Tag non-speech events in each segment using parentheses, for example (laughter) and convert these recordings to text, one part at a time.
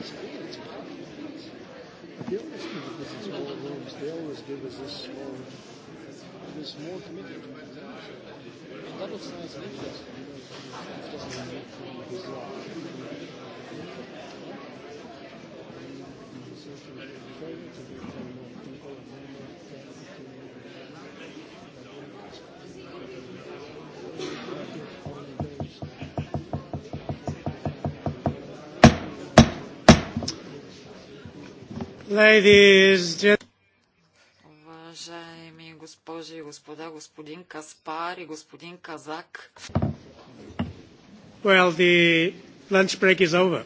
They always give us these small rooms. They always give us this small, this more committed And that was nice and interesting. It was Уважаеми госпожи и господа, господин Каспар и господин Казак. Well, the lunch break is over.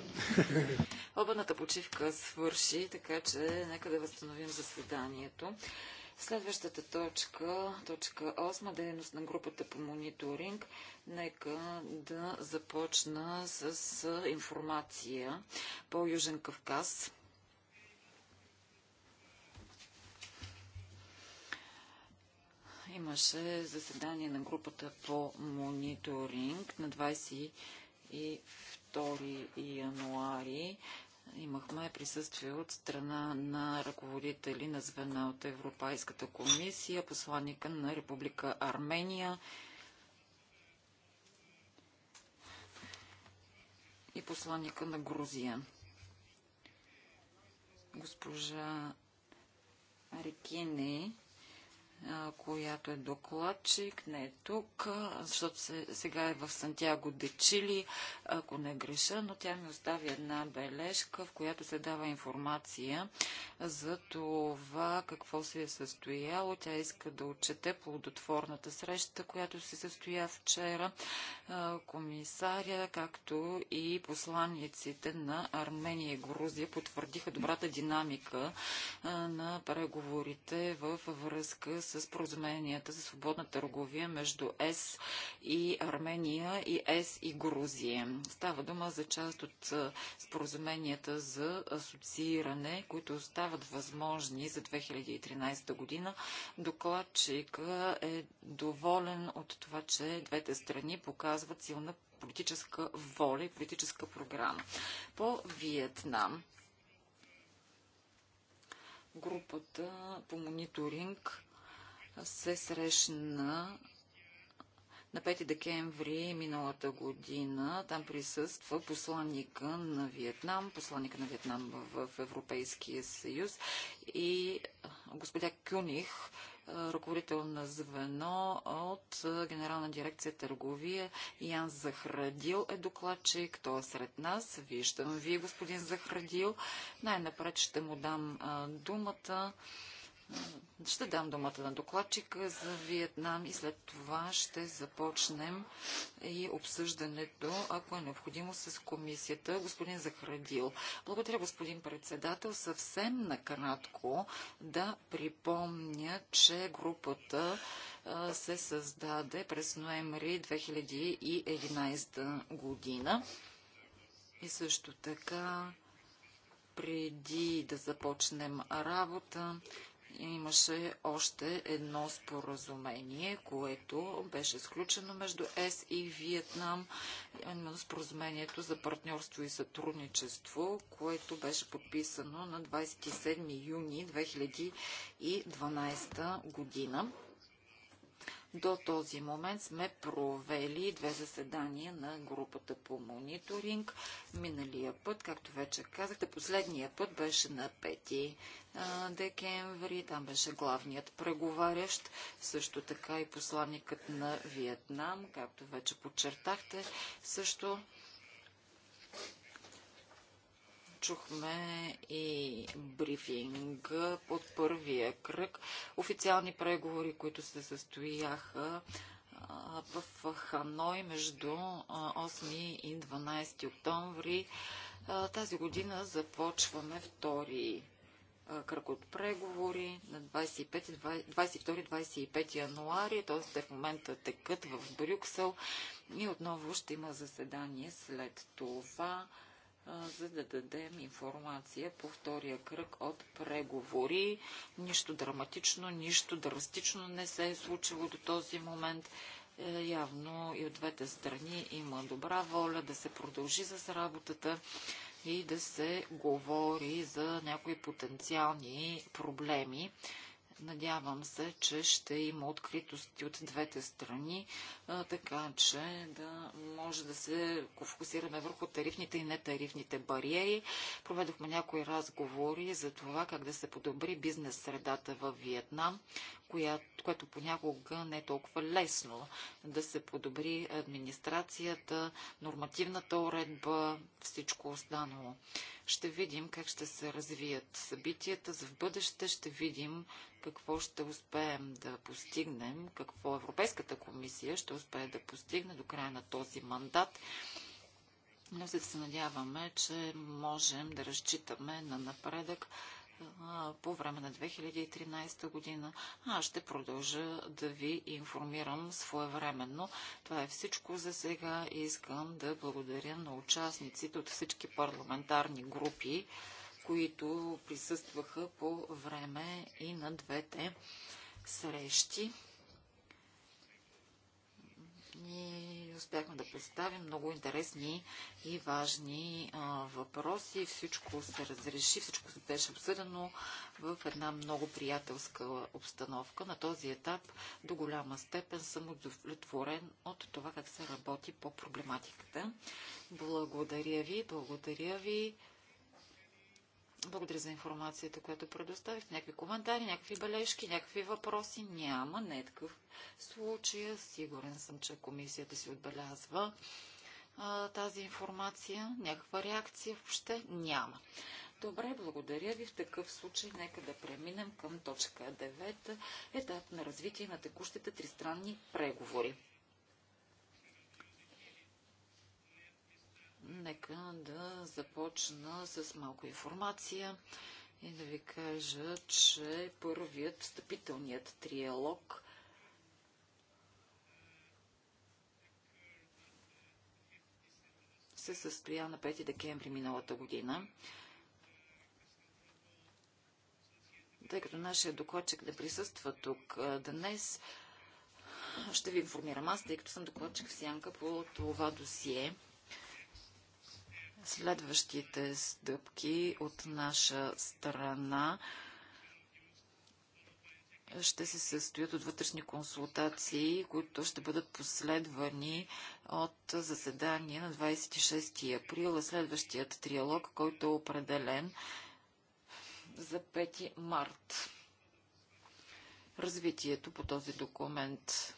Обедната почивка свърши, така че нека да възстановим заседанието. Следващата точка, точка 8, дейност на групата по мониторинг, нека да започна с информация по Южен Кавказ. Имаше заседание на групата по мониторинг на 22 януари. Имахме присъствие от страна на ръководители на звена от Европейската комисия, посланника на Република Армения и посланника на Грузия. Госпожа Рекини която е докладчик, не е тук, защото сега е в Сантьяго де Чили, ако не греша, но тя ми остави една бележка, в която се дава информация за това какво се е състояло. Тя иска да отчете плодотворната среща, която се състоя вчера. Комисаря, както и посланиците на Армения и Грузия потвърдиха добрата динамика на преговорите в връзка с с за свободна търговия между ЕС и Армения и ЕС и Грузия. Става дума за част от споразуменията за асоцииране, които остават възможни за 2013 година. Докладчик е доволен от това, че двете страни показват силна политическа воля и политическа програма. По Виетнам групата по мониторинг се срещна на 5 декември миналата година. Там присъства посланника на Виетнам, посланника на Виетнам в Европейския съюз и господя Кюних, ръководител на звено от Генерална дирекция търговия Ян Захрадил е докладчик. Той е сред нас. Виждам ви, господин Захрадил. Най-напред ще му дам думата. Ще дам думата на докладчика за Виетнам и след това ще започнем и обсъждането, ако е необходимо, с комисията. Господин Захрадил. Благодаря, господин председател. Съвсем накратко да припомня, че групата се създаде през ноември 2011 година. И също така, преди да започнем работа, имаше още едно споразумение, което беше сключено между ЕС и Виетнам, именно споразумението за партньорство и сътрудничество, което беше подписано на 27 юни 2012 година. До този момент сме провели две заседания на групата по мониторинг. Миналия път, както вече казахте, последния път беше на 5 декември. Там беше главният преговарящ, също така и посланникът на Виетнам, както вече подчертахте, също чухме и брифинг под първия кръг. Официални преговори, които се състояха в Ханой между 8 и 12 октомври. Тази година започваме втори кръг от преговори на 22-25 януари, т.е. те в момента текат в Брюксел и отново ще има заседание след това за да дадем информация по втория кръг от преговори. Нищо драматично, нищо драстично не се е случило до този момент. Е, явно и от двете страни има добра воля да се продължи с работата и да се говори за някои потенциални проблеми, Надявам се, че ще има откритости от двете страни, така че да може да се фокусираме върху тарифните и нетарифните бариери. Проведохме някои разговори за това как да се подобри бизнес средата в Виетнам коя, което понякога не е толкова лесно да се подобри администрацията, нормативната уредба, всичко останало. Ще видим как ще се развият събитията за в бъдеще, ще видим какво ще успеем да постигнем, какво Европейската комисия ще успее да постигне до края на този мандат. Но се надяваме, че можем да разчитаме на напредък по време на 2013 година. Аз ще продължа да ви информирам своевременно. Това е всичко за сега. Искам да благодаря на участниците от всички парламентарни групи, които присъстваха по време и на двете срещи. И години успяхме да представим много интересни и важни а, въпроси. Всичко се разреши, всичко се беше обсъдено в една много приятелска обстановка. На този етап до голяма степен съм удовлетворен от това как се работи по проблематиката. Благодаря ви, благодаря ви. Благодаря за информацията, която предоставих. Някакви коментари, някакви бележки, някакви въпроси няма. Не е такъв случай. Сигурен съм, че комисията си отбелязва а, тази информация. Някаква реакция въобще няма. Добре, благодаря ви. В такъв случай нека да преминем към точка 9. Етап на развитие на текущите тристранни преговори. Нека да започна с малко информация и да ви кажа, че първият, встъпителният триалог се състоя на 5 декември миналата година. Тъй като нашия докладчик да присъства тук днес, ще ви информирам аз, тъй като съм докладчик в Сянка по това досие. Следващите стъпки от наша страна ще се състоят от вътрешни консултации, които ще бъдат последвани от заседание на 26 април, следващият триалог, който е определен за 5 март. Развитието по този документ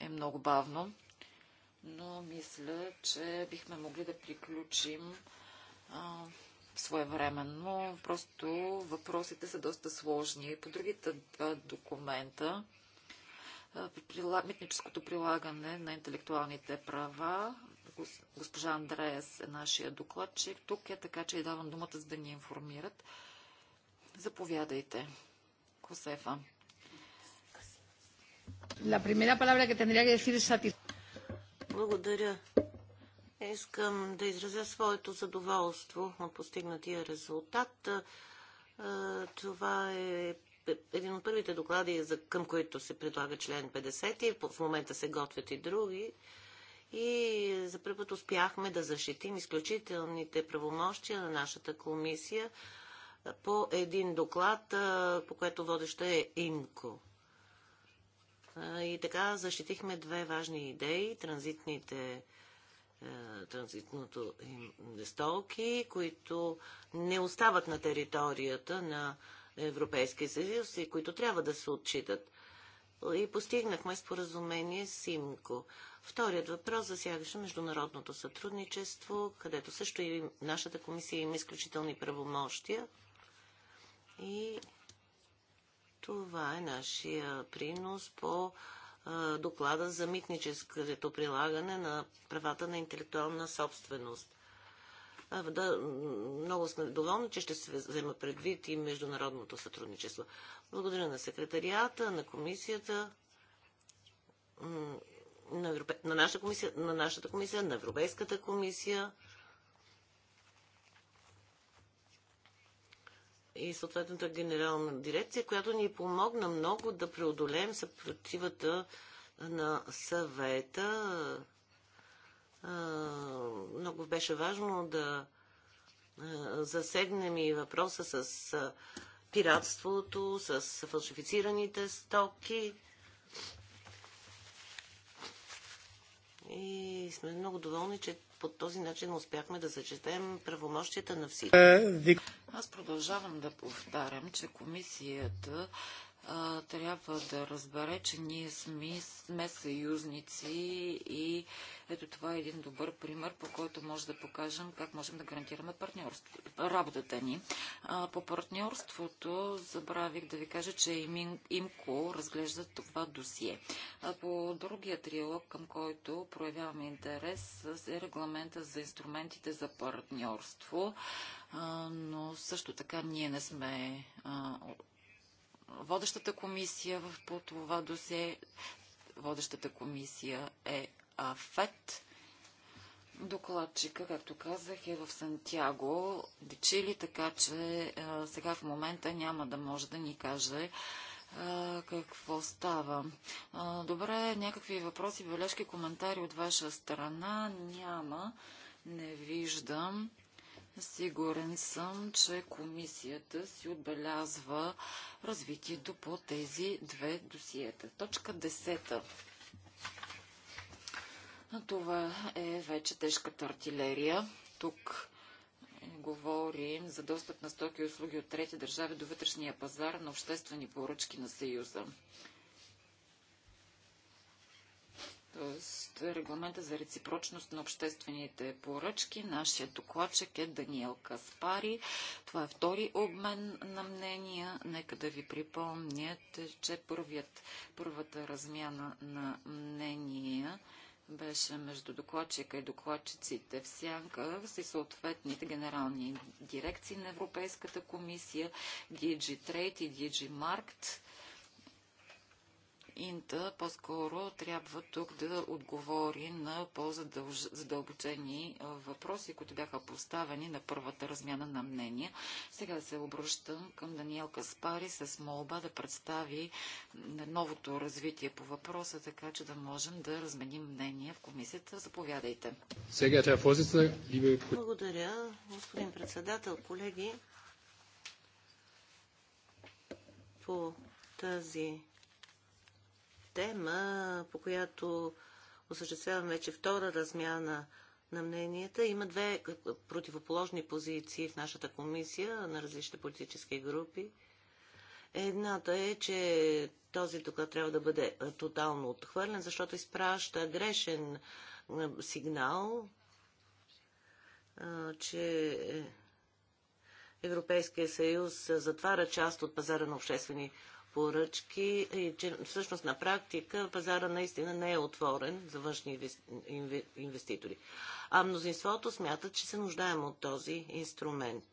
е много бавно но мисля, че бихме могли да приключим а, своевременно. Просто въпросите са доста сложни. По другите два документа, а, митническото прилагане на интелектуалните права, госпожа Андреас е нашия докладчик. Тук е така, че и давам думата, за да ни информират. Заповядайте, Косефа. La primera palabra que tendría que decir es satisfacción. Благодаря. Искам да изразя своето задоволство от постигнатия резултат. Това е един от първите доклади, към които се предлага член 50 и в момента се готвят и други. И за първи път успяхме да защитим изключителните правомощия на нашата комисия по един доклад, по което водеща е ИМКО. И така защитихме две важни идеи. Транзитните е, транзитното им столки, които не остават на територията на Европейския съюз и които трябва да се отчитат. И постигнахме споразумение с ИМКО. Вторият въпрос засягаше международното сътрудничество, където също и нашата комисия има изключителни правомощия. И това е нашия принос по доклада за митническото прилагане на правата на интелектуална собственост. да, много сме доволни, че ще се взема предвид и международното сътрудничество. Благодаря на секретарията, на комисията, на, Европе... на, наша комисия, на нашата комисия, на Европейската комисия. и съответната генерална дирекция, която ни помогна много да преодолеем съпротивата на съвета. Много беше важно да засегнем и въпроса с пиратството, с фалшифицираните стоки. И сме много доволни, че по този начин успяхме да зачетем правомощията на всички. Е, Аз продължавам да повтарям, че комисията а, трябва да разбере, че ние сме, сме съюзници и ето това е един добър пример, по който може да покажем как можем да гарантираме партньорство, работата ни. А, по партньорството забравих да ви кажа, че ИМКО разглежда това досие. А по другия триалог, към който проявяваме интерес, е регламента за инструментите за партньорство но също така ние не сме а, водещата комисия в, по това досе. Водещата комисия е АФЕТ. Докладчика, както казах, е в Сантьяго, Дичили, така че а, сега в момента няма да може да ни каже а, какво става. А, добре, някакви въпроси, бележки, коментари от ваша страна няма. Не виждам. Сигурен съм, че комисията си отбелязва развитието по тези две досиета. Точка 10. Това е вече тежката артилерия. Тук говорим за достъп на стоки и услуги от трети държави до вътрешния пазар на обществени поръчки на Съюза. регламента за реципрочност на обществените поръчки. Нашия докладчик е Даниел Каспари. Това е втори обмен на мнения. Нека да ви припомнят, че първият, първата размяна на мнения беше между докладчика и докладчиците в сянка и съответните генерални дирекции на Европейската комисия, DG Trade и DG Markt Инта по-скоро трябва тук да отговори на по-задълбочени въпроси, които бяха поставени на първата размяна на мнения. Сега се обръщам към Даниел Каспари с молба да представи новото развитие по въпроса, така че да можем да разменим мнения в комисията. Заповядайте. Благодаря, господин председател, колеги. По тази тема, по която осъществявам вече втора размяна на мненията. Има две противоположни позиции в нашата комисия на различните политически групи. Едната е, че този доклад трябва да бъде тотално отхвърлен, защото изпраща грешен сигнал, че Европейския съюз затваря част от пазара на обществени поръчки и че всъщност на практика пазара наистина не е отворен за външни инвеститори. А мнозинството смятат, че се нуждаем от този инструмент.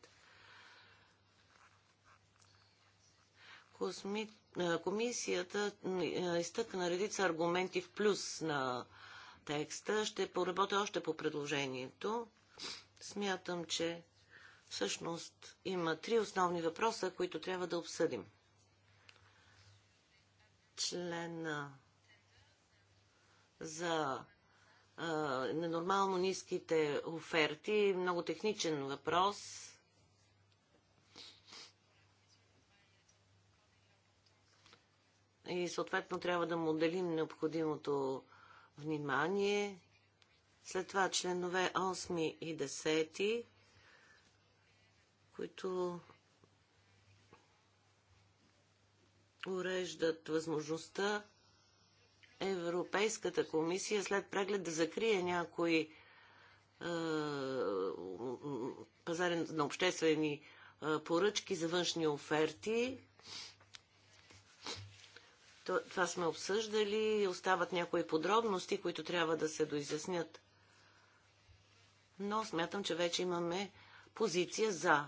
Косми... Комисията изтъкна редица аргументи в плюс на текста. Ще поработя още по предложението. Смятам, че всъщност има три основни въпроса, които трябва да обсъдим члена за а, ненормално ниските оферти. Много техничен въпрос. И съответно трябва да му отделим необходимото внимание. След това членове 8 и 10, които уреждат възможността Европейската комисия след преглед да закрие някои е, пазари на обществени е, поръчки за външни оферти. Това сме обсъждали. Остават някои подробности, които трябва да се доизяснят. Но смятам, че вече имаме позиция за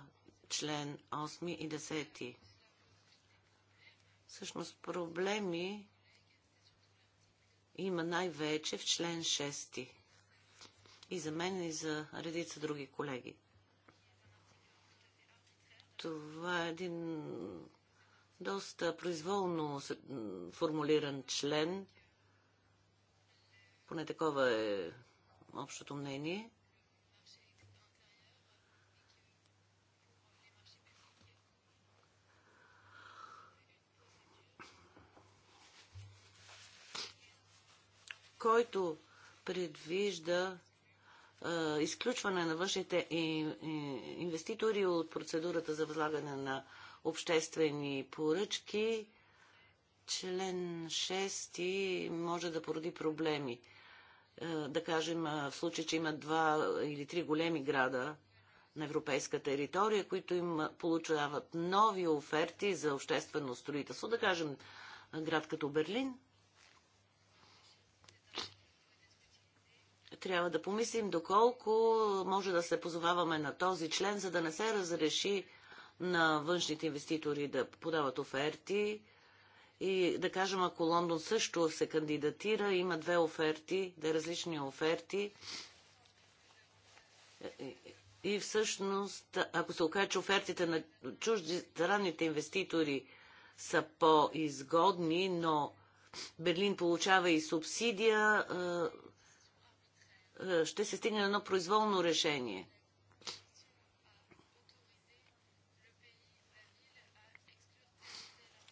член 8 и 10. Всъщност проблеми има най-вече в член 6. И за мен, и за редица други колеги. Това е един доста произволно формулиран член. Поне такова е общото мнение. който предвижда изключване на външните инвеститори от процедурата за възлагане на обществени поръчки, член 6 може да породи проблеми. да кажем, в случай, че има два или три големи града на европейска територия, които им получават нови оферти за обществено строителство, да кажем град като Берлин – трябва да помислим доколко може да се позоваваме на този член, за да не се разреши на външните инвеститори да подават оферти. И да кажем, ако Лондон също се кандидатира, има две оферти, две различни оферти. Е, е, и всъщност, ако се окаже, че офертите на чужди чуждестранните инвеститори са по-изгодни, но Берлин получава и субсидия, е, е, ще се стигне едно произволно решение.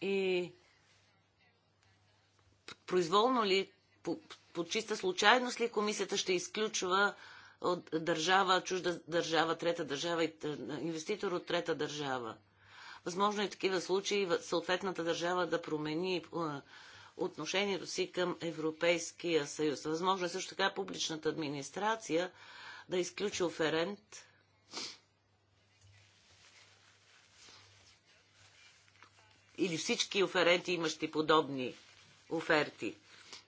И произволно ли, по, по чиста случайност ли комисията ще изключва от държава, чужда държава, трета държава и е, инвеститор от трета държава? Възможно е такива случаи съответната държава да промени е, отношението си към Европейския съюз. Възможно е също така публичната администрация да изключи оферент или всички оференти, имащи подобни оферти.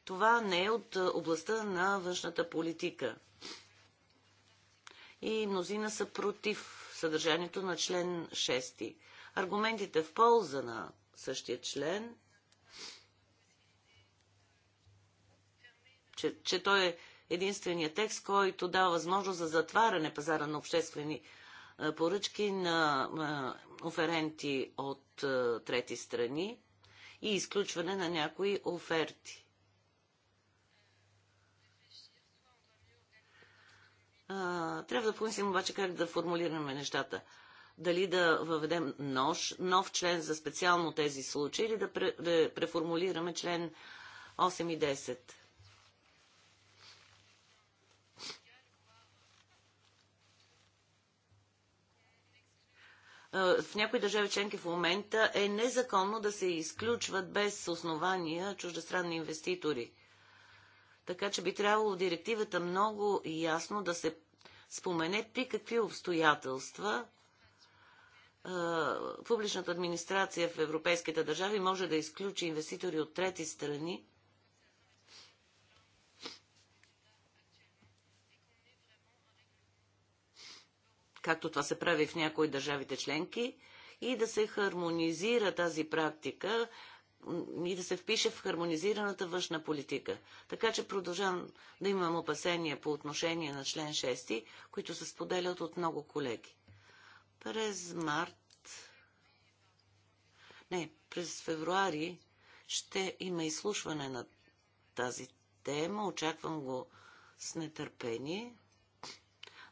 Това не е от областта на външната политика. И мнозина са против съдържанието на член 6. Аргументите в полза на същия член – че, че той е единствения текст, който дава възможност за затваряне пазара на обществени е, поръчки на е, оференти от е, трети страни и изключване на някои оферти. Трябва да помислим обаче как да формулираме нещата. Дали да въведем нож, нов член за специално тези случаи или да преформулираме член 8 и 10. в някои държави членки в момента е незаконно да се изключват без основания чуждестранни инвеститори. Така че би трябвало директивата много ясно да се спомене при какви обстоятелства публичната администрация в европейските държави може да изключи инвеститори от трети страни, както това се прави в някои държавите членки, и да се хармонизира тази практика и да се впише в хармонизираната външна политика. Така че продължавам да имам опасения по отношение на член 6, които се споделят от много колеги. През март. Не, през февруари ще има изслушване на тази тема. Очаквам го с нетърпение.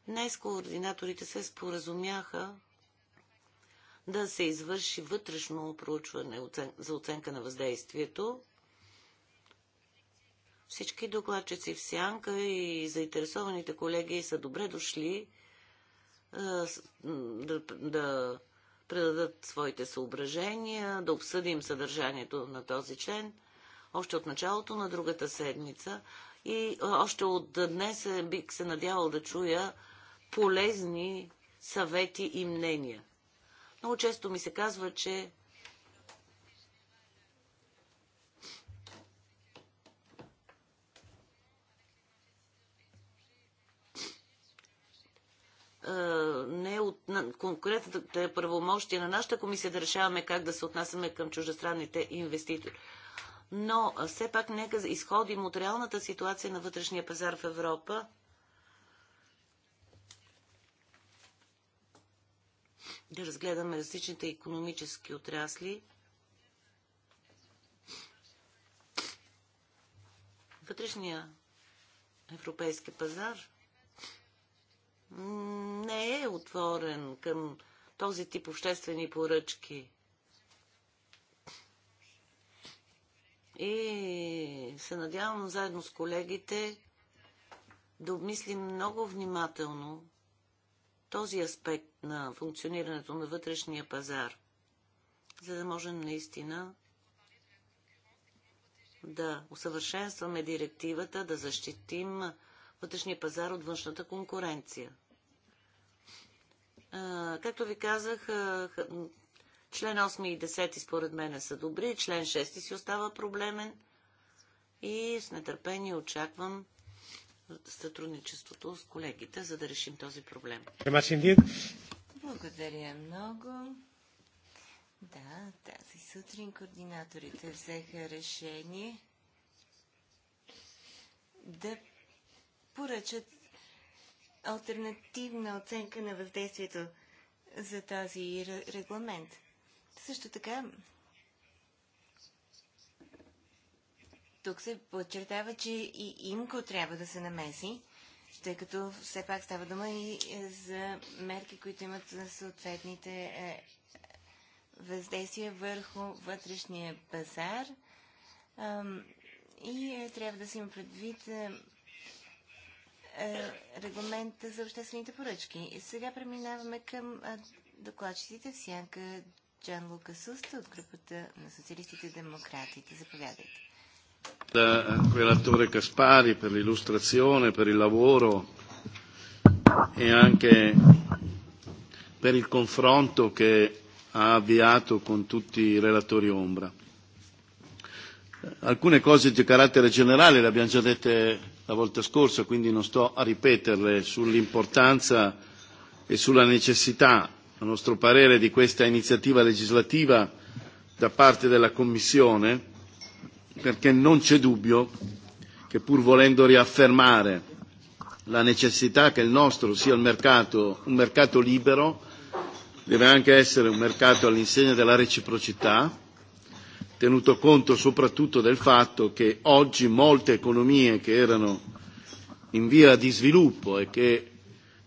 Днес координаторите се споразумяха да се извърши вътрешно проучване за оценка на въздействието. Всички докладчици в сянка и заинтересованите колеги са добре дошли е, да, да предадат своите съображения, да обсъдим съдържанието на този член още от началото на другата седмица и е, още от днес е, бих се надявал да чуя полезни съвети и мнения. Много често ми се казва, че е, не е от конкретната правомощия на нашата комисия да решаваме как да се отнасяме към чуждестранните инвеститори. Но все пак нека изходим от реалната ситуация на вътрешния пазар в Европа да разгледаме различните економически отрасли. Вътрешния европейски пазар не е отворен към този тип обществени поръчки. И се надявам заедно с колегите да обмислим много внимателно този аспект на функционирането на вътрешния пазар, за да можем наистина да усъвършенстваме директивата, да защитим вътрешния пазар от външната конкуренция. Както ви казах, член 8 и 10 според мен са добри, член 6 си остава проблемен и с нетърпение очаквам сътрудничеството с колегите, за да решим този проблем. Благодаря много. Да, тази сутрин координаторите взеха решение да поръчат альтернативна оценка на въздействието за този регламент. Също така, тук се подчертава, че и имко трябва да се намеси, тъй като все пак става дума и е, за мерки, които имат съответните е, е, въздействия върху вътрешния пазар. И трябва да се има предвид регламента за обществените поръчки. И сега преминаваме към докладчиците в сянка Джан Лукасуста от групата на социалистите и демократите. Заповядайте. Il relatore Caspari per l'illustrazione, per il lavoro e anche per il confronto che ha avviato con tutti i relatori ombra. Alcune cose di carattere generale le abbiamo già dette la volta scorsa, quindi non sto a ripeterle sull'importanza e sulla necessità, a nostro parere, di questa iniziativa legislativa da parte della Commissione perché non c'è dubbio che pur volendo riaffermare la necessità che il nostro sia il mercato, un mercato libero, deve anche essere un mercato all'insegna della reciprocità, tenuto conto soprattutto del fatto che oggi molte economie che erano in via di sviluppo e che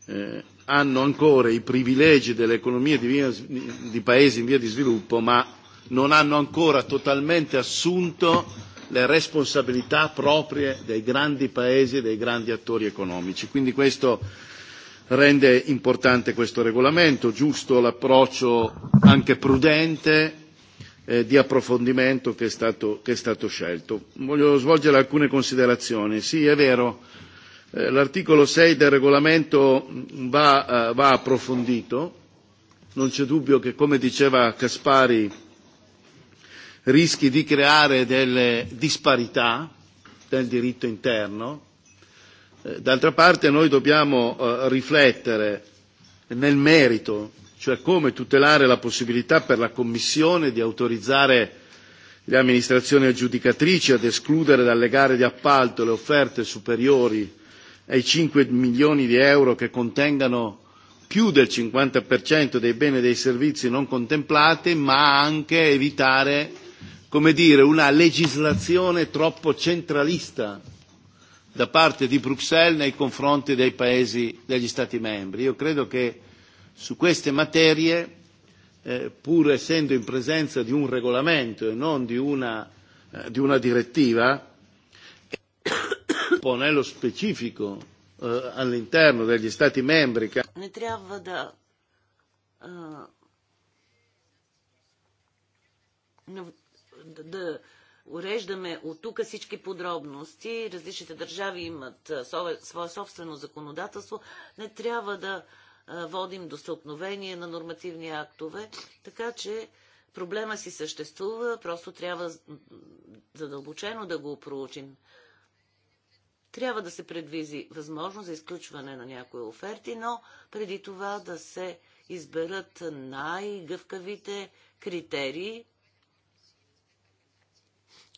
eh, hanno ancora i privilegi delle economie di, via, di paesi in via di sviluppo, ma non hanno ancora totalmente assunto le responsabilità proprie dei grandi paesi e dei grandi attori economici. Quindi questo rende importante questo regolamento, giusto l'approccio anche prudente eh, di approfondimento che è, stato, che è stato scelto. Voglio svolgere alcune considerazioni. Sì, è vero, eh, l'articolo 6 del regolamento va, eh, va approfondito, non c'è dubbio che, come diceva Caspari, rischi di creare delle disparità del diritto interno. D'altra parte noi dobbiamo riflettere nel merito, cioè come tutelare la possibilità per la Commissione di autorizzare le amministrazioni aggiudicatrici ad escludere dalle gare di appalto le offerte superiori ai 5 milioni di euro che contengano più del 50% dei beni e dei servizi non contemplati, ma anche evitare come dire, una legislazione troppo centralista da parte di Bruxelles nei confronti dei paesi degli Stati membri. Io credo che su queste materie, eh, pur essendo in presenza di un regolamento e non di una, eh, di una direttiva, po nello specifico eh, all'interno degli Stati membri. Che... Не трябва да. А, да, да уреждаме от тук всички подробности. Различните държави имат свое собствено законодателство. Не трябва да водим до стълкновение на нормативни актове, така че проблема си съществува, просто трябва задълбочено да го проучим. Трябва да се предвизи възможност за изключване на някои оферти, но преди това да се изберат най-гъвкавите критерии,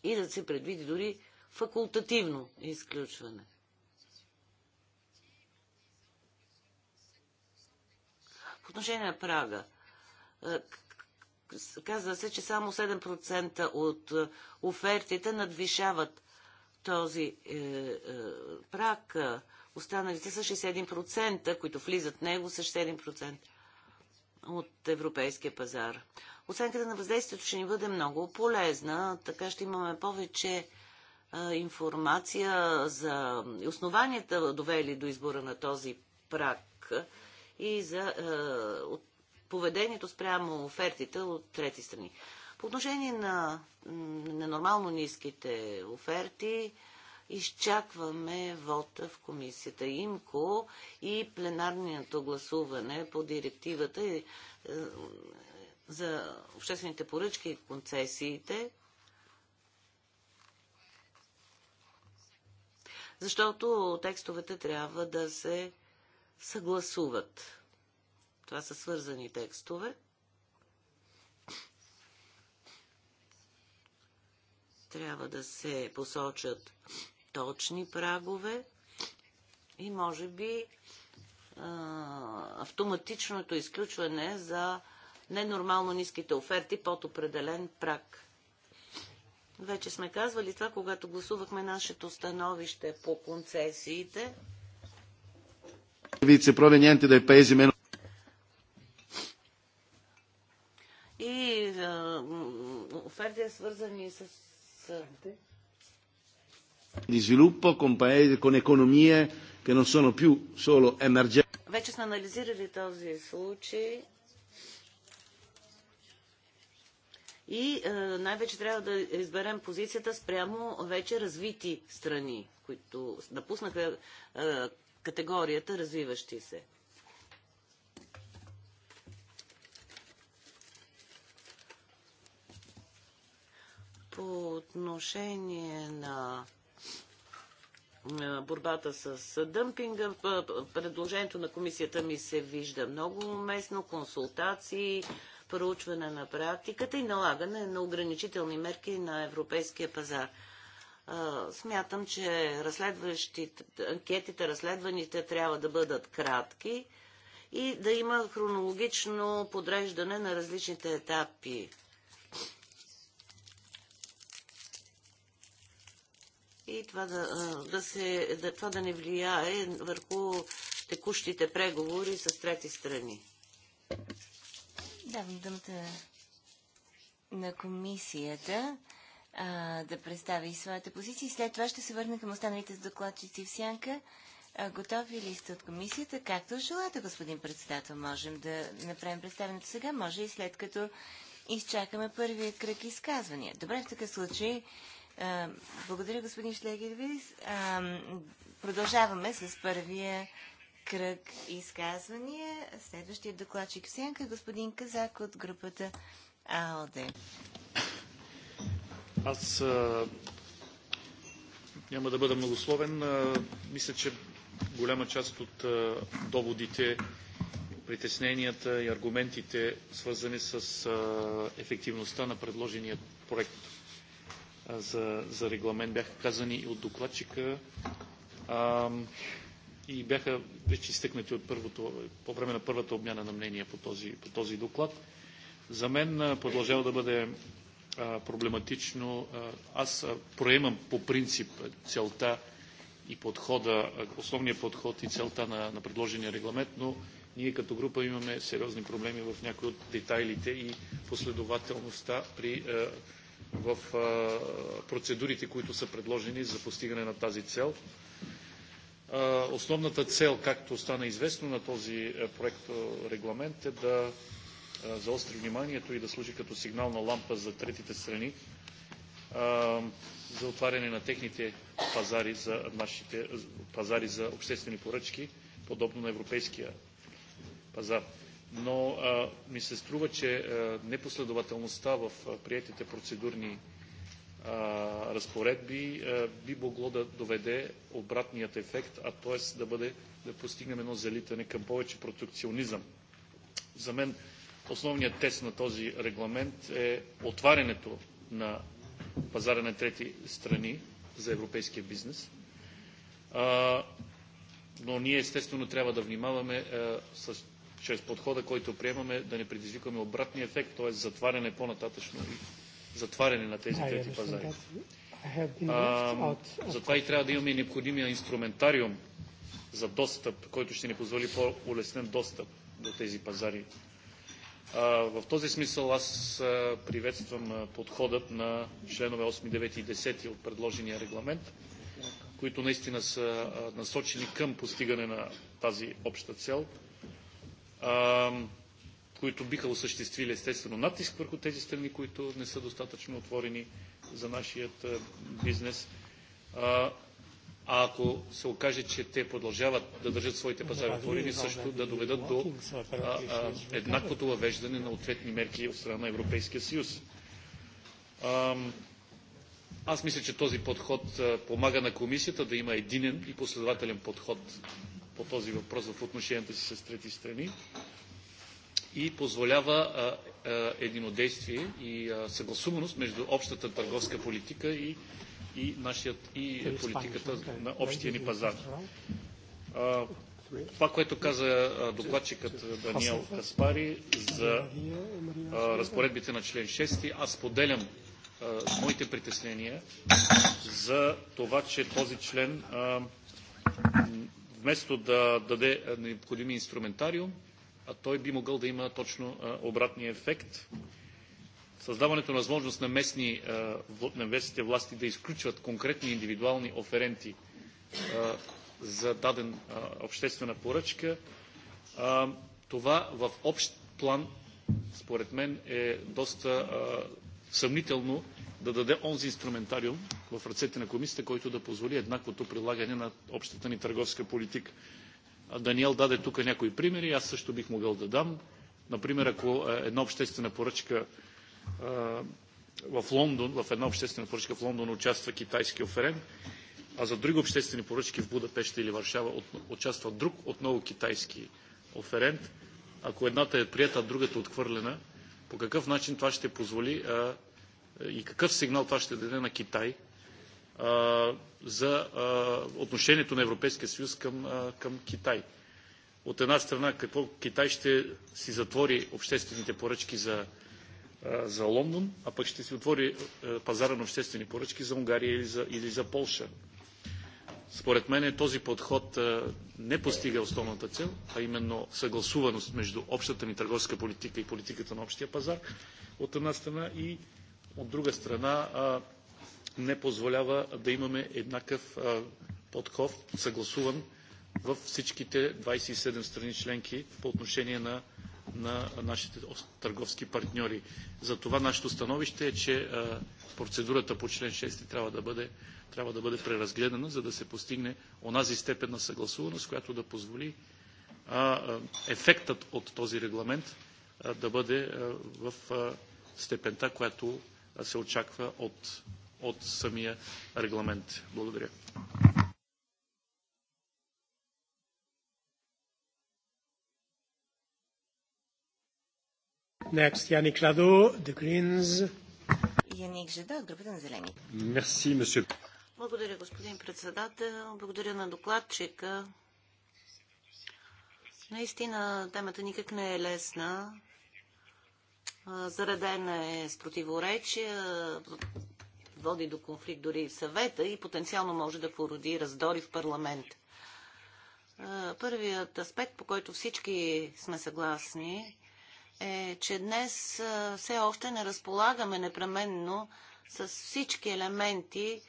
и да се предвиди дори факултативно изключване. По отношение на прага, казва се, че само 7% от офертите надвишават този е, е, праг. прак. Останалите са 61%, които влизат в него, са 61% от европейския пазар. Оценката на въздействието ще ни бъде много полезна, така ще имаме повече а, информация за основанията довели до избора на този прак и за а, поведението спрямо офертите от трети страни. По отношение на ненормално ниските оферти, изчакваме вота в комисията ИМКО и пленарното гласуване по директивата е, за обществените поръчки и концесиите, защото текстовете трябва да се съгласуват. Това са свързани текстове. Трябва да се посочат точни прагове и може би автоматичното изключване за ненормално ниските оферти под определен прак. Вече сме казвали това, когато гласувахме нашето становище по концесиите. Е И а, оферти свързани с... Di sviluppo con, paesi, con economie che non sono più solo emergenti. Вече сме анализирали този случай И е, най-вече трябва да изберем позицията спрямо вече развити страни, които напуснаха е, категорията развиващи се. По отношение на е, борбата с дъмпинга. Предложението на комисията ми се вижда много уместно. Консултации, проучване на практиката и налагане на ограничителни мерки на европейския пазар. Смятам, че разследващите, анкетите, разследваните трябва да бъдат кратки и да има хронологично подреждане на различните етапи. И това да, да, се, да, това да не влияе върху текущите преговори с трети страни. Давам думата на комисията а, да представи своята позиция и след това ще се върна към останалите с докладчици в сянка. А, готови ли сте от комисията? Както желаете, господин председател, можем да направим представенето сега, може и след като изчакаме първия кръг изказвания. Добре, в такъв случай. А, благодаря, господин Шлегервис. Продължаваме с първия кръг изказвания. Следващия докладчик Сянка, е господин Казак от групата АОД. Аз а, няма да бъда многословен. А, мисля, че голяма част от а, доводите, притесненията и аргументите, свързани с а, ефективността на предложения проект а, за, за регламент, бяха казани и от докладчика. А, и бяха вече изтъкнати от първото, по време на първата обмяна на мнения по този, по този доклад. За мен продължава да бъде а, проблематично. Аз проемам по принцип целта и подхода, основния подход и целта на, на предложения регламент, но ние като група имаме сериозни проблеми в някои от детайлите и последователността при, в процедурите, които са предложени за постигане на тази цел. Основната цел, както стана известно на този е, проект е, регламент, е да е, заостри вниманието и да служи като сигнална лампа за третите страни за отваряне на техните пазари за, нашите, пазари за обществени поръчки, подобно на европейския пазар. Но а, ми се струва, че непоследователността в а, приятите процедурни разпоредби би могло да доведе обратният ефект, а т.е. да, бъде, да постигнем едно залитане към повече протекционизъм. За мен основният тест на този регламент е отварянето на пазара на трети страни за европейския бизнес. Но ние естествено трябва да внимаваме с, чрез подхода, който приемаме, да не предизвикаме обратния ефект, т.е. затваряне по-нататъчно и затваряне на тези трети пазари. А, затова и трябва да имаме необходимия инструментариум за достъп, който ще ни позволи по-улеснен достъп до тези пазари. А, в този смисъл аз приветствам подходът на членове 8, 9 и 10 от предложения регламент, които наистина са насочени към постигане на тази обща цел които биха осъществили естествено натиск върху тези страни, които не са достатъчно отворени за нашият бизнес. А ако се окаже, че те продължават да държат своите пазари отворени, също да доведат до еднаквото въвеждане на ответни мерки от страна на Европейския съюз. аз мисля, че този подход помага на комисията да има единен и последователен подход по този въпрос в отношенията си с трети страни и позволява единодействие и съгласуваност между общата търговска политика и, и, нашият, и е, политиката на общия ни е, пазар. Това, което каза докладчикът Даниел Каспари за разпоредбите на член 6, аз поделям моите притеснения за това, че този член вместо да даде необходими инструментариум, а той би могъл да има точно обратния ефект. Създаването на възможност на, местни, на местните власти да изключват конкретни индивидуални оференти за даден обществена поръчка, това в общ план, според мен, е доста съмнително да даде онзи инструментариум в ръцете на комисията, който да позволи еднаквото прилагане на общата ни търговска политика. Даниел даде тук някои примери, аз също бих могъл да дам. Например, ако е, една обществена поръчка в Лондон, в една обществена поръчка в Лондон участва китайски оферен, а за други обществени поръчки в Будапеща или Варшава участва друг, отново китайски оферент. Ако едната е прията, а другата е отхвърлена, по какъв начин това ще позволи и какъв сигнал това ще даде на Китай за отношението на Европейския съюз към, към Китай. От една страна, какво Китай ще си затвори обществените поръчки за, за Лондон, а пък ще си отвори пазара на обществени поръчки за Унгария или за, или за Полша. Според мен този подход не постига основната цел, а именно съгласуваност между общата ни търговска политика и политиката на общия пазар, от една страна и от друга страна не позволява да имаме еднакъв подход, съгласуван във всичките 27 страни членки по отношение на, на нашите търговски партньори. Затова нашето становище е, че процедурата по член 6 трябва да бъде, трябва да бъде преразгледана, за да се постигне онази степен на съгласуваност, която да позволи а, ефектът от този регламент да бъде в степента, която се очаква от от самия регламент. Благодаря. Next, Yannick Jadot, The Greens. Yannick Jadot, групата на Зелените. Merci, Благодаря, господин председател. Благодаря на докладчика. Наистина, темата никак не е лесна. Заредена е с противоречия, води до конфликт дори в съвета и потенциално може да породи раздори в парламент. Първият аспект, по който всички сме съгласни, е, че днес все още не разполагаме непременно с всички елементи,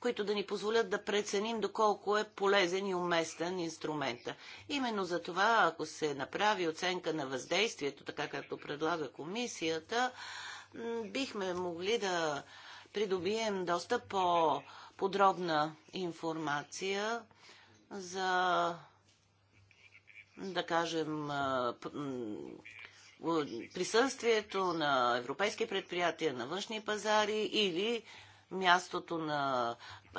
които да ни позволят да преценим доколко е полезен и уместен инструмента. Именно за това, ако се направи оценка на въздействието, така както предлага комисията, бихме могли да придобием доста по-подробна информация за, да кажем, присъствието на европейски предприятия на външни пазари или мястото на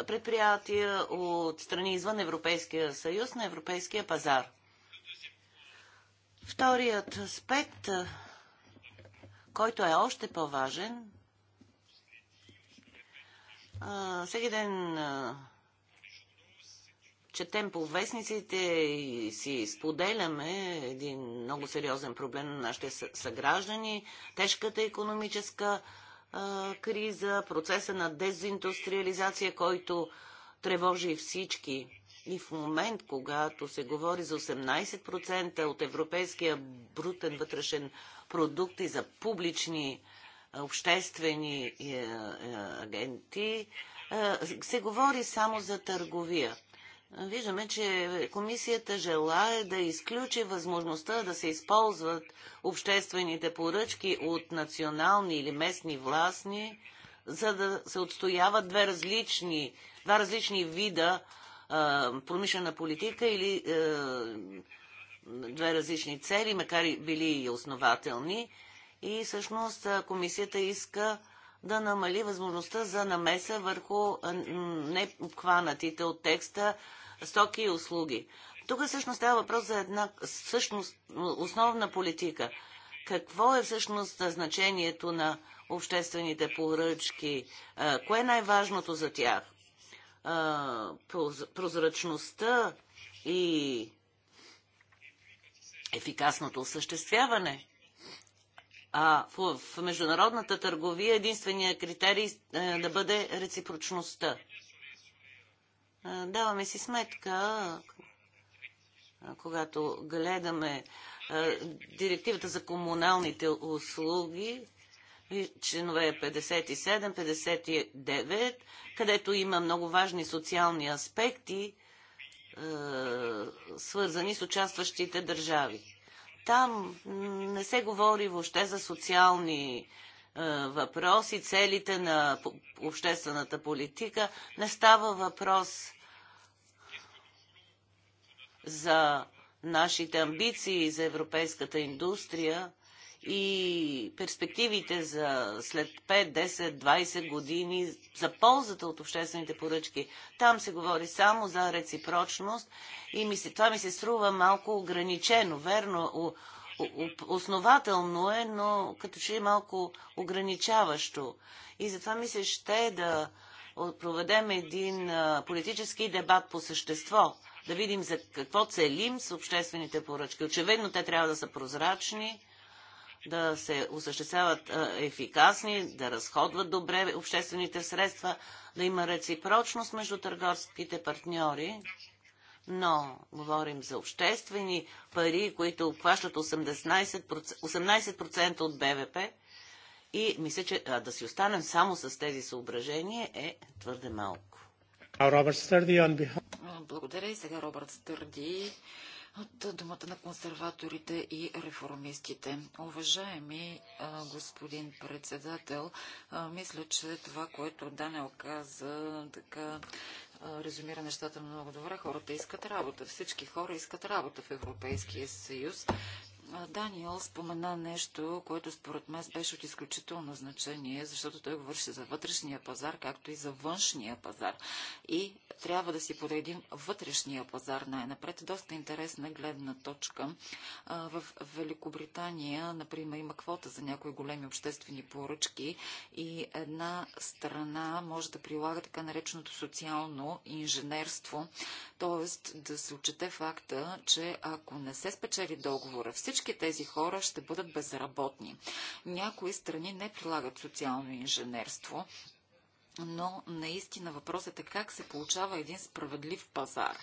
предприятия от страни извън Европейския съюз на европейския пазар. Вторият аспект, който е още по-важен, всеки ден четем по вестниците и си споделяме един много сериозен проблем на нашите съграждани, тежката економическа криза, процеса на дезиндустриализация, който тревожи всички. И в момент, когато се говори за 18% от европейския брутен вътрешен продукт и за публични обществени е, е, агенти, е, се говори само за търговия. Виждаме, че комисията желая да изключи възможността да се използват обществените поръчки от национални или местни властни, за да се отстояват две различни, два различни вида промишлена политика или две различни цели, макар и били и основателни. И всъщност комисията иска да намали възможността за намеса върху необхванатите от текста стоки и услуги. Тук всъщност става въпрос за една всъщност, основна политика. Какво е всъщност значението на обществените поръчки? Кое е най-важното за тях? Прозрачността и ефикасното осъществяване? а, в, в международната търговия единствения критерий е, да бъде реципрочността. А, даваме си сметка, а, когато гледаме а, директивата за комуналните услуги, членове 57-59, е където има много важни социални аспекти, свързани с участващите държави. Там не се говори въобще за социални е, въпроси, целите на обществената политика. Не става въпрос за нашите амбиции за европейската индустрия и перспективите за след 5, 10, 20 години за ползата от обществените поръчки. Там се говори само за реципрочност и ми се, това ми се струва малко ограничено. Верно, основателно е, но като че е малко ограничаващо. И затова ми се ще да проведем един политически дебат по същество. Да видим за какво целим с обществените поръчки. Очевидно те трябва да са прозрачни, да се осъществяват ефикасни, да разходват добре обществените средства, да има реципрочност между търговските партньори. Но говорим за обществени пари, които обхващат 18%, 18% от БВП. И мисля, че а, да си останем само с тези съображения е твърде малко. Благодаря и сега Робърт Стърди от думата на консерваторите и реформистите. Уважаеми а, господин председател, а, мисля, че това, което Данел каза, така резюмира нещата много добре. Хората искат работа. Всички хора искат работа в Европейския съюз Даниел спомена нещо, което според мен беше от изключително значение, защото той говореше за вътрешния пазар, както и за външния пазар. И трябва да си подредим вътрешния пазар най-напред. Доста интересна гледна точка. В Великобритания, например, има квота за някои големи обществени поръчки и една страна може да прилага така нареченото социално инженерство, т.е. да се отчете факта, че ако не се спечели договора, всички всички тези хора ще бъдат безработни. Някои страни не прилагат социално инженерство, но наистина въпросът е как се получава един справедлив пазар.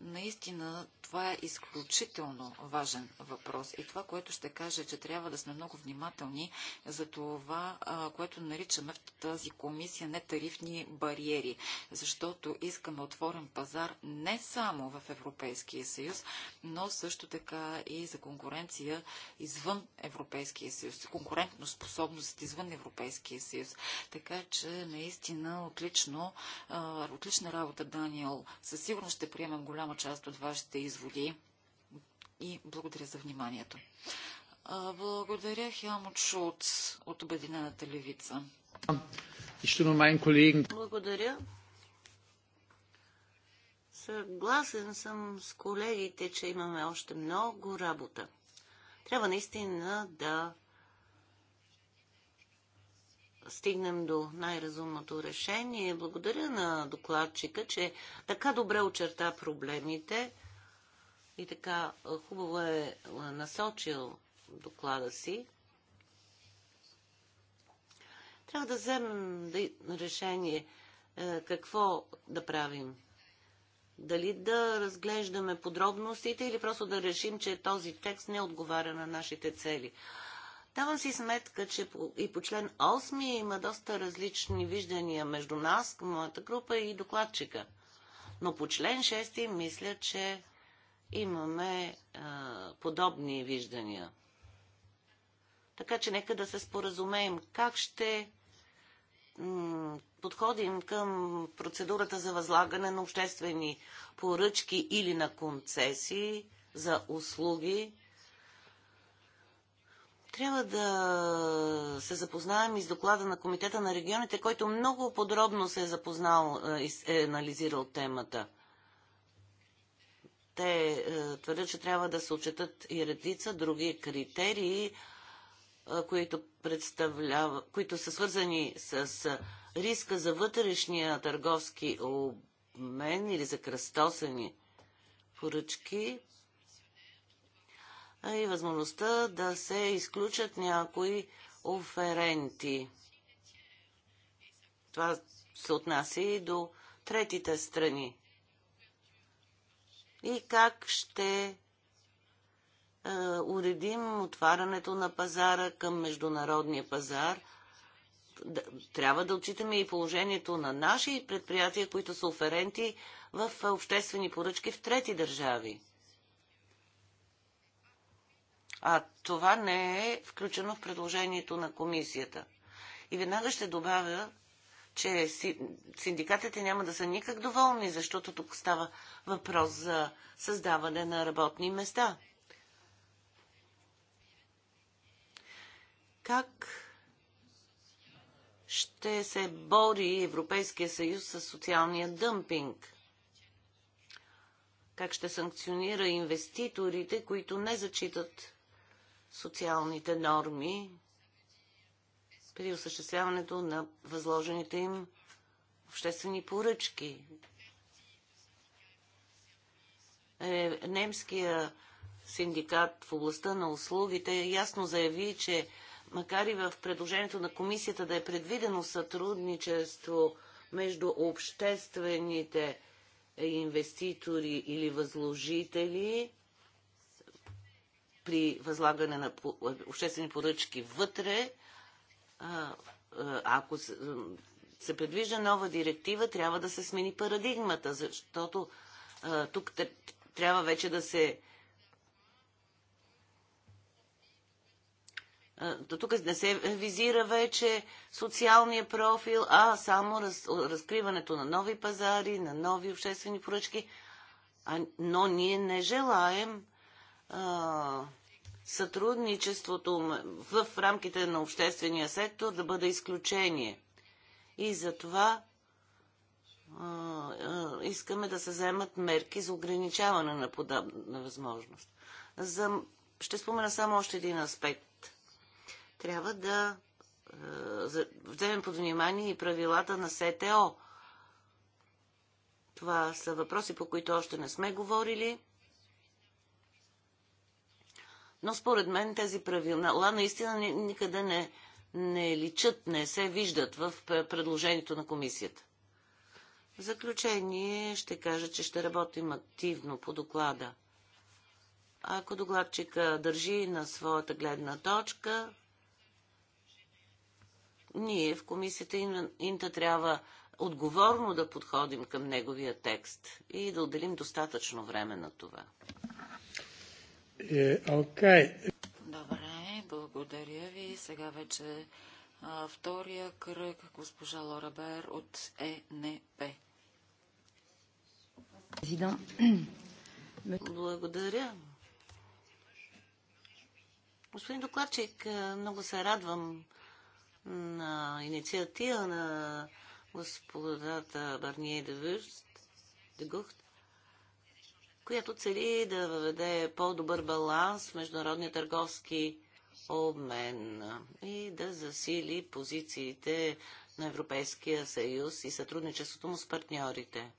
Наистина, това е изключително важен въпрос. И това, което ще кажа, е, че трябва да сме много внимателни за това, което наричаме в тази комисия нетарифни бариери. Защото искаме отворен пазар не само в Европейския съюз, но също така и за конкуренция извън Европейския съюз. Конкурентно способност извън Европейския съюз. Така че, наистина, отлично, отлична работа, Даниел. Със сигурност ще приемам голям голяма част от вашите изводи и благодаря за вниманието. Благодаря Хелмут Шулц от Обединената левица. Благодаря. Съгласен съм с колегите, че имаме още много работа. Трябва наистина да стигнем до най-разумното решение. Благодаря на докладчика, че така добре очерта проблемите и така хубаво е насочил доклада си. Трябва да вземем решение е, какво да правим. Дали да разглеждаме подробностите или просто да решим, че този текст не отговаря на нашите цели. Давам си сметка, че и по член 8 има доста различни виждания между нас, моята група и докладчика. Но по член 6 мисля, че имаме а, подобни виждания. Така че нека да се споразумеем как ще подходим към процедурата за възлагане на обществени поръчки или на концесии за услуги трябва да се запознаем и с доклада на Комитета на регионите, който много подробно се е запознал е, и е анализирал темата. Те е, твърдят, че трябва да се отчетат и редица други критерии, е, които, представлява, които са свързани с риска за вътрешния търговски обмен или за кръстосани поръчки а и възможността да се изключат някои оференти. Това се отнася и до третите страни. И как ще е, уредим отварянето на пазара към международния пазар – трябва да отчитаме и положението на наши предприятия, които са оференти в обществени поръчки в трети държави. А това не е включено в предложението на комисията. И веднага ще добавя, че синдикатите няма да са никак доволни, защото тук става въпрос за създаване на работни места. Как ще се бори Европейския съюз с социалния дъмпинг? Как ще санкционира инвеститорите, които не зачитат социалните норми при осъществяването на възложените им обществени поръчки. Е, немския синдикат в областта на услугите ясно заяви, че макар и в предложението на комисията да е предвидено сътрудничество между обществените инвеститори или възложители, при възлагане на обществени поръчки вътре, ако се предвижда нова директива, трябва да се смени парадигмата, защото тук трябва вече да се. До тук не се визира вече социалния профил, а само раз, разкриването на нови пазари, на нови обществени поръчки. А, но ние не желаем сътрудничеството в рамките на обществения сектор да бъде изключение. И затова това искаме да се вземат мерки за ограничаване на подобна възможност. За... Ще спомена само още един аспект. Трябва да вземем под внимание и правилата на СТО. Това са въпроси, по които още не сме говорили но според мен тези правила наистина никъде не, не личат, не се виждат в предложението на комисията. В заключение ще кажа, че ще работим активно по доклада. Ако докладчика държи на своята гледна точка, ние в комисията Инта трябва отговорно да подходим към неговия текст и да отделим достатъчно време на това. Okay. Е, Добре, благодаря ви. Сега вече втория кръг, госпожа Лора Бер от е ЕНП. Благодаря. Господин докладчик, много се радвам на инициатива на господата Барние де Гухт която цели да въведе по-добър баланс в международния търговски обмен и да засили позициите на Европейския съюз и сътрудничеството му с партньорите.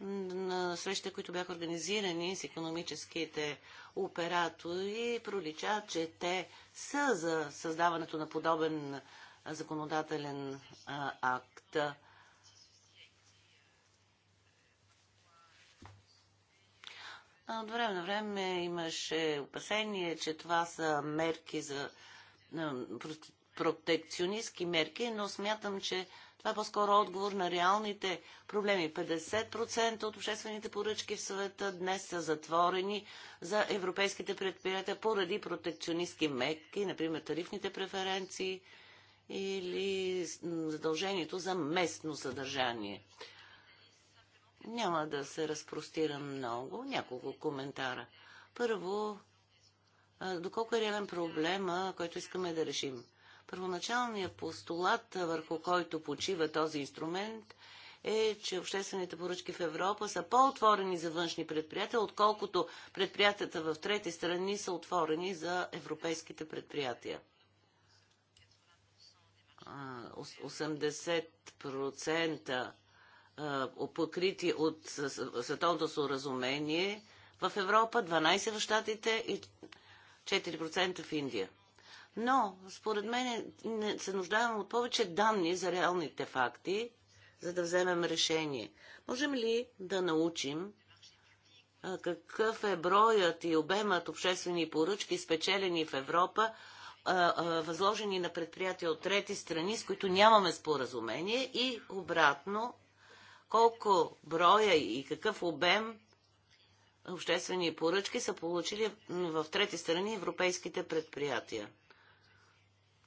На срещите, които бяха организирани с економическите оператори, пролича, че те са за създаването на подобен законодателен акт. От време на време имаше опасение, че това са мерки за протекционистски мерки, но смятам, че това е по-скоро отговор на реалните проблеми. 50% от обществените поръчки в света днес са затворени за европейските предприятия поради протекционистки мерки, например тарифните преференции или задължението за местно съдържание. Няма да се разпростирам много. Няколко коментара. Първо, доколко е реален проблема, който искаме да решим. Първоначалният постулат, върху който почива този инструмент, е, че обществените поръчки в Европа са по-отворени за външни предприятия, отколкото предприятията в трети страни са отворени за европейските предприятия. 80% покрити от Световното съразумение в Европа, 12 в Штатите и 4% в Индия. Но, според мен, се нуждаем от повече данни за реалните факти, за да вземем решение. Можем ли да научим какъв е броят и обемът обществени поръчки, спечелени в Европа, възложени на предприятия от трети страни, с които нямаме споразумение и обратно колко броя и какъв обем обществени поръчки са получили в трети страни европейските предприятия.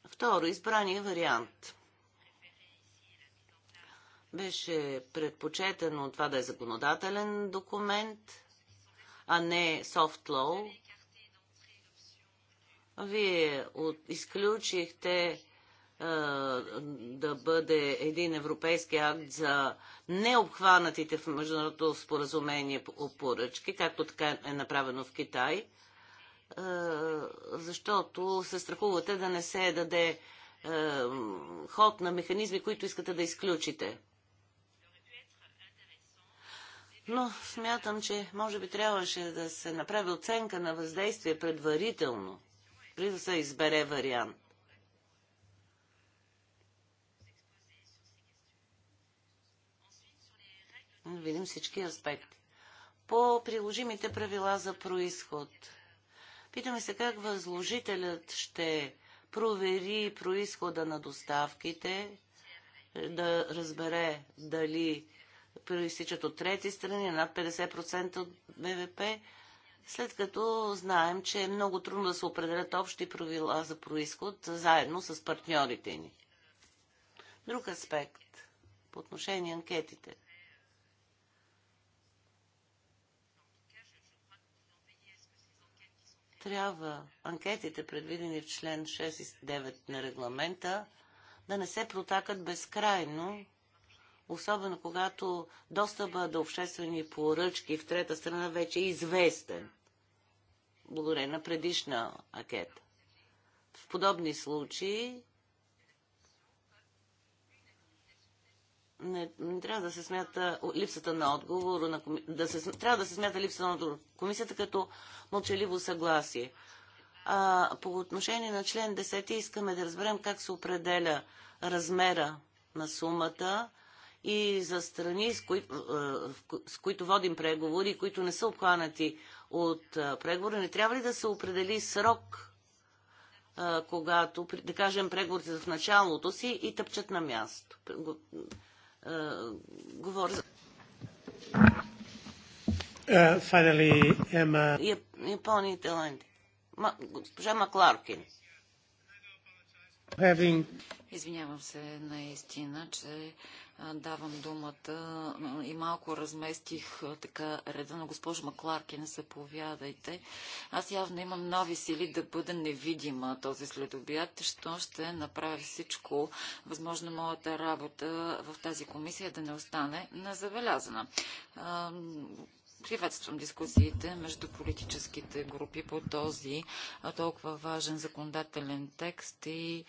Второ, избрания вариант. Беше предпочетено това да е законодателен документ, а не soft law. Вие от, изключихте да бъде един европейски акт за необхванатите в международното споразумение по поръчки, както така е направено в Китай, защото се страхувате да не се даде ход на механизми, които искате да изключите. Но смятам, че може би трябваше да се направи оценка на въздействие предварително, преди да се избере вариант. да видим всички аспекти. По приложимите правила за происход. Питаме се как възложителят ще провери происхода на доставките, да разбере дали проистичат от трети страни, над 50% от БВП, след като знаем, че е много трудно да се определят общи правила за происход заедно с партньорите ни. Друг аспект по отношение анкетите. трябва анкетите, предвидени в член 6 и 9 на регламента, да не се протакат безкрайно, особено когато достъпа до обществени поръчки в трета страна вече е известен, благодарение на предишна анкета. В подобни случаи не, не трябва да се смята липсата на отговор, на, да се, трябва да се смята липсата на отговор комисията като мълчаливо съгласие. А, по отношение на член 10 искаме да разберем как се определя размера на сумата и за страни, с, кои, с които водим преговори, които не са обхванати от преговори, не трябва ли да се определи срок, когато, да кажем, преговорите са в началото си и тъпчат на място? Е, говоря за... Uh, finally, Emma... Япония и Тайландия. госпожа Макларкин. Having... Извинявам се наистина, че давам думата и малко разместих така реда на госпожа се заповядайте. Аз явно имам нови сили да бъда невидима този следобият, що ще направя всичко възможно моята работа в тази комисия да не остане незабелязана. Приветствам дискусиите между политическите групи по този толкова важен законодателен текст и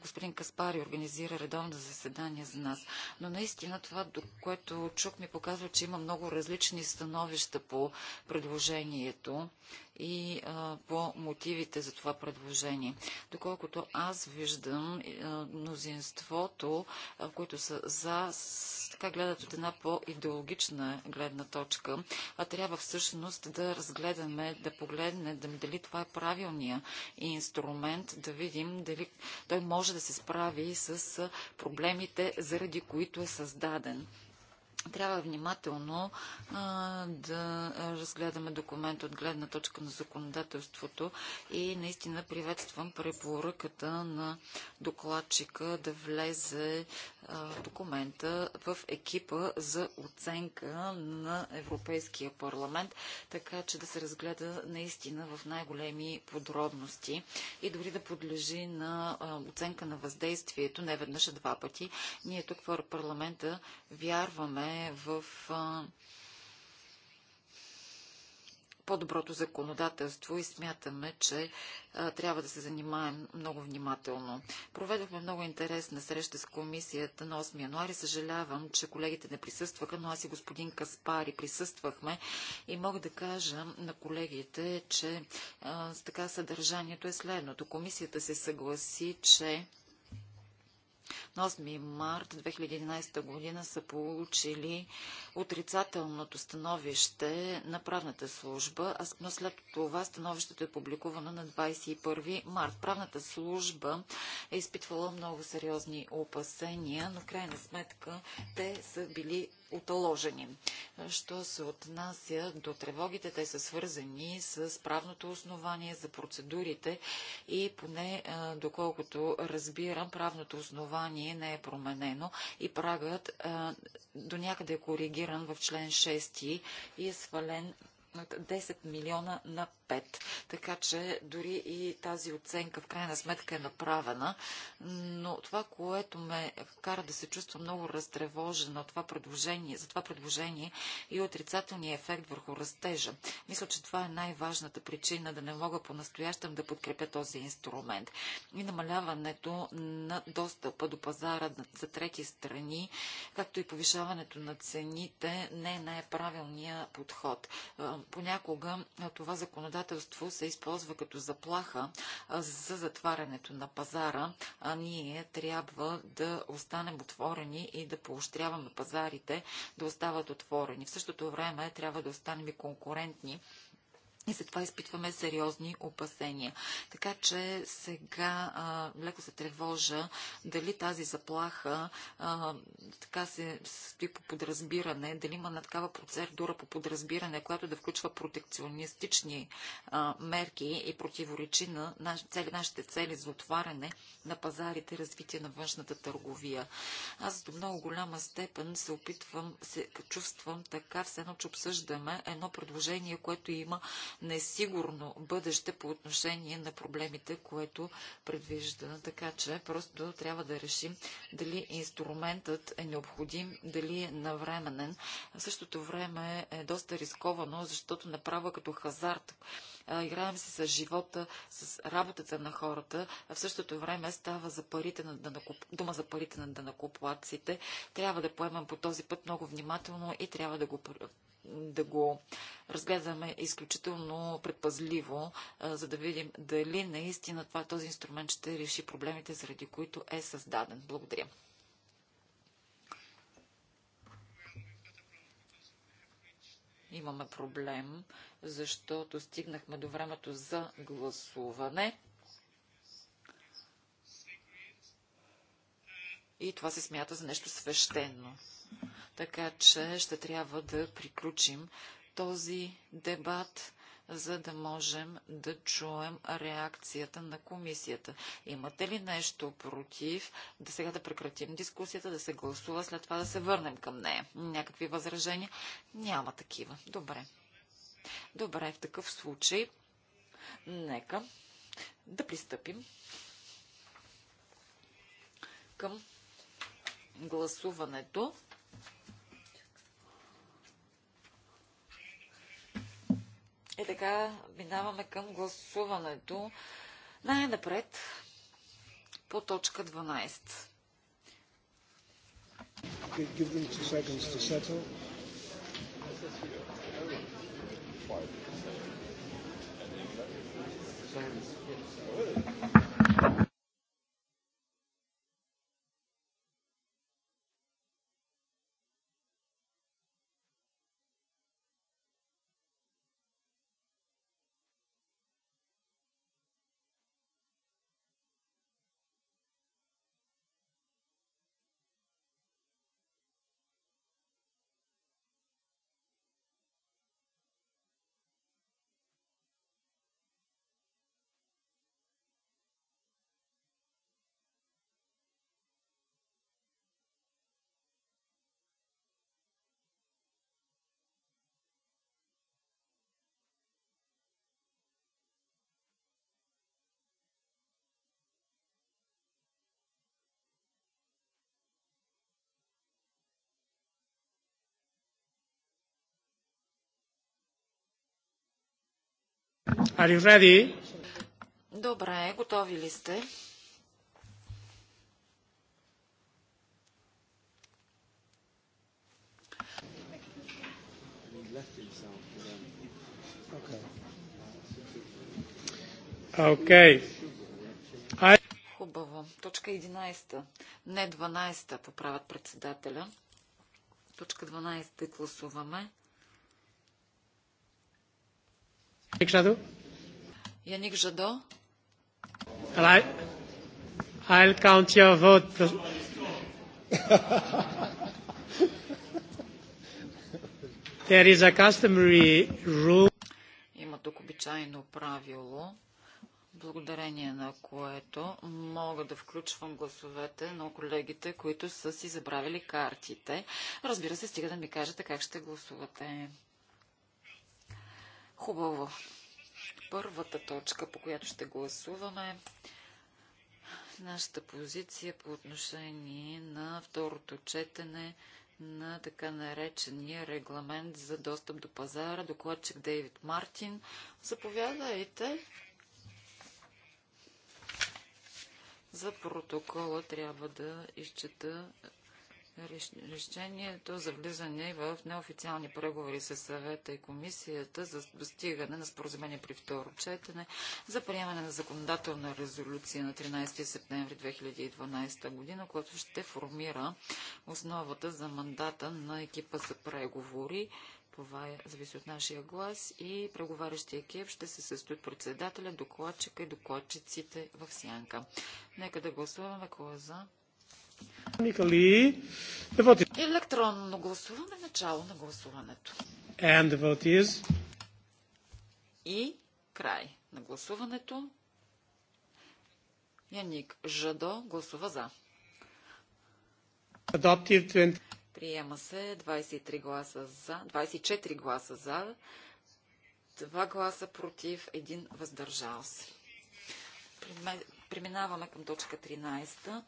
господин Каспари организира редовно заседание за нас. Но наистина това, до което чух, ми показва, че има много различни становища по предложението и а, по мотивите за това предложение. Доколкото аз виждам а, мнозинството, а, които са за, така гледат от една по-идеологична гледна точка, а трябва всъщност да разгледаме, да погледнем да, дали това е правилния инструмент, да видим дали той може да се справи с проблемите, заради които е създаден трябва внимателно а, да разгледаме документ от гледна точка на законодателството и наистина приветствам препоръката на докладчика да влезе а, документа в екипа за оценка на Европейския парламент, така че да се разгледа наистина в най-големи подробности и дори да подлежи на а, оценка на въздействието не веднъж, а два пъти. Ние тук в парламента вярваме, вписваме в по-доброто законодателство и смятаме, че а, трябва да се занимаем много внимателно. Проведохме много интересна среща с комисията на 8 януари. Съжалявам, че колегите не присъстваха, но аз и господин Каспари присъствахме и мога да кажа на колегите, че а, така съдържанието е следното. Комисията се съгласи, че на 8 март 2011 година са получили отрицателното становище на правната служба, но след това становището е публикувано на 21 март. Правната служба е изпитвала много сериозни опасения, но крайна сметка те са били отложени. Що се отнася до тревогите, те са свързани с правното основание за процедурите и поне доколкото разбирам, правното основание не е променено и прагът до някъде е коригиран в член 6 и е свален от 10 милиона на 5. Така че дори и тази оценка в крайна сметка е направена. Но това, което ме кара да се чувства много разтревожена от това предложение, за това предложение и отрицателния ефект върху растежа. Мисля, че това е най-важната причина да не мога по-настоящем да подкрепя този инструмент. И намаляването на достъпа до пазара за трети страни, както и повишаването на цените, не е най-правилният подход понякога това законодателство се използва като заплаха за затварянето на пазара, а ние трябва да останем отворени и да поощряваме пазарите да остават отворени. В същото време трябва да останем и конкурентни и за това изпитваме сериозни опасения. Така че сега а, леко се тревожа дали тази заплаха а, така се стои по подразбиране, дали има на такава процедура по подразбиране, която да включва протекционистични а, мерки и противоречи на наш, цели, нашите цели за отваряне на пазарите, развитие на външната търговия. Аз до много голяма степен се опитвам, се чувствам така, все едно, че обсъждаме едно предложение, което има несигурно бъдеще по отношение на проблемите, което предвижда. Така че просто трябва да решим дали инструментът е необходим, дали е навременен. В същото време е доста рисковано, защото направо като хазарт играем се с живота, с работата на хората, а в същото време става за парите на данакуп... дума за парите на данакоплаците. Трябва да поемам по този път много внимателно и трябва да го да го разгледаме изключително предпазливо, за да видим дали наистина това, този инструмент ще реши проблемите, заради които е създаден. Благодаря. Имаме проблем, защото стигнахме до времето за гласуване. И това се смята за нещо свещено. Така че ще трябва да приключим този дебат, за да можем да чуем реакцията на комисията. Имате ли нещо против да сега да прекратим дискусията, да се гласува, след това да се върнем към нея? Някакви възражения? Няма такива. Добре. Добре, в такъв случай, нека да пристъпим към гласуването. И така минаваме към гласуването. Най-напред по точка 12. Thank you. Are you ready? Добре, готови ли сте? Okay. I... Хубаво. Точка 11. Не 12 поправят председателя. Точка 12 гласуваме. Екшадо? Яник Жадо. I, I'll count your vote. There is a customary rule. Има тук обичайно правило, благодарение на което мога да включвам гласовете на колегите, които са си забравили картите. Разбира се, стига да ми кажете как ще гласувате. Хубаво първата точка, по която ще гласуваме нашата позиция по отношение на второто четене на така наречения регламент за достъп до пазара, докладчик Дейвид Мартин. Заповядайте. За протокола трябва да изчета решението за влизане в неофициални преговори с съвета и комисията за достигане на споразумение при второ четене за приемане на законодателна резолюция на 13 септември 2012 година, която ще формира основата за мандата на екипа за преговори това е, зависи от нашия глас и преговарящия екип ще се състои от председателя, докладчика и докладчиците в сянка. Нека да гласуваме кой е за. Електронно гласуване, начало на гласуването. And the vote is... И край на гласуването. Яник Жадо гласува за. Приема се 23 гласа за, 24 гласа за, 2 гласа против, 1 въздържал се. Преминаваме към точка 13.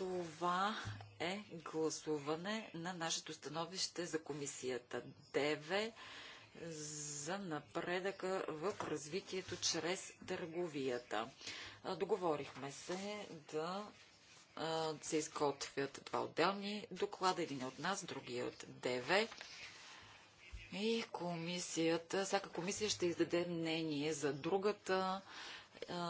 Това е гласуване на нашето становище за комисията 9 за напредъка в развитието чрез търговията. Договорихме се да се изготвят два отделни доклада, един е от нас, другия е от ДВ. И комисията, всяка комисия ще издаде мнение за другата,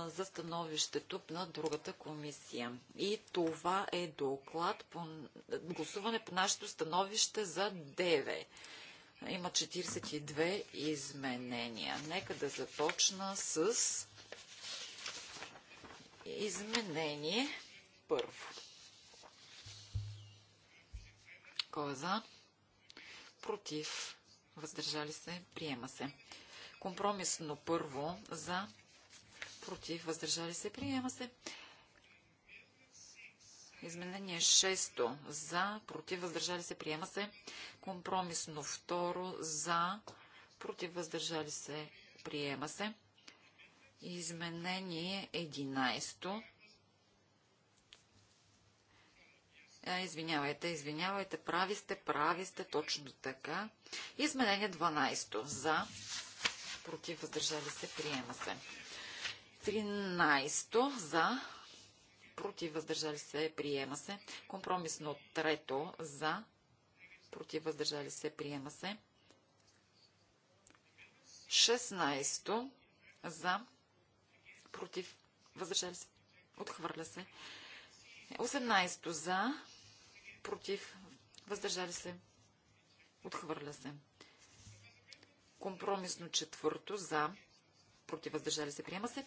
за становището на другата комисия. И това е доклад по гласуване по нашето становище за 9. Има 42 изменения. Нека да започна с изменение първо. Кой е за? Против. Въздържали се. Приема се. Компромисно първо за против, въздържали се, приема се. Изменение 6 за, против, въздържали се, приема се. Компромисно второ за, против, въздържали се, приема се. Изменение 11. Е, извинявайте, извинявайте, прави сте, прави сте, точно така. Изменение 12. За, против, въздържали се, приема се. 13 за, против, въздържали се, приема се. Компромисно трето за, против, въздържали се, приема се. 16 за, против, въздържали се, отхвърля се. 18 за, против, въздържали се, отхвърля се. Компромисно четвърто за, против, въздържали се, приема се.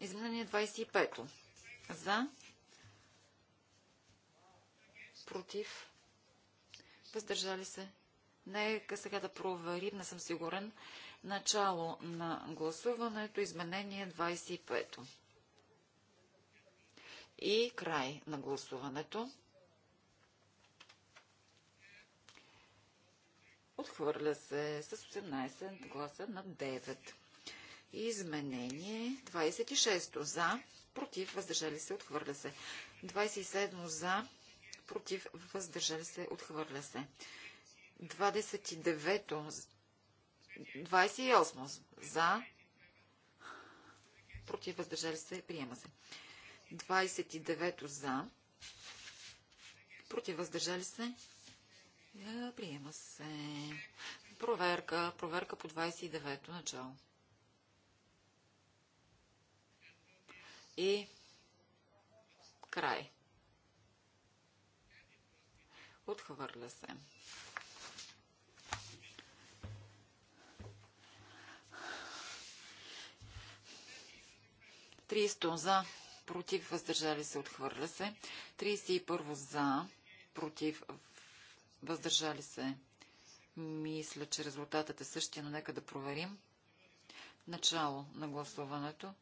Изменение 25. За, против, въздържали се. Нека сега да проверим, не съм сигурен. Начало на гласуването, изменение 25. И край на гласуването. Отхвърля се с 18 гласа на 9. Изменение 26 за, против, въздържали се, отхвърля се. 27 за, против, въздържали се, отхвърля се. 29 28 за, против, въздържали се, приема се. 29 за, против, въздържали се, е, приема се. Проверка. Проверка по 29-то начало. И край. Отхвърля се. Тристо за, против, въздържали се, отхвърля се. 31 за, против, въздържали се. Мисля, че резултатът е същия, но нека да проверим. Начало на гласуването.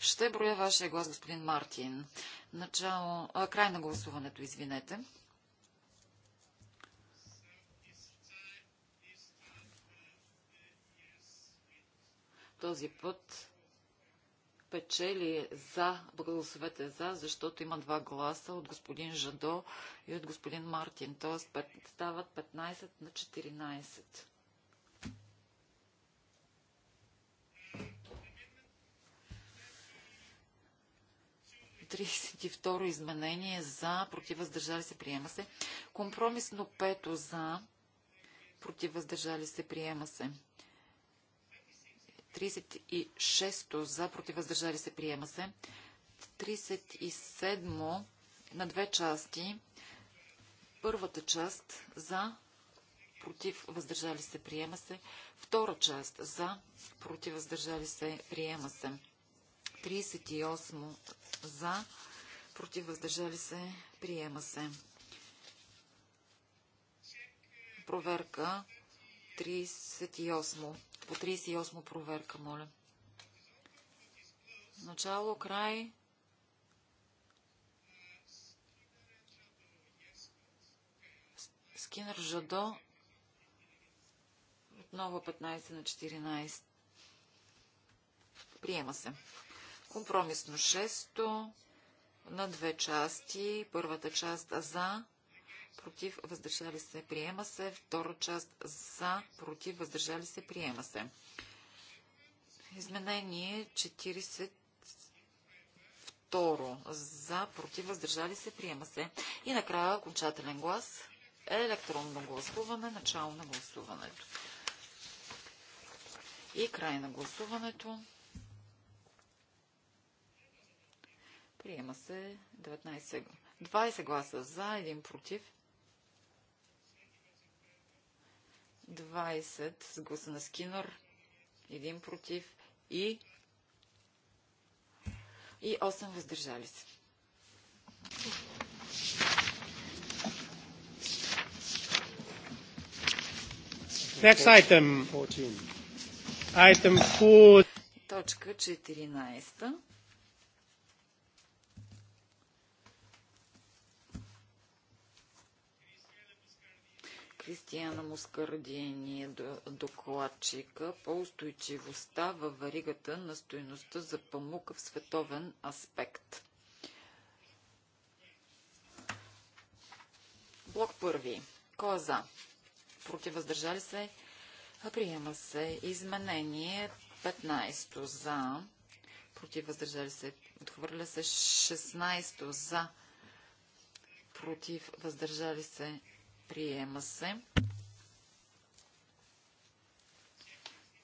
Ще броя вашия глас, господин Мартин. Начало, а, край на гласуването, извинете. Този път печели за, гласовете за, защото има два гласа от господин Жадо и от господин Мартин. Т.е. стават 15 на 14. 32 и второ изменение за, против въздържали се, приема се. Компромисно пето за, против въздържали се, приема се. 36 за, против въздържали се, приема се. 37 на две части. Първата част за, против въздържали се, приема се. Втора част за, против въздържали се, приема се. 38 за, против въздържали се, приема се. Проверка 38 по 38 проверка, моля. Начало, край. Скинър Жадо. Отново 15 на 14. Приема се. Компромисно 6 на две части. Първата част за против, въздържали се, приема се. Втора част за, против, въздържали се, приема се. Изменение 42 за, против, въздържали се, приема се. И накрая окончателен глас. Електронно гласуване, начало на гласуването. И край на гласуването. Приема се 19, 20 гласа за, 1 против. 20 с гласа на Скинър, един против и, и 8 въздържали се. Next item. 14. Item 4. Точка 14. Кристияна Москардини, е докладчика по устойчивостта във варигата на стоеността за памука в световен аспект. Блок първи. Кой е за? противъздържали се? Приема се изменение 15 за. Против въздържали се? Отхвърля се 16 за. Против въздържали се? Приема се.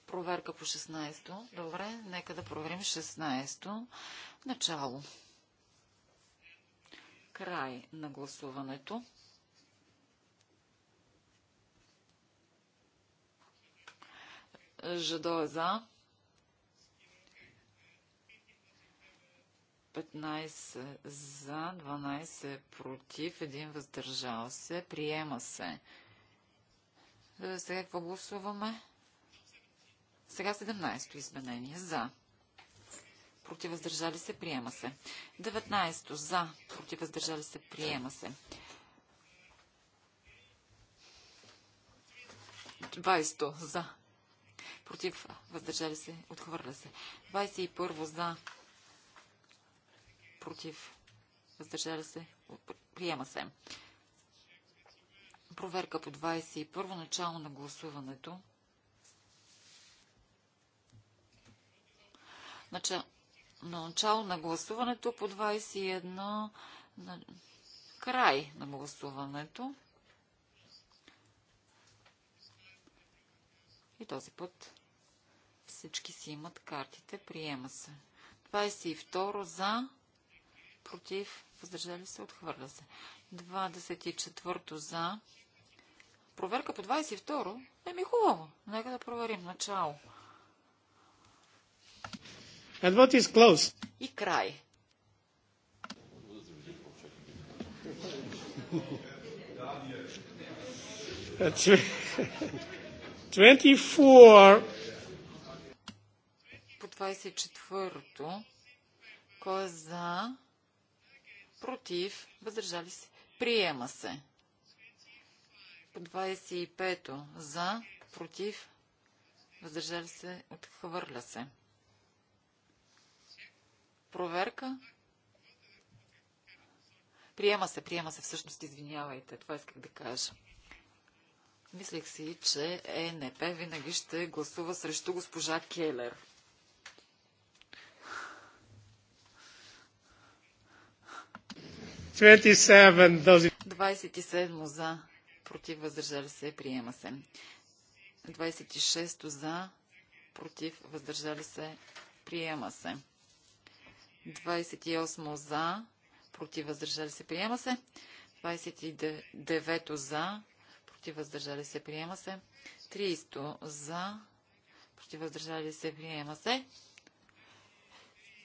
Проверка по 16-то. Добре, нека да проверим 16-то. Начало. Край на гласуването. Жадо е за. 15 за, 12 против, 1 въздържал се. Приема се. Е, сега какво гласуваме? Сега 17-то изменение. За. Против въздържали се. Приема се. 19-то. За. Против въздържали се. Приема се. 20-то. За. Против въздържали се. Отхвърля се. 21-то. За против, въздържали се, приема се. Проверка по 21 начало на гласуването. Начало, на начало на гласуването по 21 на край на гласуването. И този път всички си имат картите. Приема се. 22 за, против, въздържали се, отхвърля се. 24-то за. Проверка по 22-ро? ми е хубаво. Нека да проверим. Начало. And what is close? И край. (laughs) Twenty-four. По 24-то. Кой е за? против, въздържали се, приема се. По 25-то за, против, въздържали се, отхвърля се. Проверка. Приема се, приема се, всъщност, извинявайте, това исках да кажа. Мислех си, че ЕНП винаги ще гласува срещу госпожа Келер. 27 за, против въздържали се, приема се. 26 за, против въздържали се, приема се. 28 за, против въздържали се, приема се. 29 за, против въздържали се, приема се. 30 за, против въздържали се, приема се.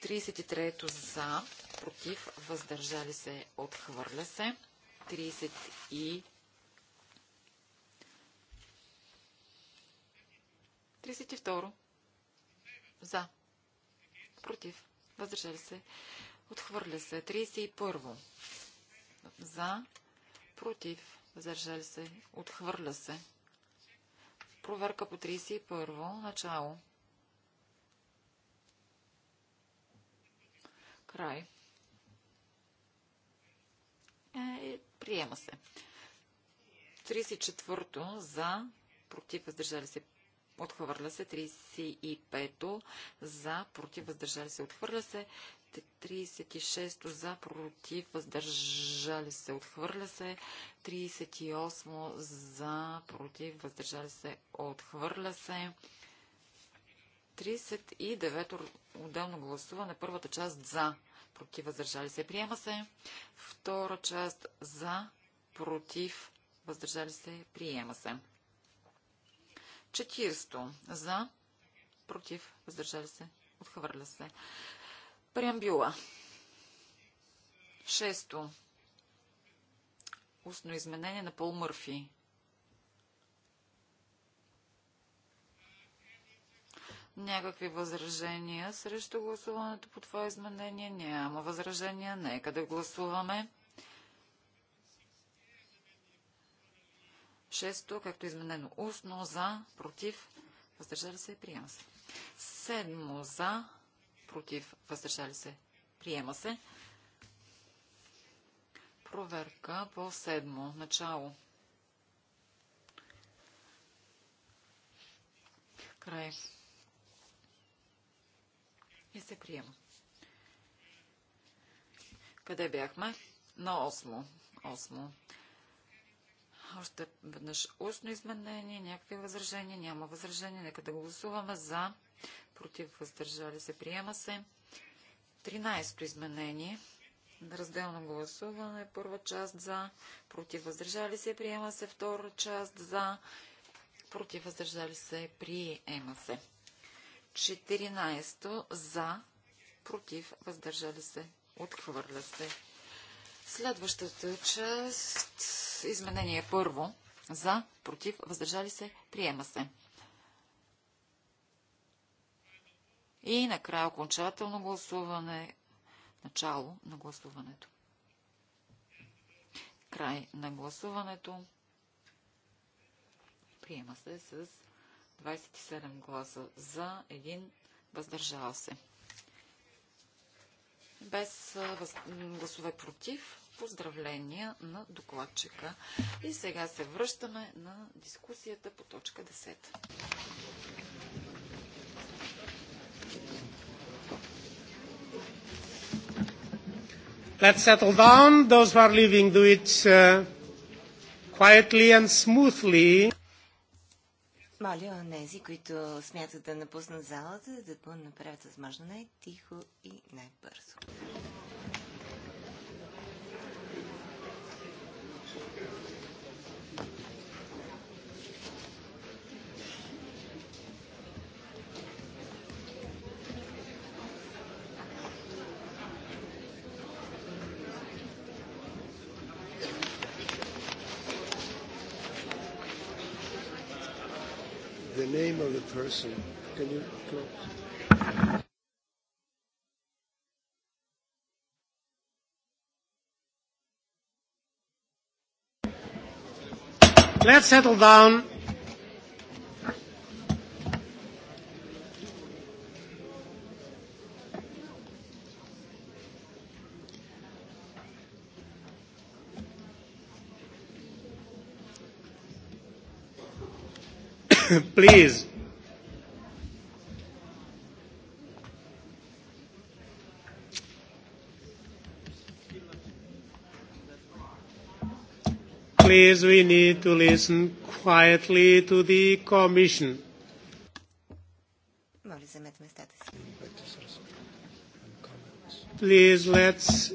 33 за, против, въздържали се, отхвърля се. 30 и 32. За. Против. Въздържали се. Отхвърля се. 31. За. Против. Въздържали се. Отхвърля се. Проверка по 31. Начало. Край. Е, приема се. 34-то за, против, въздържали се, отхвърля се. 35-то за, против, въздържали се, отхвърля се. 36 за, против, въздържали се, отхвърля се. 38 за, против, въздържали се, отхвърля се. 39 отделно гласуване, първата част за, против, въздържали се, приема се. Втора част за, против, въздържали се, приема се. Четирсто, за, против, въздържали се, отхвърля се. Преамбюла. Шесто. Устно изменение на Пол Мърфи. някакви възражения срещу гласуването по това изменение? Няма възражения. Нека да гласуваме. Шесто, както е изменено устно, за, против, въздържали се, приема се. Седмо, за, против, въздържали се, приема се. Проверка по седмо, начало. Край и се приема. Къде бяхме? На осмо. Осмо. Още веднъж устно изменение, някакви възражения, няма възражения. Нека да гласуваме за, против, въздържали се, приема се. Тринайсто изменение. Разделно гласуване. Първа част за, против, въздържали се, приема се. Втора част за, против, въздържали се, приема се. 14 за, против, въздържали се, отхвърля се. Следващата част, изменение първо, за, против, въздържали се, приема се. И накрая окончателно гласуване, начало на гласуването. Край на гласуването. Приема се с 27 гласа за, 1 въздържал се. Без гласове против, поздравления на докладчика. И сега се връщаме на дискусията по точка 10. Let's settle down. Those who are leaving, do it uh, quietly and smoothly. Моля онези, които смятат да напуснат залата, да го направят възможно най-тихо и най-бързо. person. Can you close? Let's settle down. Please please, we need to listen quietly to the commission. Please, let's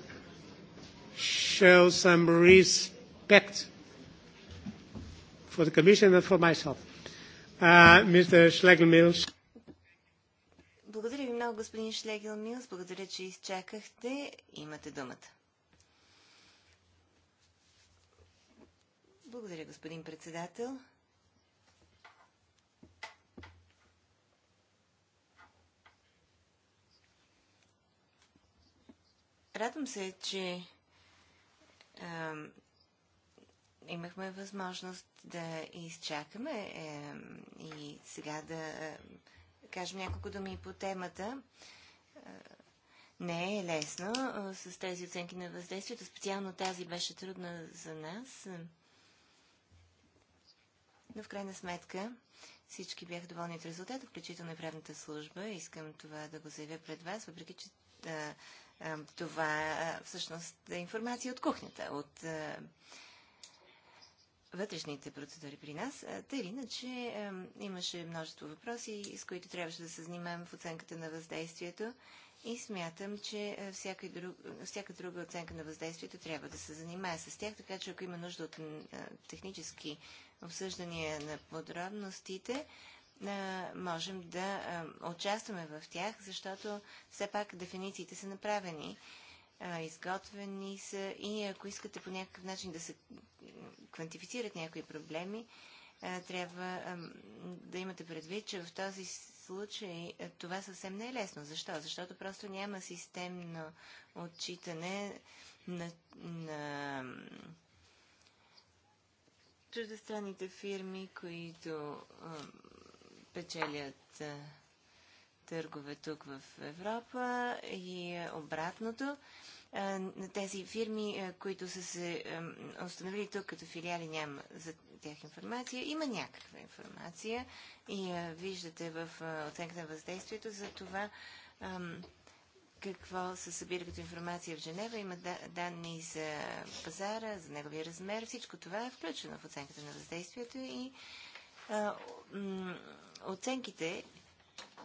show some respect for the commission and for myself. Uh, Mr. Schlegelmilch. Благодаря ви много, господин Шлегел Милс. Благодаря, че изчакахте. Имате думата. Благодаря, господин председател. Радвам се, че а, имахме възможност да изчакаме е, и сега да е, кажем няколко думи по темата. не е лесно с тези оценки на въздействието. Специално тази беше трудна за нас. Но в крайна сметка всички бяха доволни от резултата, включително и правната служба. Искам това да го заявя пред вас, въпреки че а, а, това а, всъщност е информация от кухнята, от а, вътрешните процедури при нас. Тъй иначе а, имаше множество въпроси, с които трябваше да се занимаем в оценката на въздействието. И смятам, че всяка, друг, всяка друга оценка на въздействието трябва да се занимае с тях, така че ако има нужда от технически обсъждания на подробностите, можем да участваме в тях, защото все пак дефинициите са направени, изготвени са и ако искате по някакъв начин да се квантифицират някои проблеми, трябва да имате предвид, че в този случай това съвсем не е лесно. Защо? Защото просто няма системно отчитане на, на чуждестранните фирми, които а, печелят а, търгове тук в Европа и а, обратното. На тези фирми, които са се установили тук като филиали, няма за тях информация. Има някаква информация и виждате в оценката на въздействието за това какво се събира като информация в Женева. Има данни за пазара, за неговия размер. Всичко това е включено в оценката на въздействието и а, оценките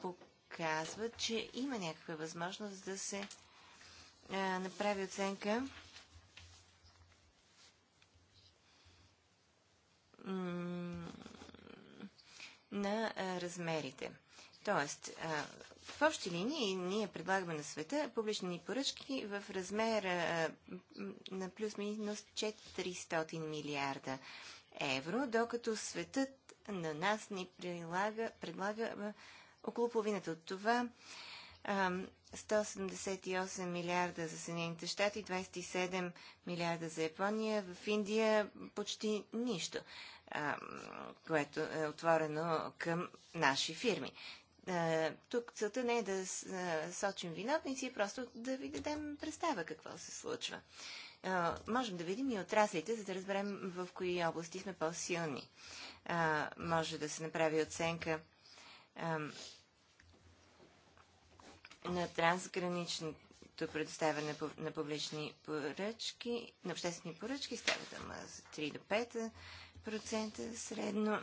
показват, че има някаква възможност да се а, направи оценка на размерите. Тоест, в общи линии ние предлагаме на света публични поръчки в размер на плюс-минус 400 милиарда евро, докато светът на нас ни прилага, предлага около половината от това. 178 милиарда за Съединените щати, 27 милиарда за Япония, в Индия почти нищо, което е отворено към наши фирми. Тук целта не е да сочим виновници, е просто да ви дадем представа какво се случва. Можем да видим и отраслите, за да разберем в кои области сме по-силни. Може да се направи оценка на трансграничното предоставяне на публични поръчки, на обществени поръчки, става дума за 3 до 5 средно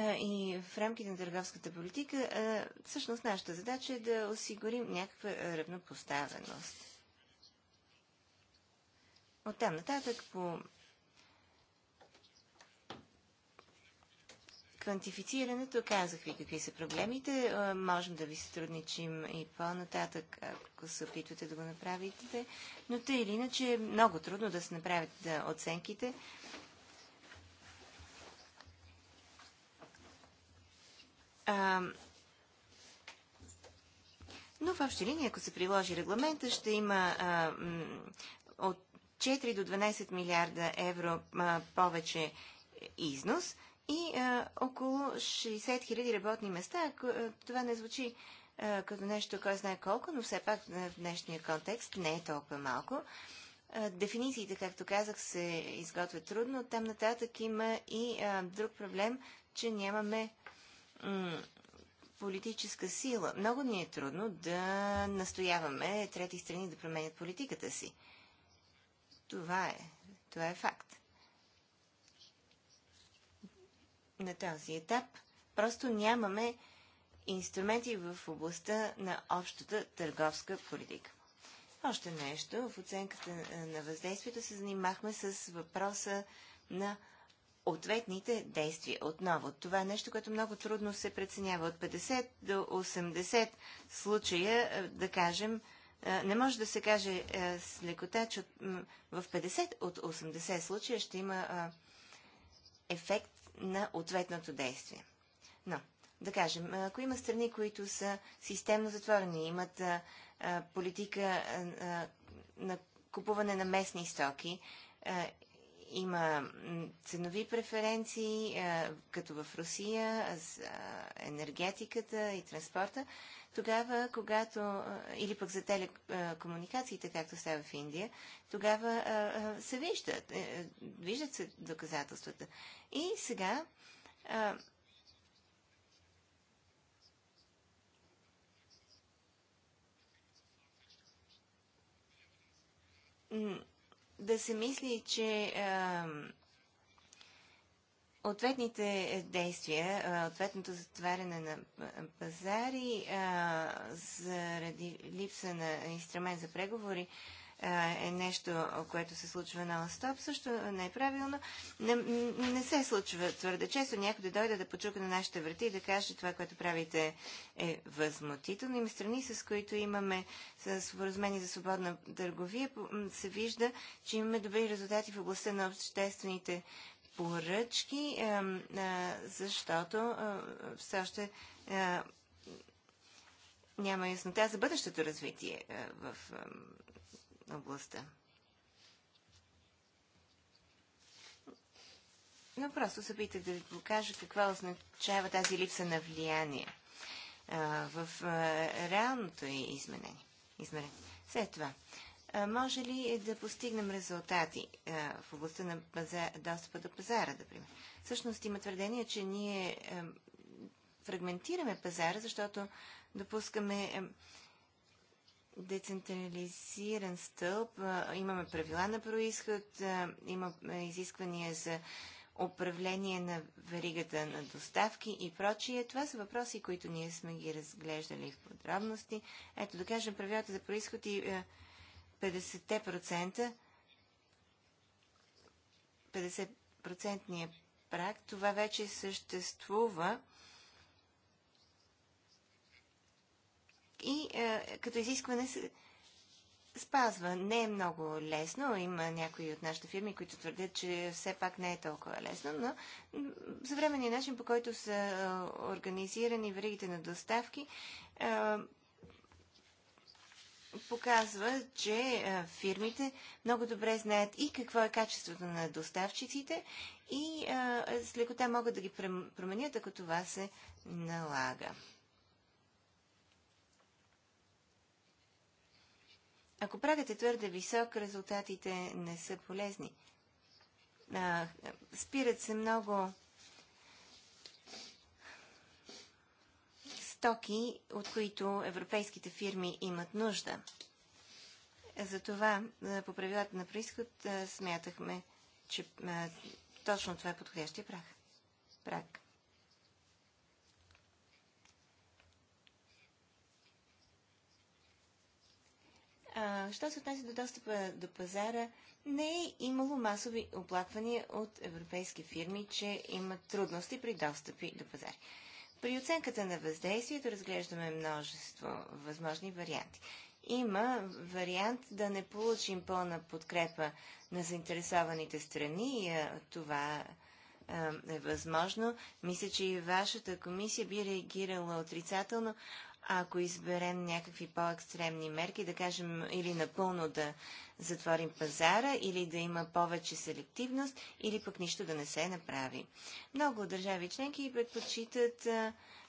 и в рамките на търговската политика, всъщност нашата задача е да осигурим някаква равнопоставеност. От там нататък по квантифицирането казах ви какви са проблемите. Можем да ви сътрудничим и по-нататък, ако се опитвате да го направите. Но тъй или иначе е много трудно да се направят оценките но в общи линии, ако се приложи регламента, ще има от 4 до 12 милиарда евро повече износ и около 60 хиляди работни места. Ако, това не звучи като нещо, кой знае колко, но все пак в днешния контекст не е толкова малко. дефинициите, както казах, се изготвят трудно. Там нататък има и друг проблем, че нямаме политическа сила. Много ни е трудно да настояваме трети страни да променят политиката си. Това е. Това е факт. На този етап просто нямаме инструменти в областта на общата търговска политика. Още нещо. В оценката на въздействието се занимахме с въпроса на ответните действия. Отново, това е нещо, което много трудно се преценява. От 50 до 80 случая, е, да кажем, е, не може да се каже е, с лекота, че в 50 от 80 случая ще има ефект на ответното действие. Но, да кажем, ако има страни, които са системно затворени, имат политика на купуване на местни стоки има ценови преференции, като в Русия, за енергетиката и транспорта. Тогава, когато, или пък за телекомуникациите, както става в Индия, тогава се виждат, е, виждат се доказателствата. И сега да се мисли, че ответните действия, ответното затваряне на пазари заради липса на инструмент за преговори е, е нещо, което се случва на стоп също не е правилно. Не, не се случва твърде често някой да дойде да почука на нашите врати и да каже, че това, което правите е възмутително. Има страни, с които имаме споразумение за свободна търговия, се вижда, че имаме добри резултати в областта на обществените поръчки, е, защото е, все още няма яснота за бъдещето развитие в властта. Но просто се питах да ви покажа какво означава тази липса на влияние а, в а, реалното изменение. измерение. След това, а, може ли да постигнем резултати а, в областта на пазар, достъпа до пазара, например? Всъщност има твърдение, че ние а, фрагментираме пазара, защото допускаме а, децентрализиран стълб. Имаме правила на происход, има изисквания за управление на веригата на доставки и прочие. Това са въпроси, които ние сме ги разглеждали в подробности. Ето, да кажем, правилата за происход и 50%, 50% прак, това вече съществува и а, е, като изискване се спазва. Не е много лесно. Има някои от нашите фирми, които твърдят, че все пак не е толкова лесно, но съвременният начин, по който са е, организирани веригите на доставки, а, е, показва, че фирмите много добре знаят и какво е качеството на доставчиците и а, с лекота могат да ги променят, ако това се налага. Ако прагът е твърде висок, резултатите не са полезни. А, спират се много стоки, от които европейските фирми имат нужда. Затова по правилата на происход смятахме, че точно това е подходящия прах. Прак. А, що се отнася до достъпа до пазара, не е имало масови оплаквания от европейски фирми, че имат трудности при достъпи до пазари. При оценката на въздействието разглеждаме множество възможни варианти. Има вариант да не получим пълна подкрепа на заинтересованите страни. Това е възможно. Мисля, че и вашата комисия би реагирала отрицателно, ако изберем някакви по-екстремни мерки, да кажем или напълно да затворим пазара, или да има повече селективност, или пък нищо да не се направи. Много държави членки предпочитат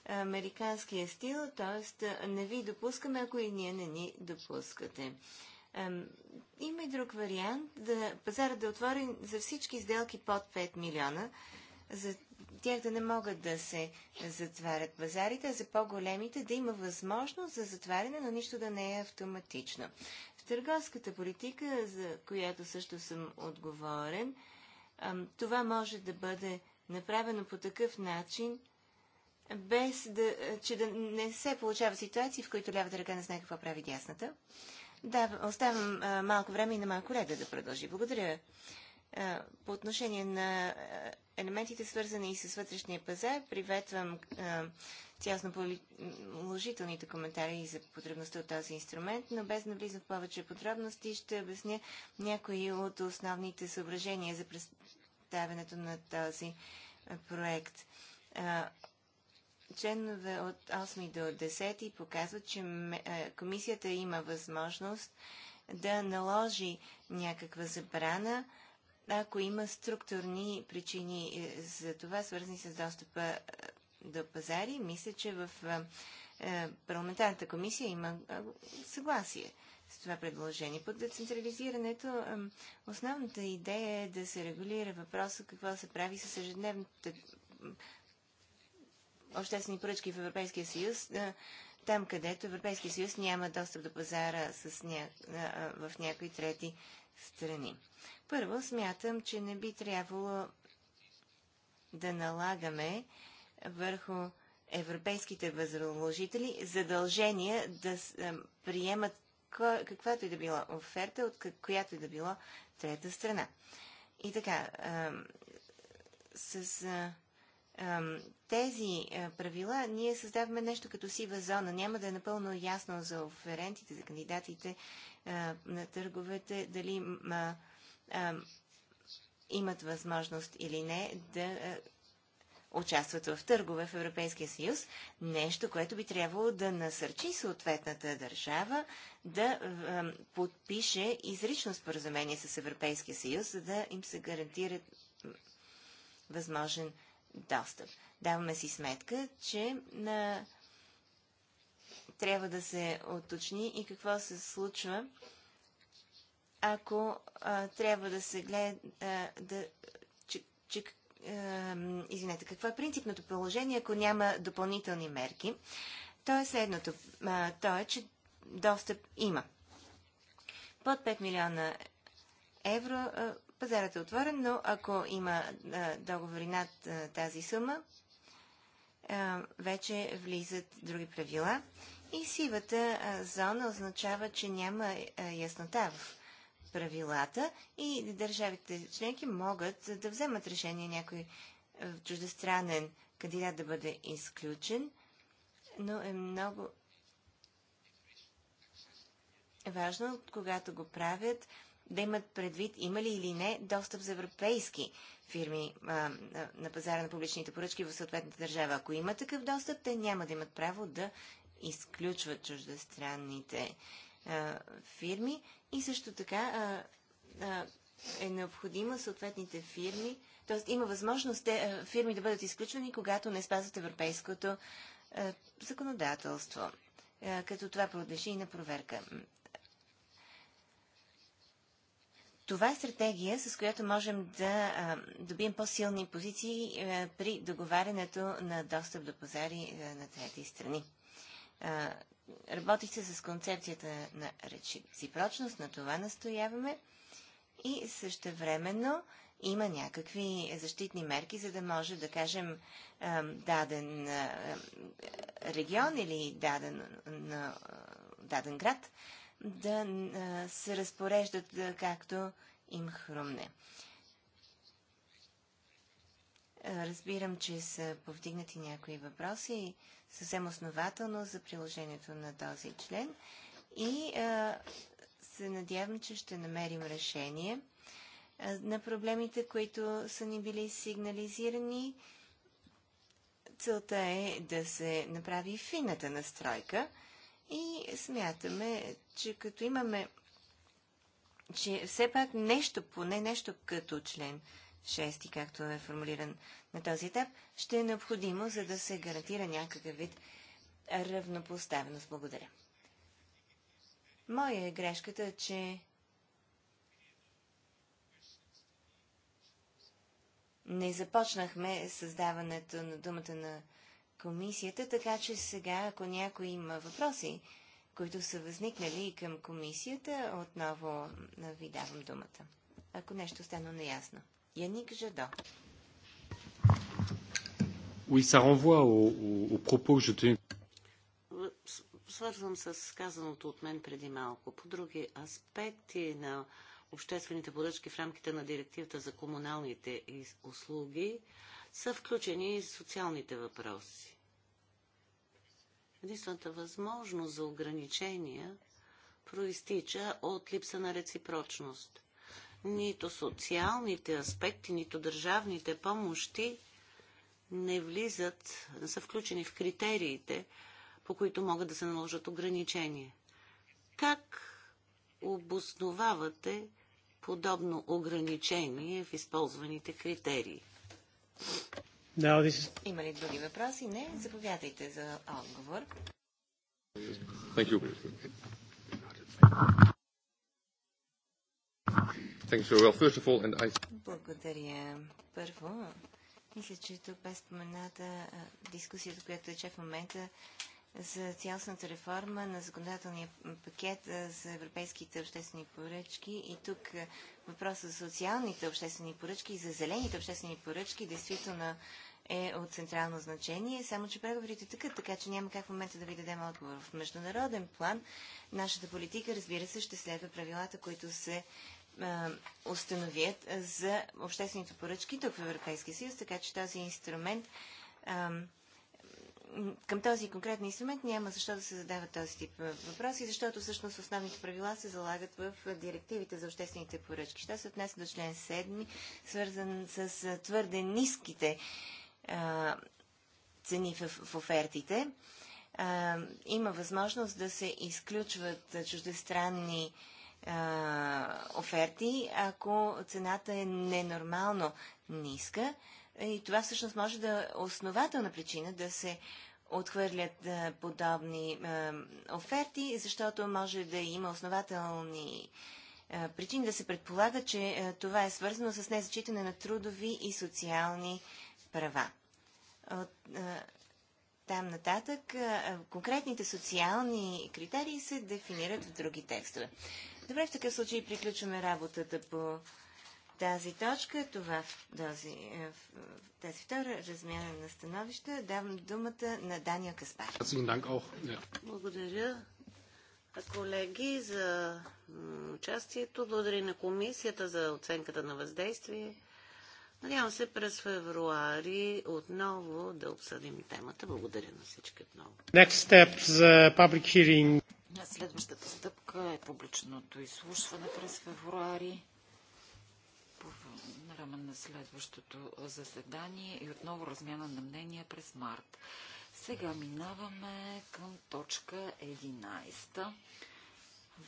американския стил, т.е. не ви допускаме, ако и ние не ни допускате. Има и друг вариант, да, пазара да отвори за всички сделки под 5 милиона, за тях да не могат да се затварят пазарите, а за по-големите да има възможност за затваряне, но нищо да не е автоматично. В търговската политика, за която също съм отговорен, това може да бъде направено по такъв начин, без да, че да не се получава ситуации, в които лявата ръка не знае какво прави дясната. Да, оставам малко време и на малко реда да продължи. Благодаря, по отношение на елементите, свързани и с вътрешния пазар, приветвам тясно положителните коментари за потребността от този инструмент, но без да навлизам в повече подробности, ще обясня някои от основните съображения за представянето на този проект. Членове от 8 до 10 показват, че комисията има възможност да наложи някаква забрана ако има структурни причини е, за това, свързани с достъпа е, до пазари, мисля, че в е, парламентарната комисия има съгласие с това предложение. Под децентрализирането основната идея е да се регулира въпроса какво се прави с ежедневните обществени поръчки в Европейския съюз, там където Европейския съюз няма достъп до пазара с ня... в някои трети страни. Първо, смятам, че не би трябвало да налагаме върху европейските възложители задължения да приемат каквато и да била оферта от която и да било трета страна. И така, с е, тези е, правила ние създаваме нещо като сива зона. Няма да е напълно ясно за оферентите, за кандидатите е, на търговете, дали имат възможност или не да участват в търгове в Европейския съюз, нещо, което би трябвало да насърчи съответната държава да подпише изрично споразумение с Европейския съюз, за да им се гарантира възможен достъп. Даваме си сметка, че на трябва да се оточни и какво се случва ако а, трябва да се гледа, да, че, че, а, извинете, какво е принципното положение, ако няма допълнителни мерки? То е следното. А, то е, че достъп има. Под 5 милиона евро а, пазарът е отворен, но ако има а, договори над а, тази сума, а, вече влизат други правила. И сивата а, зона означава, че няма а, яснота в правилата и държавите членки могат да вземат решение някой е, чуждестранен кандидат да бъде изключен, но е много важно, когато го правят, да имат предвид има ли или не достъп за европейски фирми а, на пазара на публичните поръчки в съответната държава. Ако има такъв достъп, те няма да имат право да изключват чуждестранните а, фирми и също така а, а, е необходимо съответните фирми, т.е. има възможност те, а, фирми да бъдат изключвани, когато не спазват европейското а, законодателство, а, като това продължи и на проверка. Това е стратегия, с която можем да а, добием по-силни позиции а, при договарянето на достъп до пазари а, на трети страни. А, Работихте се с концепцията на реципрочност, на това настояваме и същевременно има някакви защитни мерки, за да може да кажем даден регион или даден, даден град да се разпореждат както им хрумне. Разбирам, че са повдигнати някои въпроси съвсем основателно за приложението на този член и а, се надявам, че ще намерим решение а, на проблемите, които са ни били сигнализирани. Целта е да се направи фината настройка и смятаме, че като имаме, че все пак нещо, поне нещо като член 6, както е формулиран на този етап, ще е необходимо, за да се гарантира някакъв вид равнопоставеност. Благодаря. Моя е грешката, че не започнахме създаването на думата на комисията, така че сега, ако някой има въпроси, които са възникнали към комисията, отново ви давам думата. Ако нещо стана неясно. Yannick Jadot. Oui, ça renvoie au, au propos que je tenais. Свързвам с казаното от мен преди малко. По други аспекти на обществените поръчки в рамките на директивата за комуналните услуги са включени и социалните въпроси. Единствената възможност за ограничения проистича от липса на реципрочност нито социалните аспекти, нито държавните помощи не влизат, не са включени в критериите, по които могат да се наложат ограничения. Как обосновавате подобно ограничение в използваните критерии? Има ли други въпроси? Не. Заповядайте за отговор. Thank you. Благодаря. Първо, мисля, че тук бе спомената дискусията, която тече в момента за цялостната реформа на законодателния пакет за европейските обществени поръчки и тук въпросът за социалните обществени поръчки и за зелените обществени поръчки действително е от централно значение, само че преговорите така, така че няма как в момента да ви дадем отговор. В международен план нашата политика, разбира се, ще следва правилата, които се установят за обществените поръчки тук в Европейския съюз, така че този инструмент към този конкретен инструмент няма защо да се задават този тип въпроси, защото всъщност основните правила се залагат в директивите за обществените поръчки. Що се отнесе до член 7, свързан с твърде ниските а, цени в, в офертите, а, има възможност да се изключват чуждестранни а, а, оферти, ако цената е ненормално ниска. И това всъщност може да е основателна причина да се отхвърлят а, подобни а, оферти, защото може да има основателни а, причини да се предполага, че а, това е свързано с незачитане на трудови и социални права. От, а, там нататък конкретните социални критерии се дефинират в други текстове. Добре, в такъв случай приключваме работата по тази точка. Това в този, е, в тази втора размяна на становища. Давам думата на Дания Каспар. Благодаря колеги за участието. Благодаря на комисията за оценката на въздействие. Надявам се през февруари отново да обсъдим темата. Благодаря на всички отново. Next step, the uh, public hearing. Следващата стъпка е публичното изслушване през февруари по време на следващото заседание и отново размяна на мнения през март. Сега минаваме към точка 11.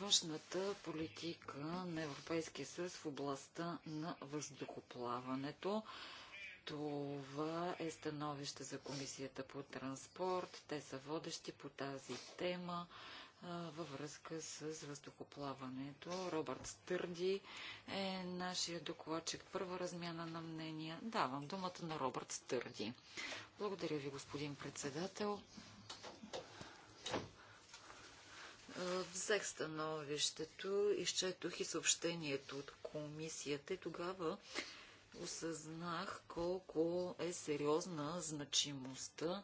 Външната политика на Европейския съюз в областта на въздухоплаването. Това е становище за Комисията по транспорт. Те са водещи по тази тема във връзка с въздухоплаването. Робърт Стърди е нашия докладчик. Първа размяна на мнения. Давам думата на Робърт Стърди. Благодаря ви, господин председател. Взех становището, изчетох и съобщението от комисията и тогава осъзнах колко е сериозна значимостта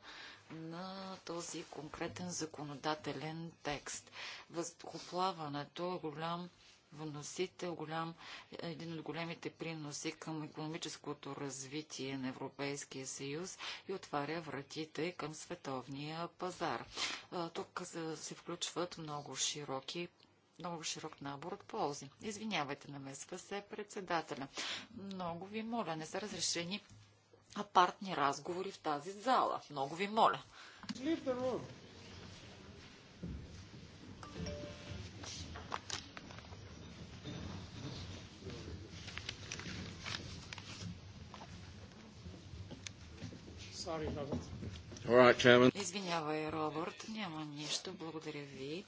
на този конкретен законодателен текст. Въздухоплаването е голям вносител, голям, един от големите приноси към економическото развитие на Европейския съюз и отваря вратите към световния пазар. Тук се включват много широки много широк набор от ползи. Извинявайте, намесва се председателя. Много ви моля, не са разрешени апартни разговори в тази зала. Много ви моля. Sorry, Robert. Извинявай, Робърт, няма нищо, благодаря ви.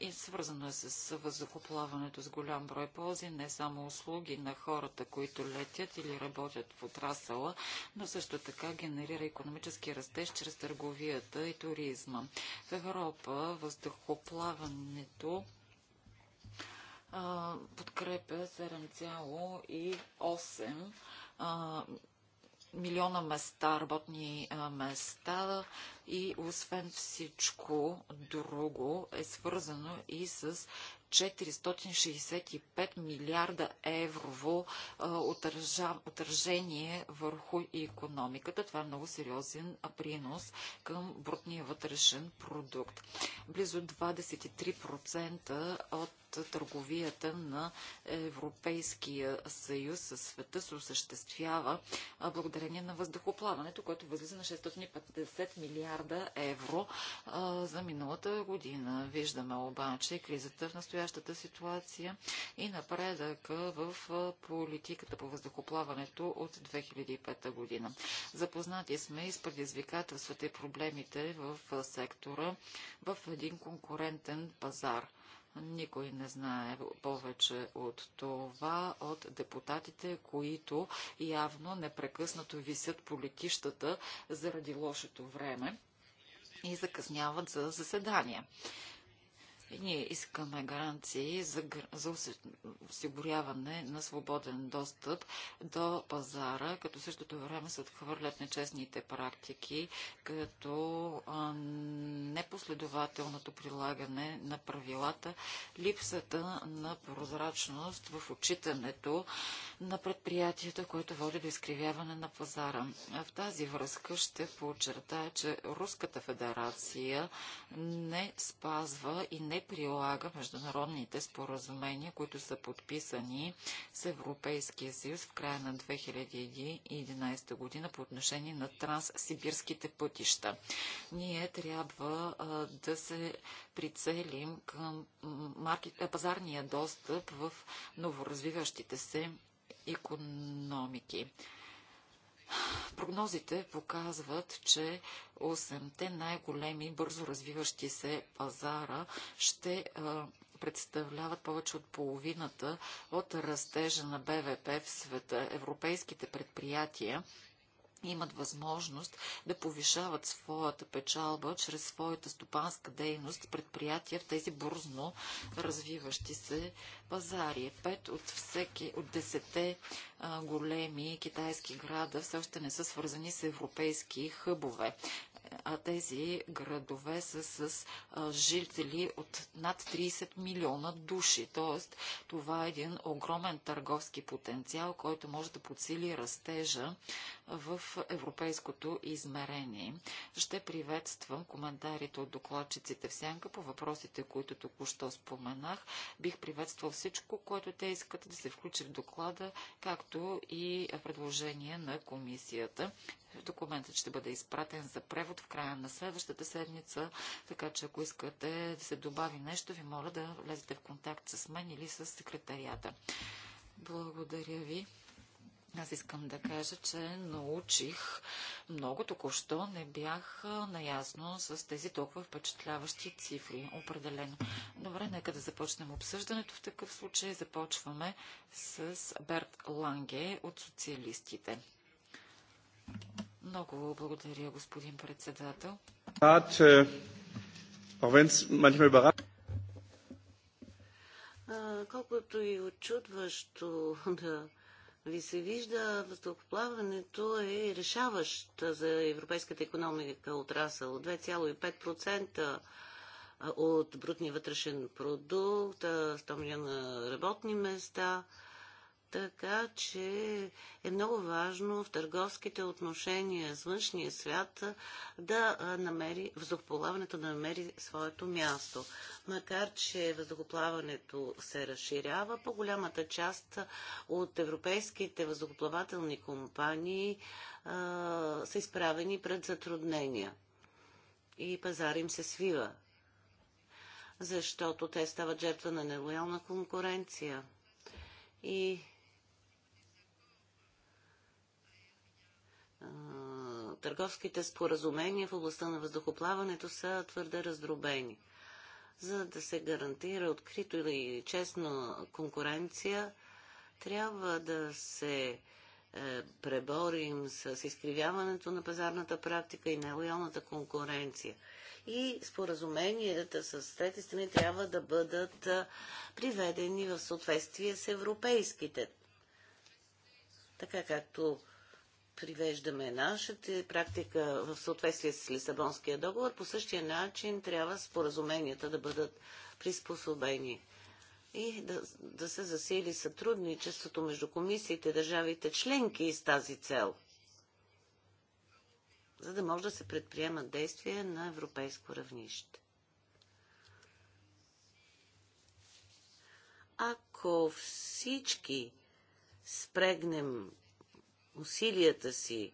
И свързано е с въздухоплаването с голям брой ползи, не само услуги на хората, които летят или работят в отрасъла, но също така генерира економически растеж чрез търговията и туризма. В Европа въздухоплаването подкрепя 7,8 милиона места, работни места и освен всичко друго е свързано и с 465 милиарда еврово отражение върху економиката. Това е много сериозен принос към брутния вътрешен продукт. Близо 23% от търговията на Европейския съюз със света се осъществява благодарение на въздухоплаването, което възлиза на 650 милиарда евро за миналата година. Виждаме обаче кризата в настоящата ситуация и напредък в политиката по въздухоплаването от 2005 година. Запознати сме и с предизвикателствата и проблемите в сектора в един конкурентен пазар – никой не знае повече от това от депутатите, които явно непрекъснато висят по летищата заради лошото време и закъсняват за заседания ние искаме гаранции за, за осигуряване на свободен достъп до пазара, като същото време се отхвърлят нечестните практики, като а, непоследователното прилагане на правилата, липсата на прозрачност в отчитането на предприятията, което води до изкривяване на пазара. В тази връзка ще подчертая, че Руската федерация не спазва и не прилага международните споразумения, които са подписани с Европейския съюз в края на 2011 година по отношение на транссибирските пътища. Ние трябва да се прицелим към маркет, пазарния достъп в новоразвиващите се економики. Прогнозите показват, че 8-те най-големи бързо развиващи се пазара ще представляват повече от половината от растежа на БВП в света. Европейските предприятия имат възможност да повишават своята печалба чрез своята стопанска дейност предприятия в тези бурзно развиващи се пазари. Пет от всеки от десете а, големи китайски града все още не са свързани с европейски хъбове а тези градове са с а, жители от над 30 милиона души. Тоест, това е един огромен търговски потенциал, който може да подсили растежа в европейското измерение. Ще приветствам коментарите от докладчиците в сянка по въпросите, които току-що споменах. Бих приветствал всичко, което те искат да се включи в доклада, както и предложение на комисията. Документът ще бъде изпратен за превод в края на следващата седмица, така че ако искате да се добави нещо, ви моля да влезете в контакт с мен или с секретарията. Благодаря ви. Аз искам да кажа, че научих много току-що. Не бях наясно с тези толкова впечатляващи цифри. Определено. Добре, нека да започнем обсъждането. В такъв случай започваме с Берт Ланге от социалистите. Много благодаря, господин председател. Колкото и очудващо да ви се вижда, въздухоплаването е решаващ за европейската економика отрасъл. 2,5% от брутния вътрешен продукт, 100 милиона работни места – така че е много важно в търговските отношения с външния свят да намери, въздухоплаването да намери своето място. Макар, че въздухоплаването се разширява, по голямата част от европейските въздухоплавателни компании а, са изправени пред затруднения. И пазар им се свива, защото те стават жертва на нелоялна конкуренция. И търговските споразумения в областта на въздухоплаването са твърде раздробени. За да се гарантира открито или честно конкуренция, трябва да се е, преборим с изкривяването на пазарната практика и нелоялната конкуренция. И споразуменията с трети страни трябва да бъдат е, приведени в съответствие с европейските. Така както привеждаме нашата практика в съответствие с Лисабонския договор, по същия начин трябва споразуменията да бъдат приспособени и да, да се засили сътрудничеството между комисиите и държавите членки с тази цел, за да може да се предприемат действия на европейско равнище. Ако всички спрегнем усилията си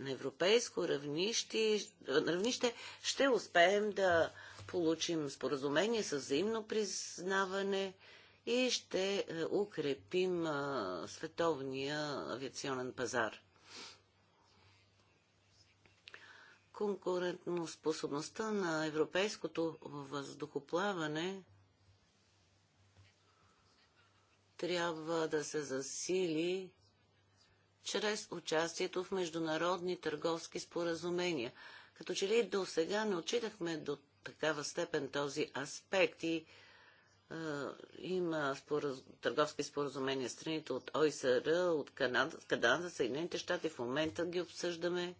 на европейско равнище, равнище ще успеем да получим споразумение с взаимно признаване и ще е, укрепим е, световния авиационен пазар. Конкурентоспособността на европейското въздухоплаване трябва да се засили чрез участието в международни търговски споразумения. Като че ли до сега не отчитахме до такава степен този аспект и е, има спораз... търговски споразумения страните от ОИСР, от Канада, Канада, Съединените щати. В момента ги обсъждаме.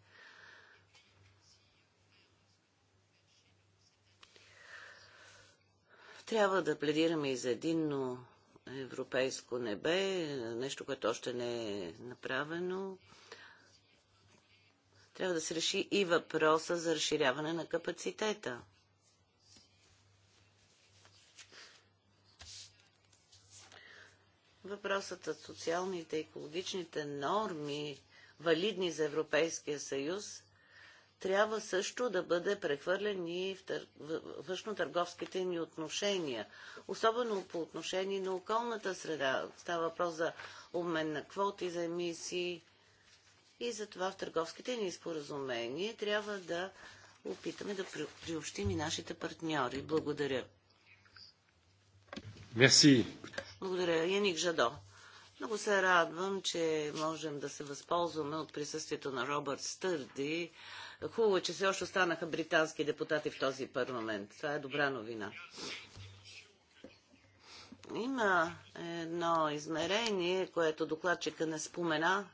Трябва да пледираме и за единно европейско небе, нещо, което още не е направено. Трябва да се реши и въпроса за разширяване на капацитета. Въпросът от социалните и екологичните норми, валидни за Европейския съюз, трябва също да бъде прехвърлен и в тър... външно-търговските ни отношения. Особено по отношение на околната среда. Става въпрос за обмен на квоти за емисии. И затова в търговските ни споразумения трябва да опитаме да приобщим и нашите партньори. Благодаря. Мерси. Благодаря. Яник Жадо. Много се радвам, че можем да се възползваме от присъствието на Робърт Стърди, Хубаво е, че все още останаха британски депутати в този парламент. Това е добра новина. Има едно измерение, което докладчика не спомена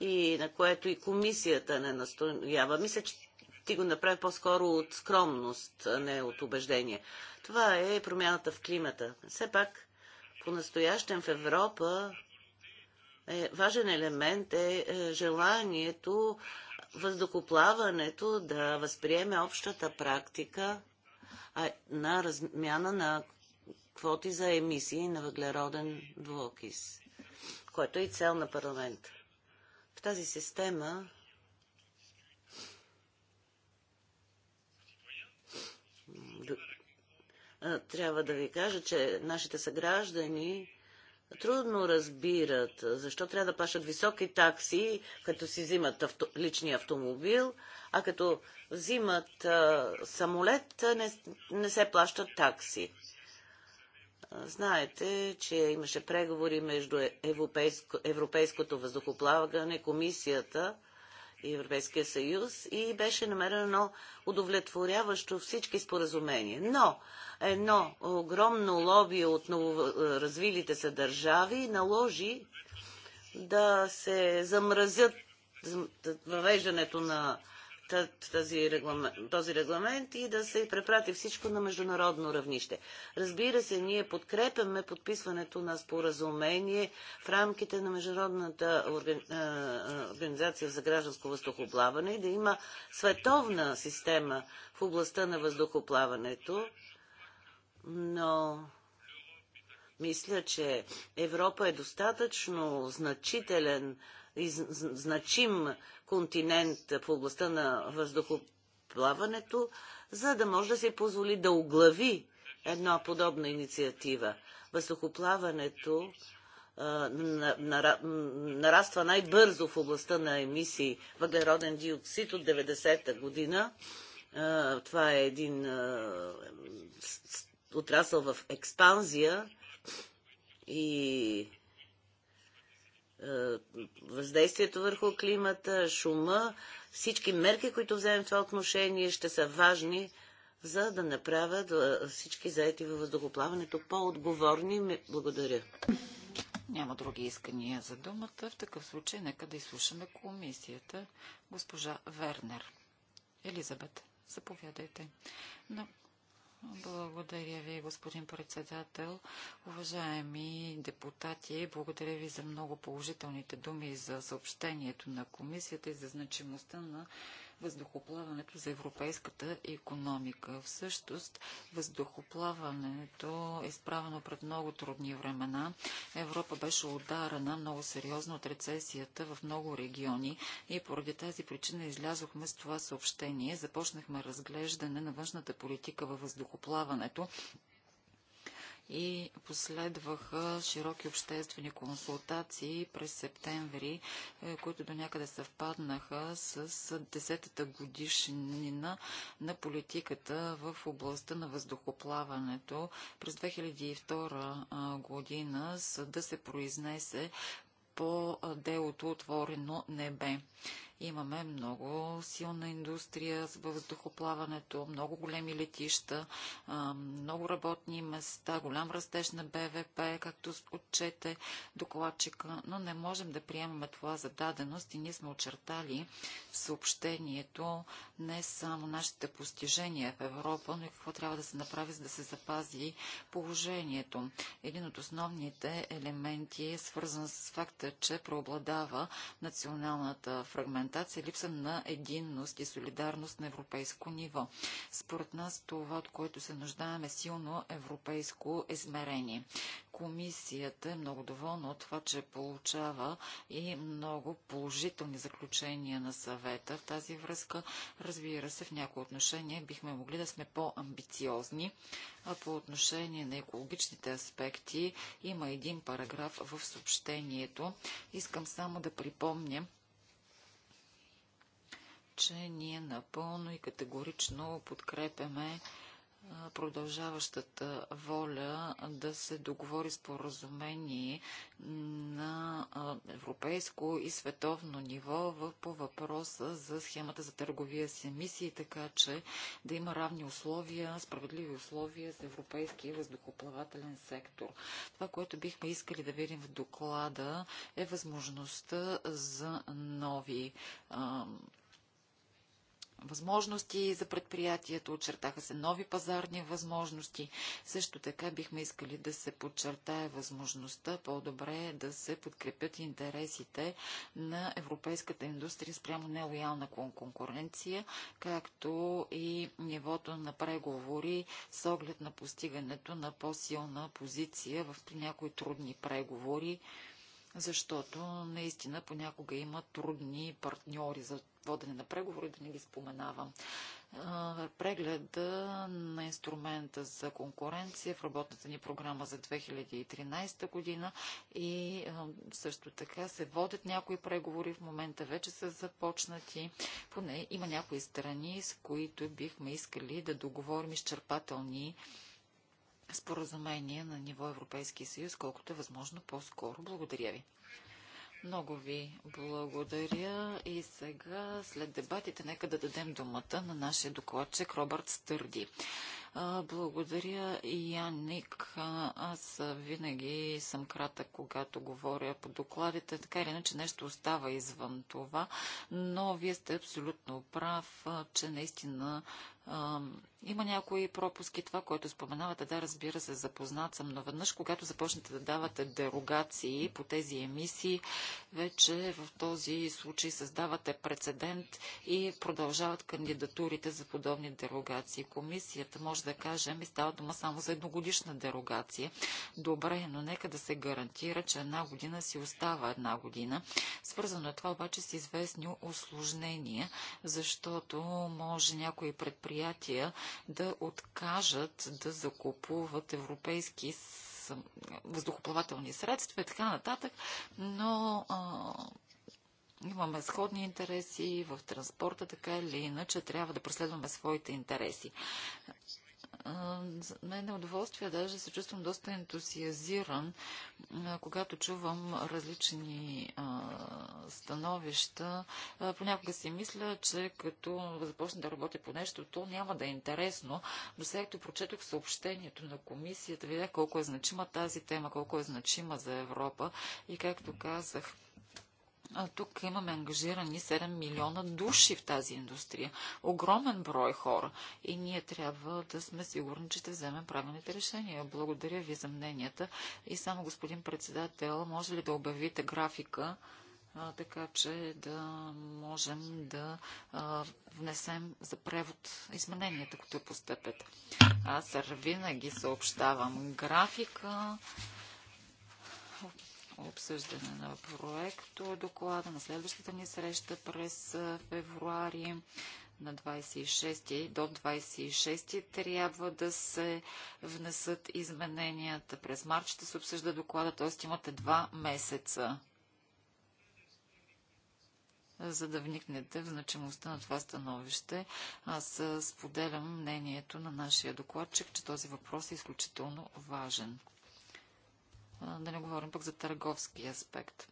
и на което и комисията не настоява. Мисля, че ти го направи по-скоро от скромност, а не от убеждение. Това е промяната в климата. Все пак, по настоящен в Европа е, важен елемент е, е желанието, въздухоплаването да възприеме общата практика а, на размяна на квоти за емисии на въглероден двуокис, което е и цел на парламента. В тази система трябва да ви кажа, че нашите съграждани трудно разбират защо трябва да плащат високи такси, като си взимат авто, личния автомобил, а като взимат а, самолет, не, не се плащат такси. Знаете, че имаше преговори между е, Европейско, Европейското въздухоплаване, комисията Европейския съюз и беше намерено удовлетворяващо всички споразумения. Но едно огромно лоби от новоразвилите се държави наложи да се замразят въвеждането на тази регламент, този регламент и да се препрати всичко на международно равнище. Разбира се, ние подкрепяме подписването на споразумение в рамките на Международната организация за гражданско въздухоплаване и да има световна система в областта на въздухоплаването, но мисля, че Европа е достатъчно значителен и значим континент в областта на въздухоплаването, за да може да се позволи да оглави една подобна инициатива. Въздухоплаването нараства най-бързо в областта на емисии въглероден диоксид от 90-та година. това е един отрасъл в експанзия и въздействието върху климата, шума, всички мерки, които вземем в това отношение, ще са важни, за да направят всички заети във въздухоплаването по-отговорни. Благодаря. Няма други искания за думата. В такъв случай нека да изслушаме комисията. Госпожа Вернер. Елизабет, заповядайте. Но благодаря ви, господин председател. Уважаеми депутати, благодаря ви за много положителните думи за съобщението на комисията и за значимостта на въздухоплаването за европейската економика. Всъщност, въздухоплаването е справено пред много трудни времена. Европа беше ударена много сериозно от рецесията в много региони и поради тази причина излязохме с това съобщение. Започнахме разглеждане на външната политика във въздухоплаването и последваха широки обществени консултации през септември, е, които до някъде съвпаднаха с 10-та годишнина на политиката в областта на въздухоплаването. През 2002 година съда се произнесе по делото Отворено небе. Имаме много силна индустрия във въздухоплаването, много големи летища, много работни места, голям растеж на БВП, както отчете докладчика, но не можем да приемаме това за даденост и ние сме очертали в съобщението не само нашите постижения в Европа, но и какво трябва да се направи, за да се запази положението. Един от основните елементи е свързан с факта, че преобладава националната фрагмент регламентация, липса на единност и солидарност на европейско ниво. Според нас това, от което се нуждаем е силно европейско измерение. Комисията е много доволна от това, че получава и много положителни заключения на съвета. В тази връзка, разбира се, в някои отношения бихме могли да сме по-амбициозни. А по отношение на екологичните аспекти има един параграф в съобщението. Искам само да припомня, че ние напълно и категорично подкрепяме продължаващата воля да се договори споразумение на европейско и световно ниво по въпроса за схемата за търговия с емисии, така че да има равни условия, справедливи условия за европейския въздухоплавателен сектор. Това, което бихме искали да видим в доклада е възможността за нови възможности за предприятието, очертаха се нови пазарни възможности. Също така бихме искали да се подчертае възможността по-добре да се подкрепят интересите на европейската индустрия спрямо нелоялна конкуренция, както и нивото на преговори с оглед на постигането на по-силна позиция в някои трудни преговори защото наистина понякога има трудни партньори за водене на преговори, да не ги споменавам. Прегледа на инструмента за конкуренция в работната ни програма за 2013 година и също така се водят някои преговори. В момента вече са започнати. Поне има някои страни, с които бихме искали да договорим изчерпателни споразумения на ниво Европейски съюз, колкото е възможно по-скоро. Благодаря ви. Много ви благодаря и сега след дебатите нека да дадем думата на нашия докладчик Робърт Стърди. Благодаря и Яник. Аз винаги съм кратък, когато говоря по докладите. Така или иначе нещо остава извън това, но вие сте абсолютно прав, че наистина има някои пропуски. Това, което споменавате, да, разбира се, запознат съм, но веднъж, когато започнете да давате дерогации по тези емисии, вече в този случай създавате прецедент и продължават кандидатурите за подобни дерогации. Комисията, може да кажем, и става дума само за едногодишна дерогация. Добре, но нека да се гарантира, че една година си остава една година. Свързано е това обаче с известни осложнения, защото може някои предприятия предприятия да откажат да закупуват европейски въздухоплавателни средства и така нататък, но а, имаме сходни интереси в транспорта, така или иначе трябва да преследваме своите интереси. За мен е удоволствие, даже се чувствам доста ентусиазиран, когато чувам различни становища. Понякога си мисля, че като започна да работя по нещо, то няма да е интересно. Но сега като прочетох съобщението на комисията, видях колко е значима тази тема, колко е значима за Европа и както казах, а тук имаме ангажирани 7 милиона души в тази индустрия. Огромен брой хора. И ние трябва да сме сигурни, че ще вземем правилните решения. Благодаря ви за мненията. И само, господин председател, може ли да обявите графика, а, така че да можем да а, внесем за превод измененията, които постъпят. Аз винаги съобщавам графика обсъждане на проекто доклада на следващата ни среща през февруари на 26 до 26 трябва да се внесат измененията. През март ще се обсъжда доклада, т.е. имате два месеца за да вникнете в значимостта на това становище. Аз споделям мнението на нашия докладчик, че този въпрос е изключително важен. Да не говорим пък за търговски аспект.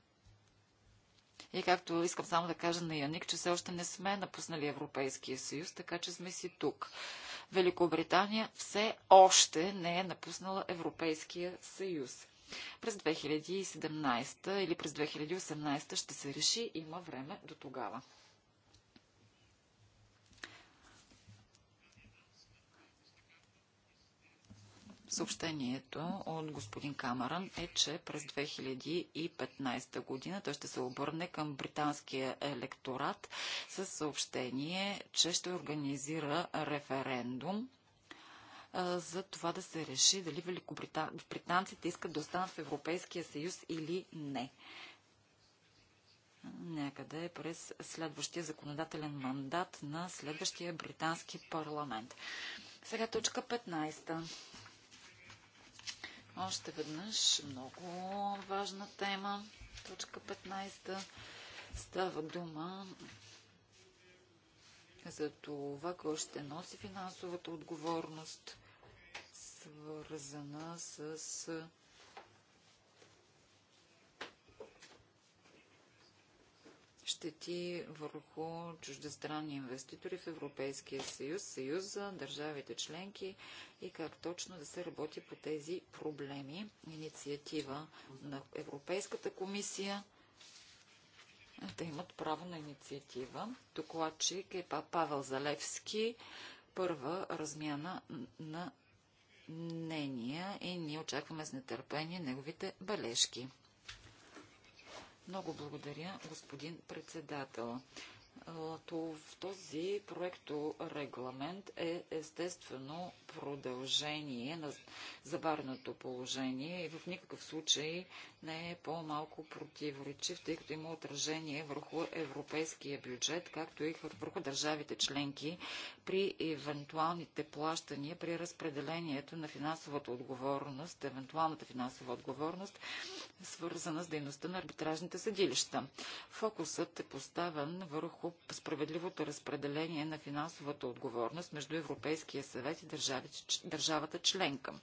И както искам само да кажа на Яник, че все още не сме напуснали Европейския съюз, така че сме си тук. Великобритания все още не е напуснала Европейския съюз. През 2017 или през 2018 ще се реши, има време до тогава. Съобщението от господин Камаран е, че през 2015 година той ще се обърне към британския електорат с съобщение, че ще организира референдум за това да се реши дали великобританците искат да останат в Европейския съюз или не. Някъде е през следващия законодателен мандат на следващия британски парламент. Сега точка 15. Още веднъж много важна тема. Точка 15 става дума за това, кой ще носи финансовата отговорност, свързана с щети върху чуждестранни инвеститори в Европейския съюз, за държавите членки и как точно да се работи по тези проблеми. Инициатива на Европейската комисия да имат право на инициатива. Докладчик е Павел Залевски. Първа размяна на мнения и ние очакваме с нетърпение неговите бележки. Много благодаря, господин председател. В този проекто регламент е естествено продължение на забареното положение и в никакъв случай не е по-малко противоречив, тъй като има отражение върху европейския бюджет, както и върху държавите членки при евентуалните плащания, при разпределението на финансовата отговорност, евентуалната финансова отговорност, свързана с дейността на арбитражните съдилища. Фокусът е поставен върху върху справедливото разпределение на финансовата отговорност между Европейския съвет и държавата членка.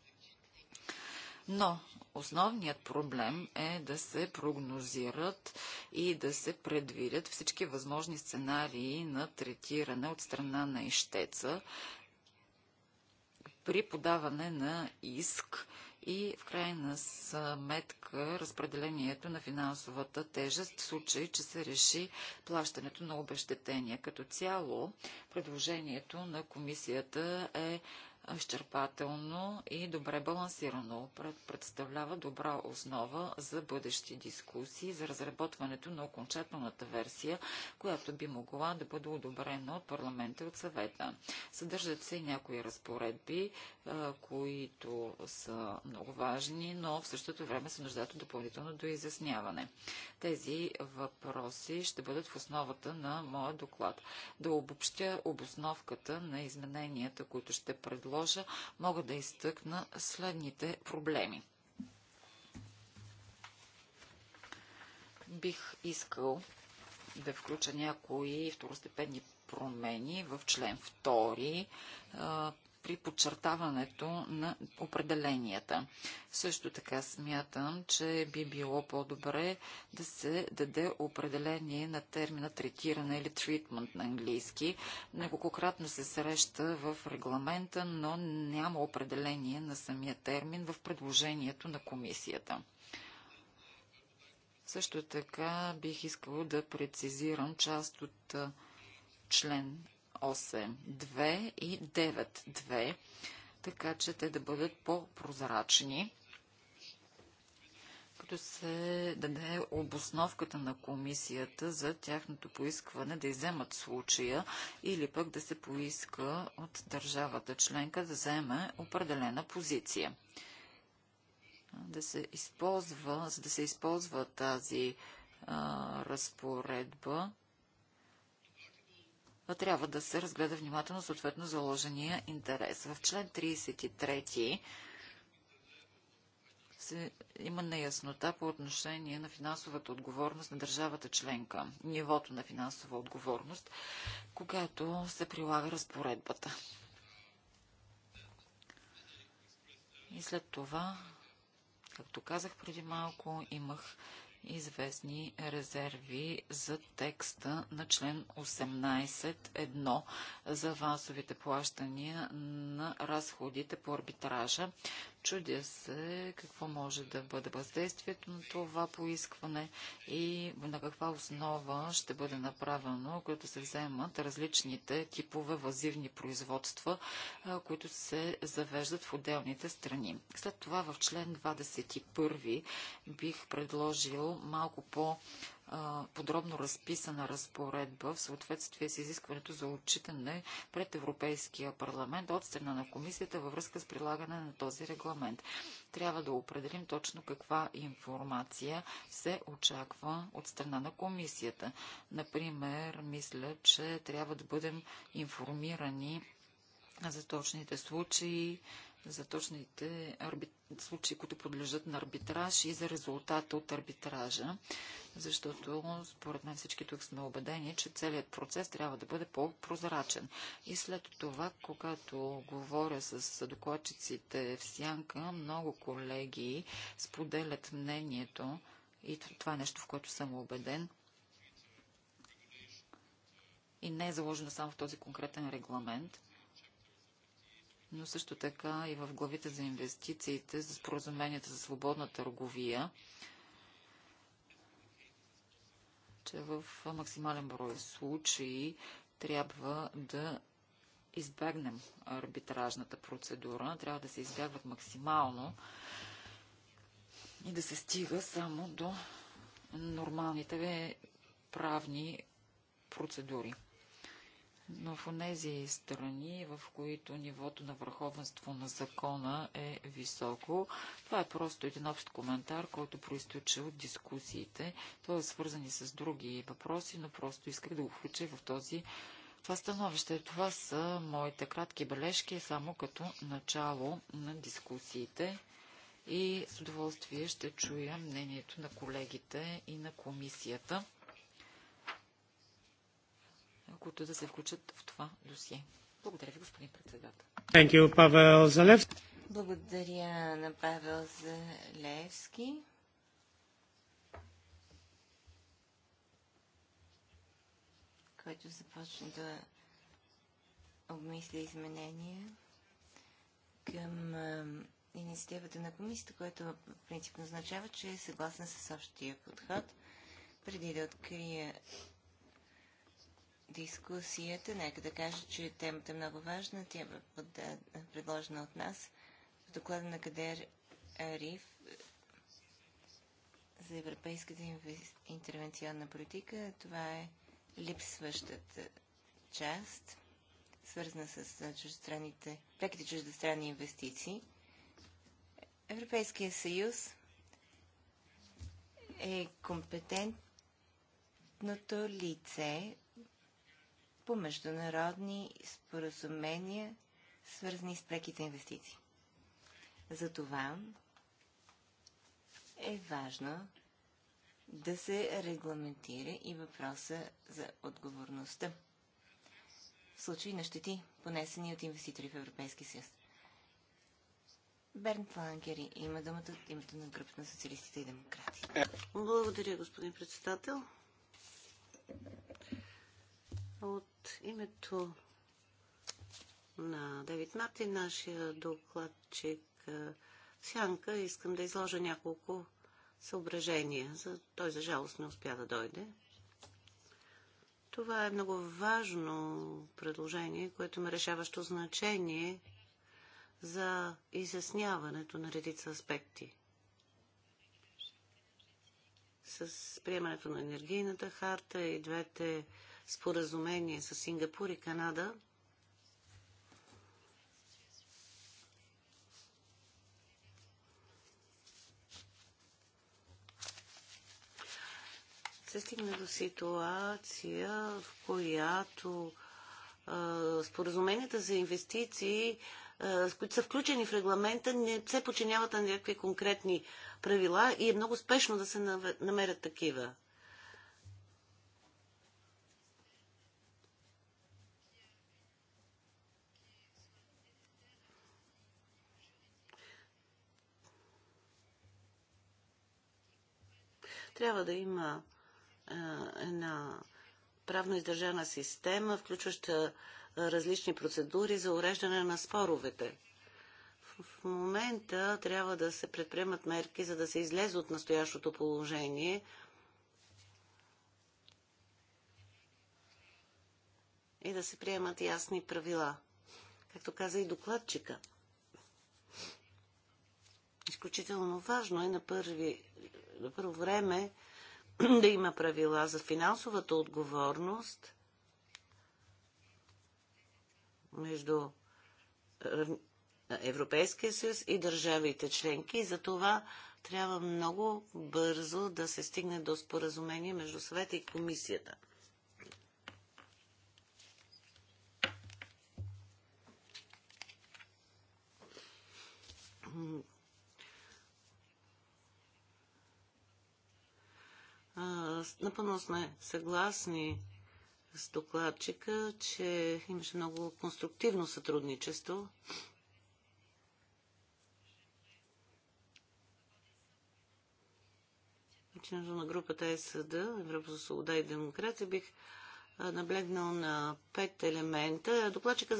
Но основният проблем е да се прогнозират и да се предвидят всички възможни сценарии на третиране от страна на ищеца при подаване на иск и в крайна сметка разпределението на финансовата тежест в случай, че се реши плащането на обещетения. Като цяло, предложението на комисията е изчерпателно и добре балансирано. Представлява добра основа за бъдещи дискусии за разработването на окончателната версия, която би могла да бъде одобрена от парламента и от съвета. Съдържат се и някои разпоредби, които са много важни, но в същото време се нуждаят от допълнително доизясняване. Тези въпроси ще бъдат в основата на моя доклад. Да обобщя обосновката на измененията, които ще предложа, мога да изтъкна следните проблеми. Бих искал да включа някои второстепенни промени в член 2, при подчертаването на определенията. Също така смятам, че би било по-добре да се даде определение на термина третиране или treatment на английски. Неколкократно се среща в регламента, но няма определение на самия термин в предложението на комисията. Също така бих искал да прецизирам част от член 8.2 и 9.2, така че те да бъдат по-прозрачни, като се даде обосновката на комисията за тяхното поискване да иземат случая или пък да се поиска от държавата членка да вземе определена позиция. Да се използва, за да се използва тази а, разпоредба, трябва да се разгледа внимателно съответно заложения интерес. В член 33 се, има неяснота по отношение на финансовата отговорност на държавата членка, нивото на финансова отговорност, когато се прилага разпоредбата. И след това, както казах преди малко, имах известни резерви за текста на член 18.1 за авансовите плащания на разходите по арбитража Чудя се какво може да бъде въздействието на това поискване и на каква основа ще бъде направено, като се вземат различните типове вазивни производства, които се завеждат в отделните страни. След това в член 21 бих предложил малко по- подробно разписана разпоредба в съответствие с изискването за отчитане пред Европейския парламент от страна на комисията във връзка с прилагане на този регламент. Трябва да определим точно каква информация се очаква от страна на комисията. Например, мисля, че трябва да бъдем информирани за точните случаи, за точните арбит... случаи, които подлежат на арбитраж и за резултата от арбитража, защото според мен всички тук сме убедени, че целият процес трябва да бъде по-прозрачен. И след това, когато говоря с докладчиците в Сянка, много колеги споделят мнението, и това е нещо, в което съм убеден, и не е заложено само в този конкретен регламент – но също така и в главите за инвестициите, за споразуменията за свободна търговия, че в максимален брой случаи трябва да избегнем арбитражната процедура, трябва да се избягват максимално и да се стига само до нормалните правни процедури но в тези страни, в които нивото на върховенство на закона е високо, това е просто един общ коментар, който проистича от дискусиите. Той е свързани с други въпроси, но просто исках да го включа в този това становище. Това са моите кратки бележки, само като начало на дискусиите и с удоволствие ще чуя мнението на колегите и на комисията които да се включат в това досие. Благодаря ви, господин председател. Thank you, Павел Залевски. Благодаря на Павел Залевски. който започна да обмисля изменения към е, инициативата на комисията, което принципно означава, че е съгласна с общия подход. Преди да открия дискусията. Нека да кажа, че темата е много важна. Тя е, е предложена от нас в доклада на Кадер РИФ е, за европейската интервенционна политика. Това е липсващата част, свързана с е, чуждестранните, преките чуждестранни инвестиции. Европейския съюз е компетентното лице по международни споразумения, свързани с преките инвестиции. Затова е важно да се регламентира и въпроса за отговорността в случай на щети, понесени от инвеститори в Европейския съюз. Бернт Лангери има думата от името на групата на социалистите и демократи. Благодаря, господин председател. От от името на Девит Мартин, нашия докладчик Сянка, искам да изложа няколко съображения. За... Той, за жалост, не успя да дойде. Това е много важно предложение, което има решаващо значение за изясняването на редица аспекти. С приемането на енергийната харта и двете споразумение с Сингапур и Канада, се стигна до ситуация, в която а, споразуменията за инвестиции, а, които са включени в регламента, не се подчиняват на някакви конкретни правила и е много спешно да се намерят такива. Трябва да има една правно издържана система, включваща различни процедури за уреждане на споровете. В момента трябва да се предприемат мерки, за да се излезе от настоящото положение. И да се приемат ясни правила. Както каза и докладчика. Изключително важно е на първи. Добро време (clears throat) да има правила за финансовата отговорност между е, Европейския съюз и държавите членки. И за това трябва много бързо да се стигне до споразумение между съвета и комисията. Напълно сме съгласни с докладчика, че имаше много конструктивно сътрудничество. Начинът на групата ЕСД, Европа за свобода и демокрация, бих наблегнал на пет елемента. Докладчика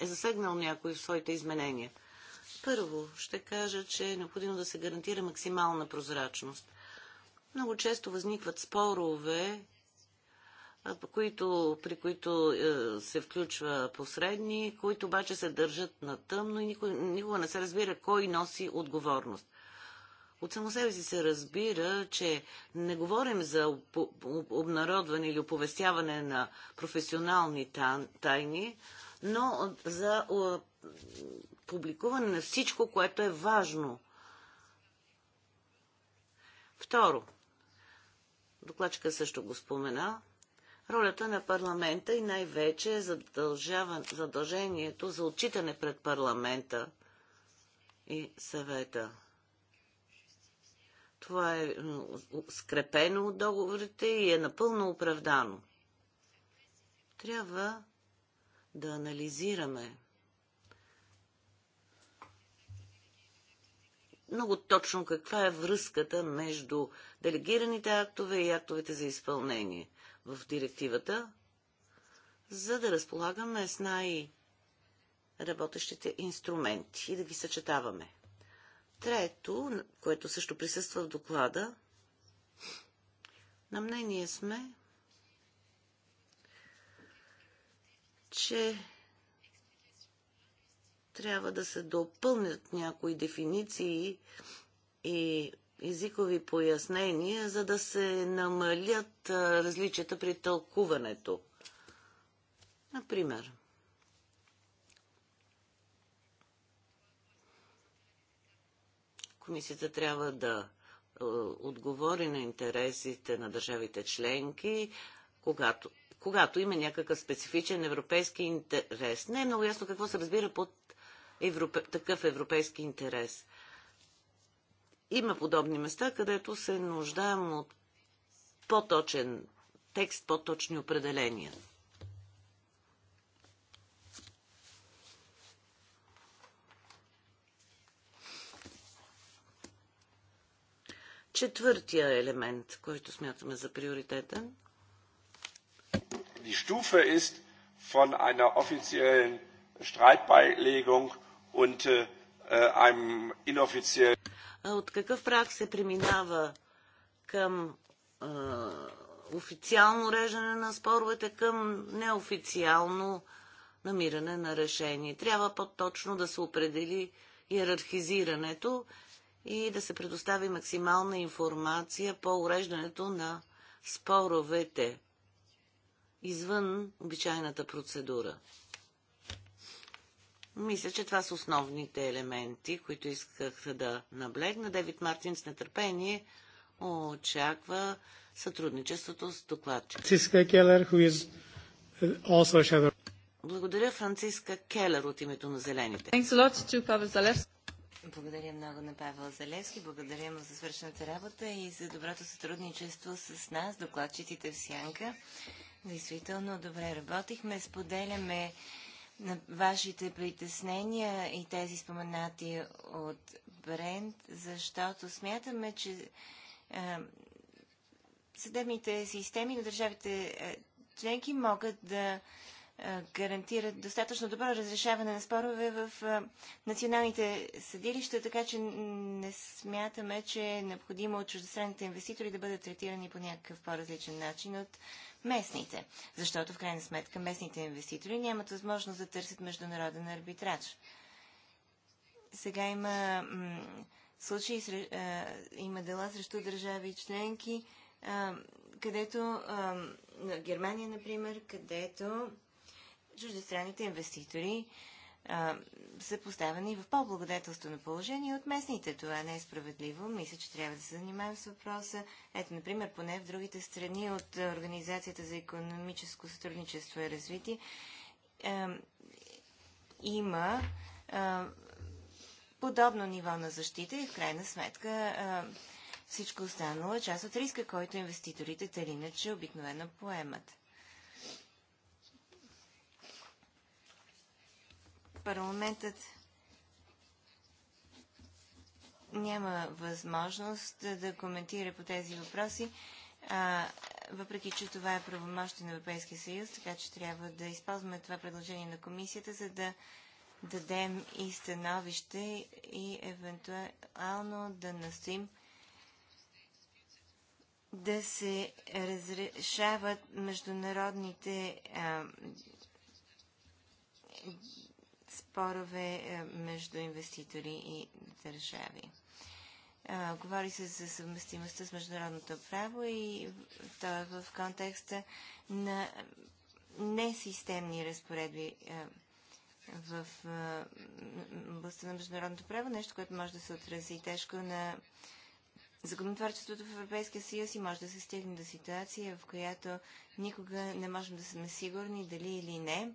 е засегнал някои в своите изменения. Първо, ще кажа, че е необходимо да се гарантира максимална прозрачност – много често възникват спорове, по които, при които е, се включва посредни, които обаче се държат на тъмно и никога не се разбира кой носи отговорност. От само себе си се разбира, че не говорим за обнародване или оповестяване на професионални тайни, но за публикуване на всичко, което е важно. Второ, докладчика също го спомена, ролята на парламента и най-вече задължението за отчитане пред парламента и съвета. Това е скрепено от договорите и е напълно оправдано. Трябва да анализираме много точно каква е връзката между делегираните актове и актовете за изпълнение в директивата, за да разполагаме с най-работещите инструменти и да ги съчетаваме. Трето, което също присъства в доклада, на мнение сме, че трябва да се допълнят някои дефиниции и езикови пояснения, за да се намалят различията при тълкуването. Например, комисията трябва да отговори на интересите на държавите членки, когато, когато има някакъв специфичен европейски интерес. Не е много ясно какво се разбира под европе, такъв европейски интерес. Има подобни места, където се нуждаем от по-точен текст, по-точни определения. Четвъртия елемент, който смятаме за приоритетен. Die Stufe ist von einer offiziellen Streitbeilegung und äh, Uh, I'm inofficial. От какъв прак се преминава към официално уреждане на споровете към неофициално намиране на решение. Трябва по-точно да се определи иерархизирането и да се предостави максимална информация по уреждането на споровете извън обичайната процедура. Мисля, че това са основните елементи, които исках да наблегна. Девид Мартин с нетърпение очаква сътрудничеството с докладчика. Келер, who is uh, Благодаря Франциска Келер от името на Зелените. Благодаря много на Павел Залевски, благодаря му за свършената работа и за доброто сътрудничество с нас, докладчиците в Сянка. Действително добре работихме, споделяме на вашите притеснения и тези споменати от Брент, защото смятаме, че а, е, съдебните системи на държавите е, членки могат да гарантират достатъчно добро разрешаване на спорове в националните съдилища, така че не смятаме, че е необходимо от чуждестранните инвеститори да бъдат третирани по някакъв по-различен начин от местните. Защото в крайна сметка местните инвеститори нямат възможност да търсят международен арбитраж. Сега има случаи, има дела срещу държави и членки, където Германия, например, където чуждестранните инвеститори а, са поставени в по-благодетелствено положение от местните. Това не е справедливо. Мисля, че трябва да се занимаем с въпроса. Ето, например, поне в другите страни от Организацията за економическо сътрудничество и развитие а, има а, подобно ниво на защита и в крайна сметка а, всичко останало е част от риска, който инвеститорите тъй иначе обикновено поемат. парламентът няма възможност да коментира по тези въпроси, а, въпреки че това е правомощие на Европейския съюз, така че трябва да използваме това предложение на комисията, за да дадем и становище и евентуално да настоим да се разрешават международните а, спорове е, между инвеститори и държави. Говори се за съвместимостта с международното право и то е в контекста на несистемни разпоредби е, в е, областта на международното право, нещо, което може да се отрази тежко на законотворчеството в Европейския съюз и може да се стигне до ситуация, в която никога не можем да сме сигурни дали или не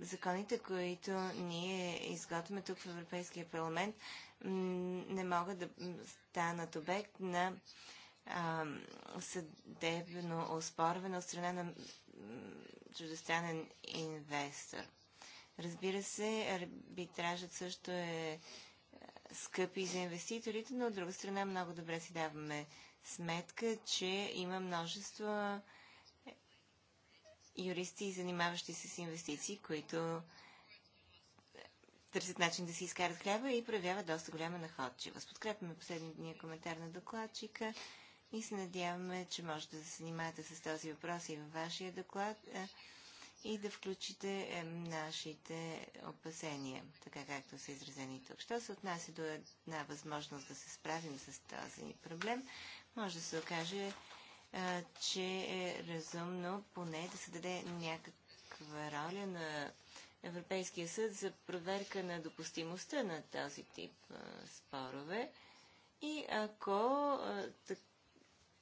законите, които ние изготвяме тук в Европейския парламент, не могат да станат обект на съдебно оспорване от страна на чуждестранен инвестор. Разбира се, арбитражът също е скъпи за инвеститорите, но от друга страна много добре си даваме сметка, че има множество юристи, занимаващи се с инвестиции, които търсят начин да си изкарат хляба и проявяват доста голяма находчивост. Подкрепяме последния коментар на докладчика и се надяваме, че можете да се занимавате с този въпрос и във вашия доклад и да включите нашите опасения, така както са изразени тук. Що се отнася до една възможност да се справим с този проблем, може да се окаже, е, че е разумно поне да се даде някаква роля на Европейския съд за проверка на допустимостта на този тип е, спорове. И ако е,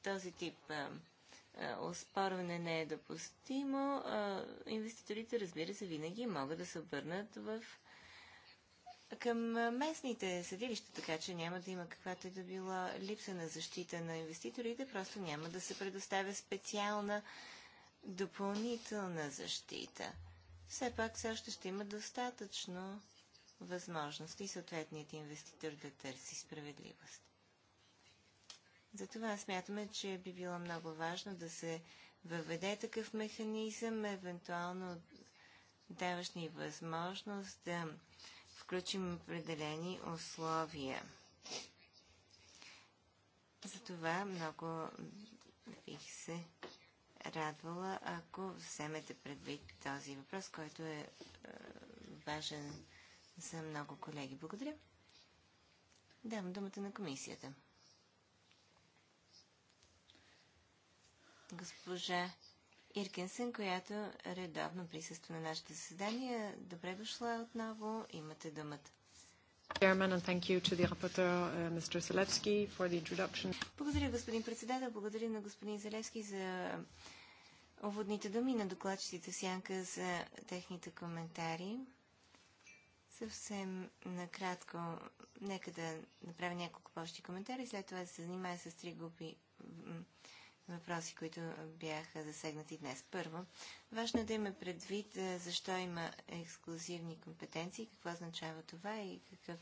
този тип а, е, оспорване не е допустимо, е, инвеститорите, разбира се, винаги могат да се обърнат в към е, местните съдилища, така че няма да има каквато и да била липса на защита на инвеститорите, просто няма да се предоставя специална допълнителна защита. Все пак все още ще има достатъчно възможности съответният инвеститор да търси справедливост. Затова смятаме, че би било много важно да се въведе такъв механизъм, евентуално даваш ни възможност да включим определени условия. Затова много бих се радвала, ако вземете предвид този въпрос, който е, е важен за много колеги. Благодаря. Давам думата на комисията. госпожа Иркенсен, която редовно присъства на нашите заседания. Добре дошла отново. Имате думата. Благодаря, господин председател. Благодаря на господин Залевски за уводните думи на докладчиците Сянка за техните коментари. Съвсем накратко, нека да направя няколко повече коментари, след това да се занимая с три групи въпроси, които бяха засегнати днес. Първо, важно е да има предвид е, защо има ексклюзивни компетенции, какво означава това и какъв,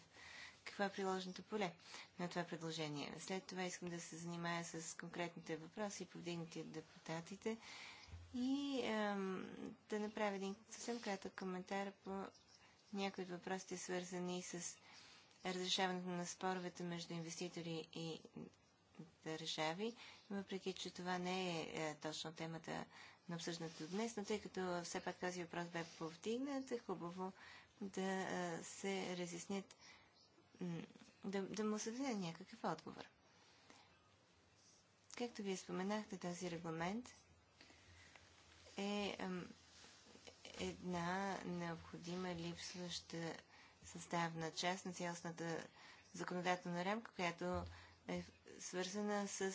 какво е приложеното поле на това предложение. След това искам да се занимая с конкретните въпроси, повдигнати от депутатите и ем, да направя един съвсем кратък коментар по някои от въпросите, свързани с разрешаването на споровете между инвеститори и държави въпреки че това не е, е точно темата на обсъждането днес, но тъй като все пак този въпрос бе повдигнат, е хубаво да е, се разяснят, да, да му се даде някакъв отговор. Както вие споменахте, този регламент е една необходима липсваща съставна част на цялостната законодателна рамка, която е свързана с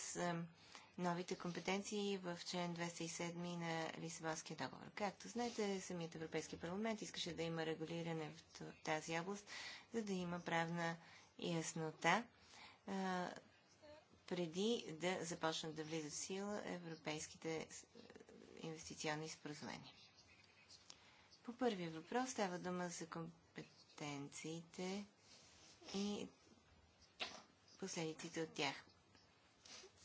новите компетенции в член 207 на Лисабонския договор. Както знаете, самият Европейски парламент искаше да има регулиране в тази област, за да има правна яснота преди да започнат да влизат в сила европейските инвестиционни споразумения. По първия въпрос става дума за компетенциите и последиците от тях.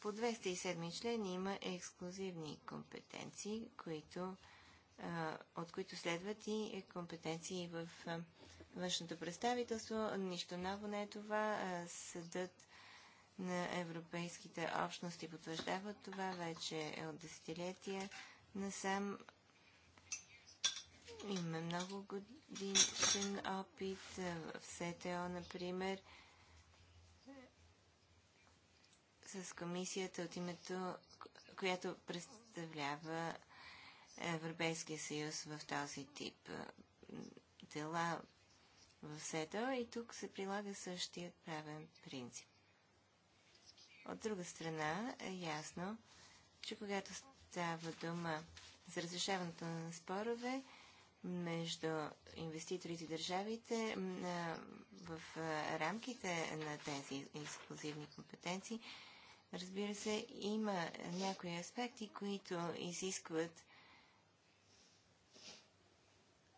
По 207 член има ексклюзивни компетенции, които, от които следват и компетенции в външното представителство. Нищо ново не е това. съдът на европейските общности потвърждава това вече е от десетилетия насам. Има много годишен опит в СТО, например с комисията от името, която представлява Европейския съюз в този тип дела в СЕТО и тук се прилага същия правен принцип. От друга страна е ясно, че когато става дума за разрешаването на спорове между инвеститорите и държавите в рамките на тези ексклюзивни компетенции, Разбира се, има някои аспекти, които изискват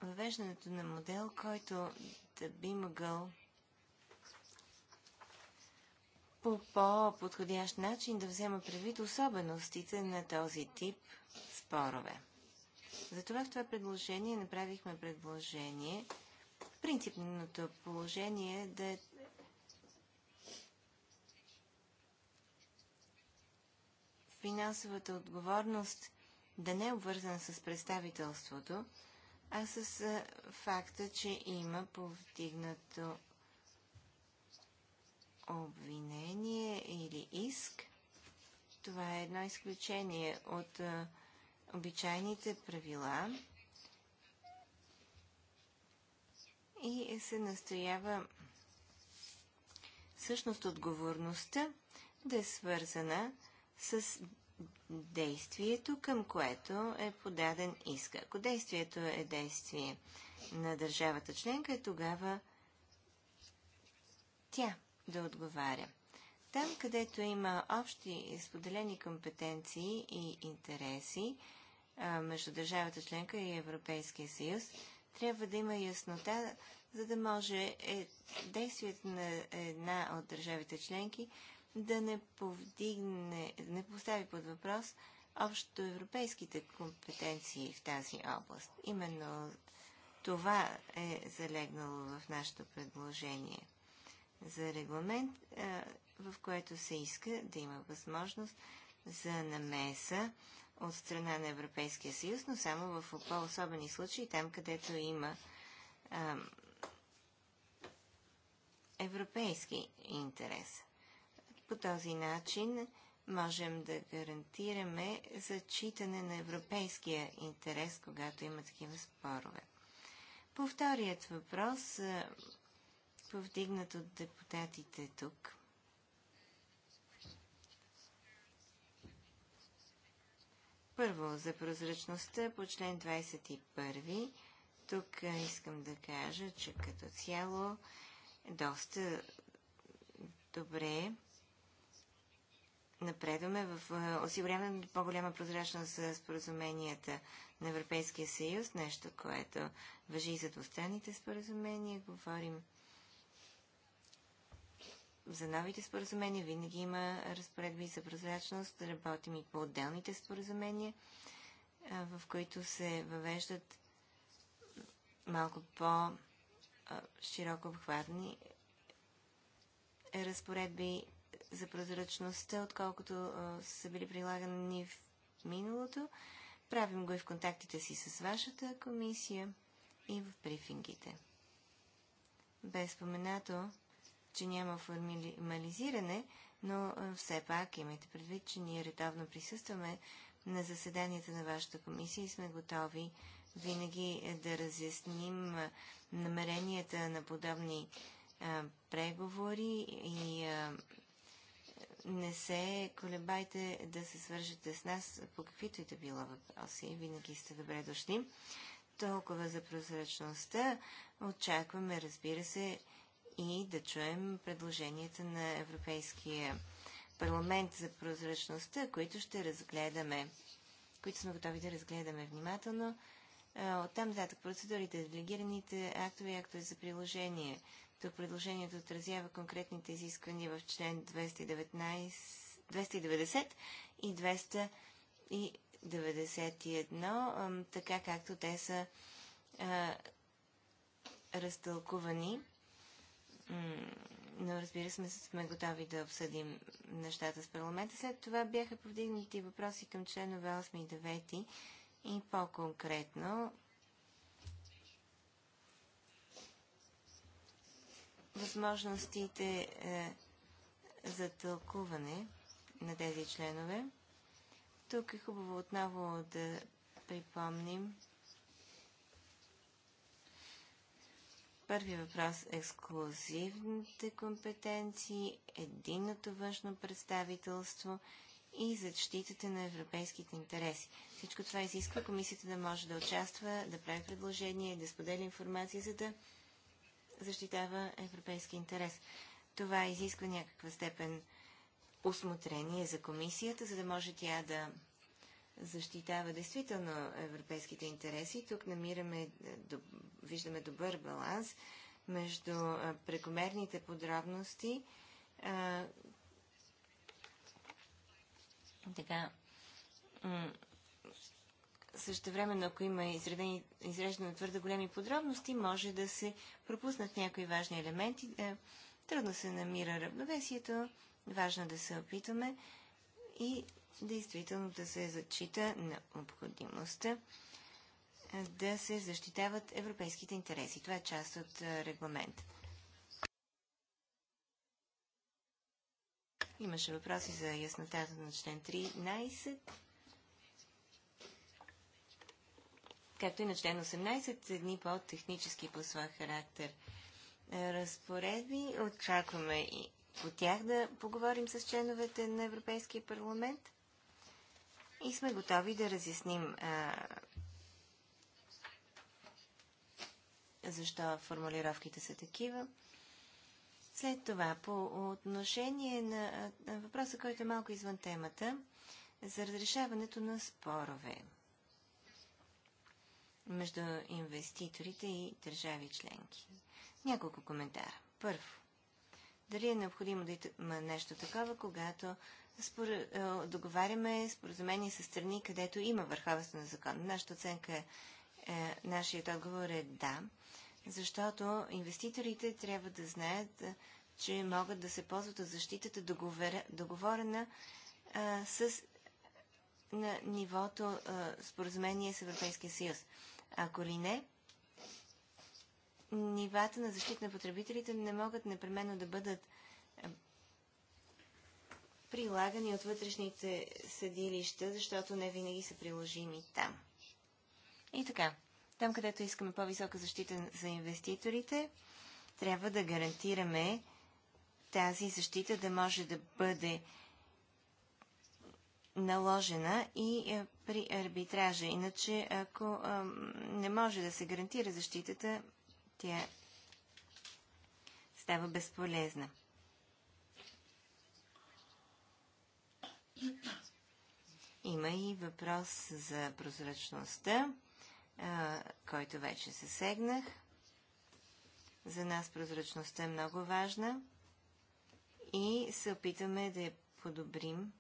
въвеждането на модел, който да би могъл по по-подходящ начин да взема предвид особеностите на този тип спорове. Затова в това предложение направихме предложение принципното положение да е финансовата отговорност да не е обвързана с представителството, а с факта, че има повдигнато обвинение или иск. Това е едно изключение от а, обичайните правила и се настоява всъщност отговорността да е свързана с действието, към което е подаден иска. Ако действието е действие на държавата членка, е тогава тя да отговаря. Там, където има общи споделени компетенции и интереси между държавата членка и Европейския съюз, трябва да има яснота, за да може е, действието на една от държавите членки да не повдигне, не постави под въпрос общо европейските компетенции в тази област. Именно това е залегнало в нашето предложение за регламент, в което се иска да има възможност за намеса от страна на Европейския съюз, но само в по-особени случаи, там където има европейски интерес. По този начин можем да гарантираме зачитане на европейския интерес, когато има такива спорове. По вторият въпрос, повдигнат от депутатите тук, Първо, за прозрачността по член 21. Тук искам да кажа, че като цяло доста добре напредваме в е, осигуряване на по-голяма прозрачност за споразуменията на Европейския съюз, нещо, което въжи и за двустранните споразумения. Говорим за новите споразумения. Винаги има разпоредби за прозрачност. Работим и по отделните споразумения, е, в които се въвеждат малко по-широко е, обхватни разпоредби за прозрачността, отколкото а, са били прилагани в миналото. Правим го и в контактите си с вашата комисия и в брифингите. Бе споменато, че няма формализиране, но а, все пак имайте предвид, че ние редовно присъстваме на заседанията на вашата комисия и сме готови винаги е, да разясним намеренията на подобни а, преговори и а, не се колебайте да се свържете с нас по каквито и да било въпроси. Винаги сте добре дошли. Толкова за прозрачността. Очакваме, разбира се, и да чуем предложенията на Европейския парламент за прозрачността, които ще разгледаме, които сме готови да разгледаме внимателно. Е, оттам нататък процедурите, делегираните актове и актове за приложение, тук предложението отразява конкретните изисквания в член 219, 290 и 291, така както те са а, разтълкувани. Но разбира се, сме готови да обсъдим нещата с парламента. След това бяха повдигнати въпроси към членове 8 и 9 и по-конкретно възможностите е, за тълкуване на тези членове. Тук е хубаво отново да припомним Първият въпрос е – ексклюзивните компетенции, единното външно представителство и защитата на европейските интереси. Всичко това изисква комисията да може да участва, да прави предложения, да споделя информация, за да защитава европейски интерес. Това изисква някаква степен осмотрение за комисията, за да може тя да защитава действително европейските интереси. Тук намираме, е, виждаме добър баланс между е, прекомерните подробности, е, така, също време, ако има изреждане твърде големи подробности, може да се пропуснат някои важни елементи. Е, трудно се намира равновесието, важно да се опитаме и действително да се зачита на необходимостта е, да се защитават европейските интереси. Това е част от е, регламент. Имаше въпроси за яснотата на член 13. както и на член 18, са едни по-технически по своя характер е, разпоредби. Очакваме и по тях да поговорим с членовете на Европейския парламент и сме готови да разясним а, защо формулировките са такива. След това, по отношение на, на въпроса, който е малко извън темата, за разрешаването на спорове между инвеститорите и държави членки. Няколко коментара. Първо, дали е необходимо да има нещо такова, когато спор... Е, договаряме споразумение с страни, където има върховенство на закон. Нашата оценка е, е, нашият отговор е да, защото инвеститорите трябва да знаят, е, че могат да се ползват от защитата договер... договорена а, е, с на нивото а, споразумение с Европейския съюз. Ако ли не, нивата на защита на потребителите не могат непременно да бъдат прилагани от вътрешните съдилища, защото не винаги са приложими там. И така, там където искаме по-висока защита за инвеститорите, трябва да гарантираме тази защита да може да бъде наложена и е, при арбитража. Иначе, ако е, не може да се гарантира защитата, тя става безполезна. Има и въпрос за прозрачността, е, който вече се сегнах. За нас прозрачността е много важна и се опитаме да я подобрим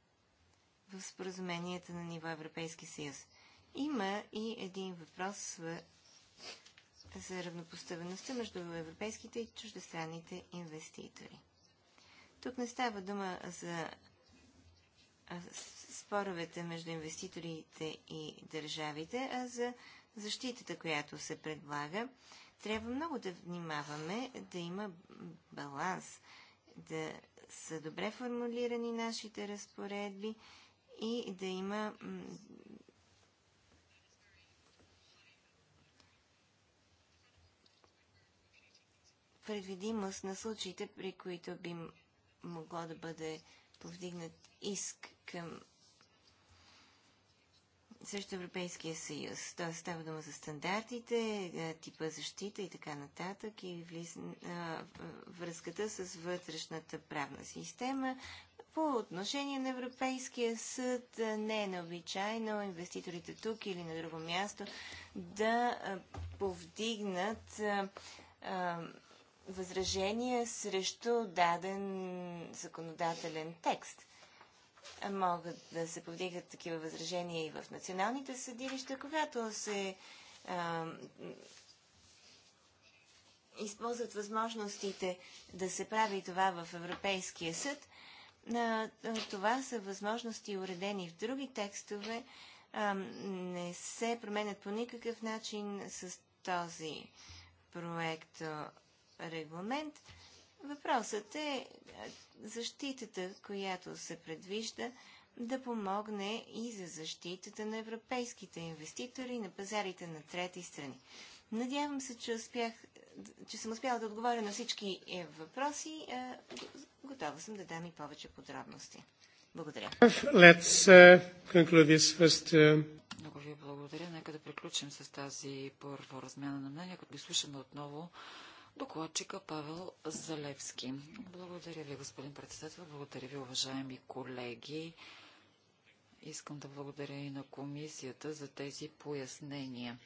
в споразуменията на ниво Европейски съюз. Има и един въпрос за равнопоставеността между европейските и чуждестранните инвеститори. Тук не става дума за споровете между инвеститорите и държавите, а за защитата, която се предлага. Трябва много да внимаваме да има баланс, да са добре формулирани нашите разпоредби и да има предвидимост на случаите, при които би могло да бъде повдигнат иск към също Европейския съюз. Т.е. става дума за стандартите, е, типа защита и така нататък и влиз... връзката с вътрешната правна система, по отношение на Европейския съд не е необичайно инвеститорите тук или на друго място да повдигнат възражения срещу даден законодателен текст. Могат да се повдигат такива възражения и в националните съдилища, когато се а, използват възможностите да се прави това в Европейския съд това са възможности уредени в други текстове, не се променят по никакъв начин с този проект регламент. Въпросът е защитата, която се предвижда да помогне и за защитата на европейските инвеститори на пазарите на трети страни. Надявам се, че, успях, че съм успяла да отговоря на всички е, въпроси. Е, готова съм да дам и повече подробности. Благодаря. Let's е, conclude this first много ви благодаря. Нека да приключим с тази първо размяна на мнение, като ги слушаме отново докладчика Павел Залевски. Благодаря ви, господин председател. Благодаря ви, уважаеми колеги. Искам да благодаря и на комисията за тези пояснения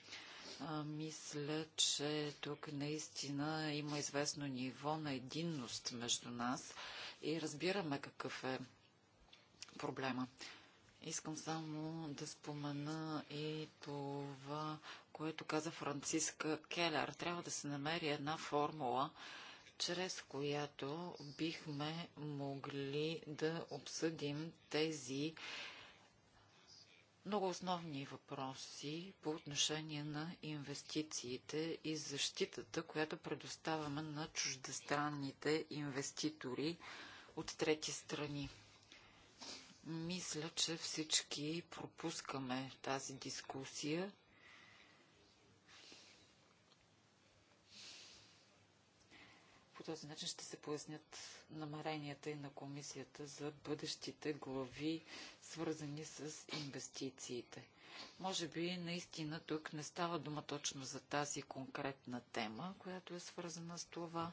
мисля, че тук наистина има известно ниво на единност между нас и разбираме какъв е проблема. Искам само да спомена и това, което каза Франциска Келер. Трябва да се намери една формула, чрез която бихме могли да обсъдим тези много основни въпроси по отношение на инвестициите и защитата, която предоставяме на чуждестранните инвеститори от трети страни. Мисля, че всички пропускаме тази дискусия този начин ще се пояснят намеренията и на комисията за бъдещите глави, свързани с инвестициите. Може би наистина тук не става дума точно за тази конкретна тема, която е свързана с това.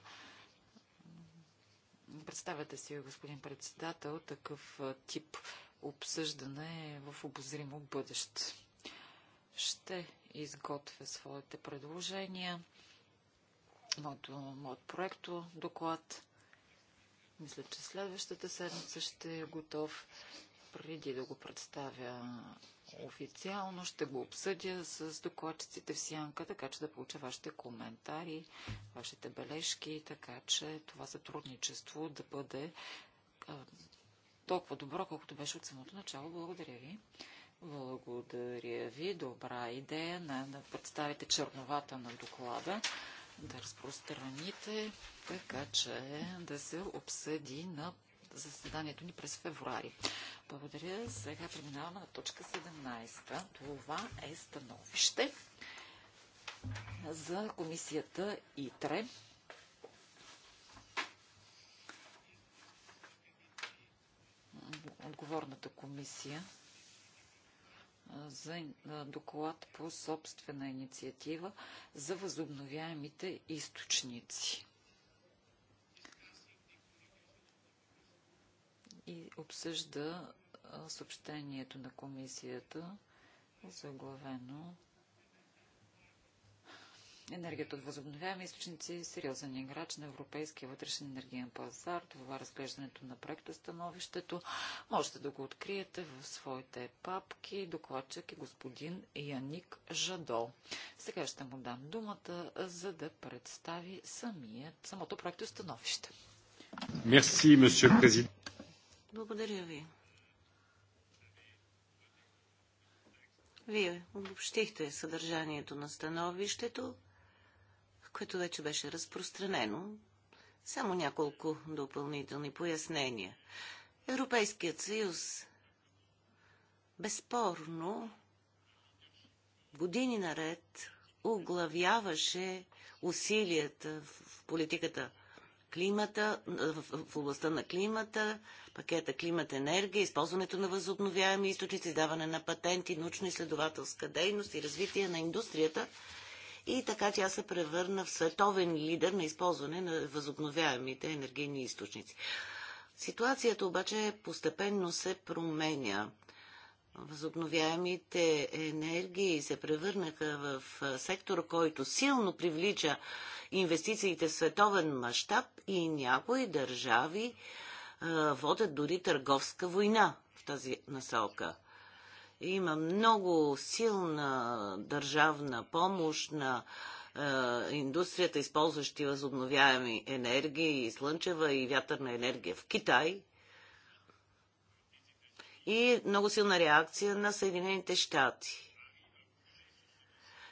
Представете си, господин председател, такъв тип обсъждане е в обозримо бъдеще. Ще изготвя своите предложения моето, моят проекто доклад. Мисля, че следващата седмица ще е готов. Преди да го представя официално, ще го обсъдя с докладчиците в Сянка, така че да получа вашите коментари, вашите бележки, така че това сътрудничество да бъде а, толкова добро, колкото беше от самото начало. Благодаря ви. Благодаря ви. Добра идея. на, да представите черновата на доклада да разпространите, така че да се обсъди на заседанието ни през февруари. Благодаря. Сега преминаваме на точка 17. Това е становище за комисията ИТРЕ. Отговорната комисия за доклад по собствена инициатива за възобновяемите източници. И обсъжда съобщението на комисията, заглавено Енергията от възобновяеми източници е сериозен играч на европейския вътрешен енергиен пазар. Това разглеждането на проекта становището. Можете да го откриете в своите папки. Докладчик е господин Яник Жадол. Сега ще му дам думата, за да представи самият, самото проекто становище. Мерси, президент. Благодаря ви. Вие обобщихте съдържанието на становището което вече беше разпространено. Само няколко допълнителни пояснения. Европейският съюз безспорно години наред оглавяваше усилията в политиката климата, в областта на климата, пакета климат енергия, използването на възобновяеми източници, даване на патенти, научно-изследователска дейност и развитие на индустрията – и така тя се превърна в световен лидер на използване на възобновяемите енергийни източници. Ситуацията обаче постепенно се променя. Възобновяемите енергии се превърнаха в сектор, който силно привлича инвестициите в световен мащаб и някои държави водят дори търговска война в тази насока. Има много силна държавна помощ на е, индустрията, използващи възобновяеми енергии, и слънчева и вятърна енергия в Китай. И много силна реакция на Съединените щати.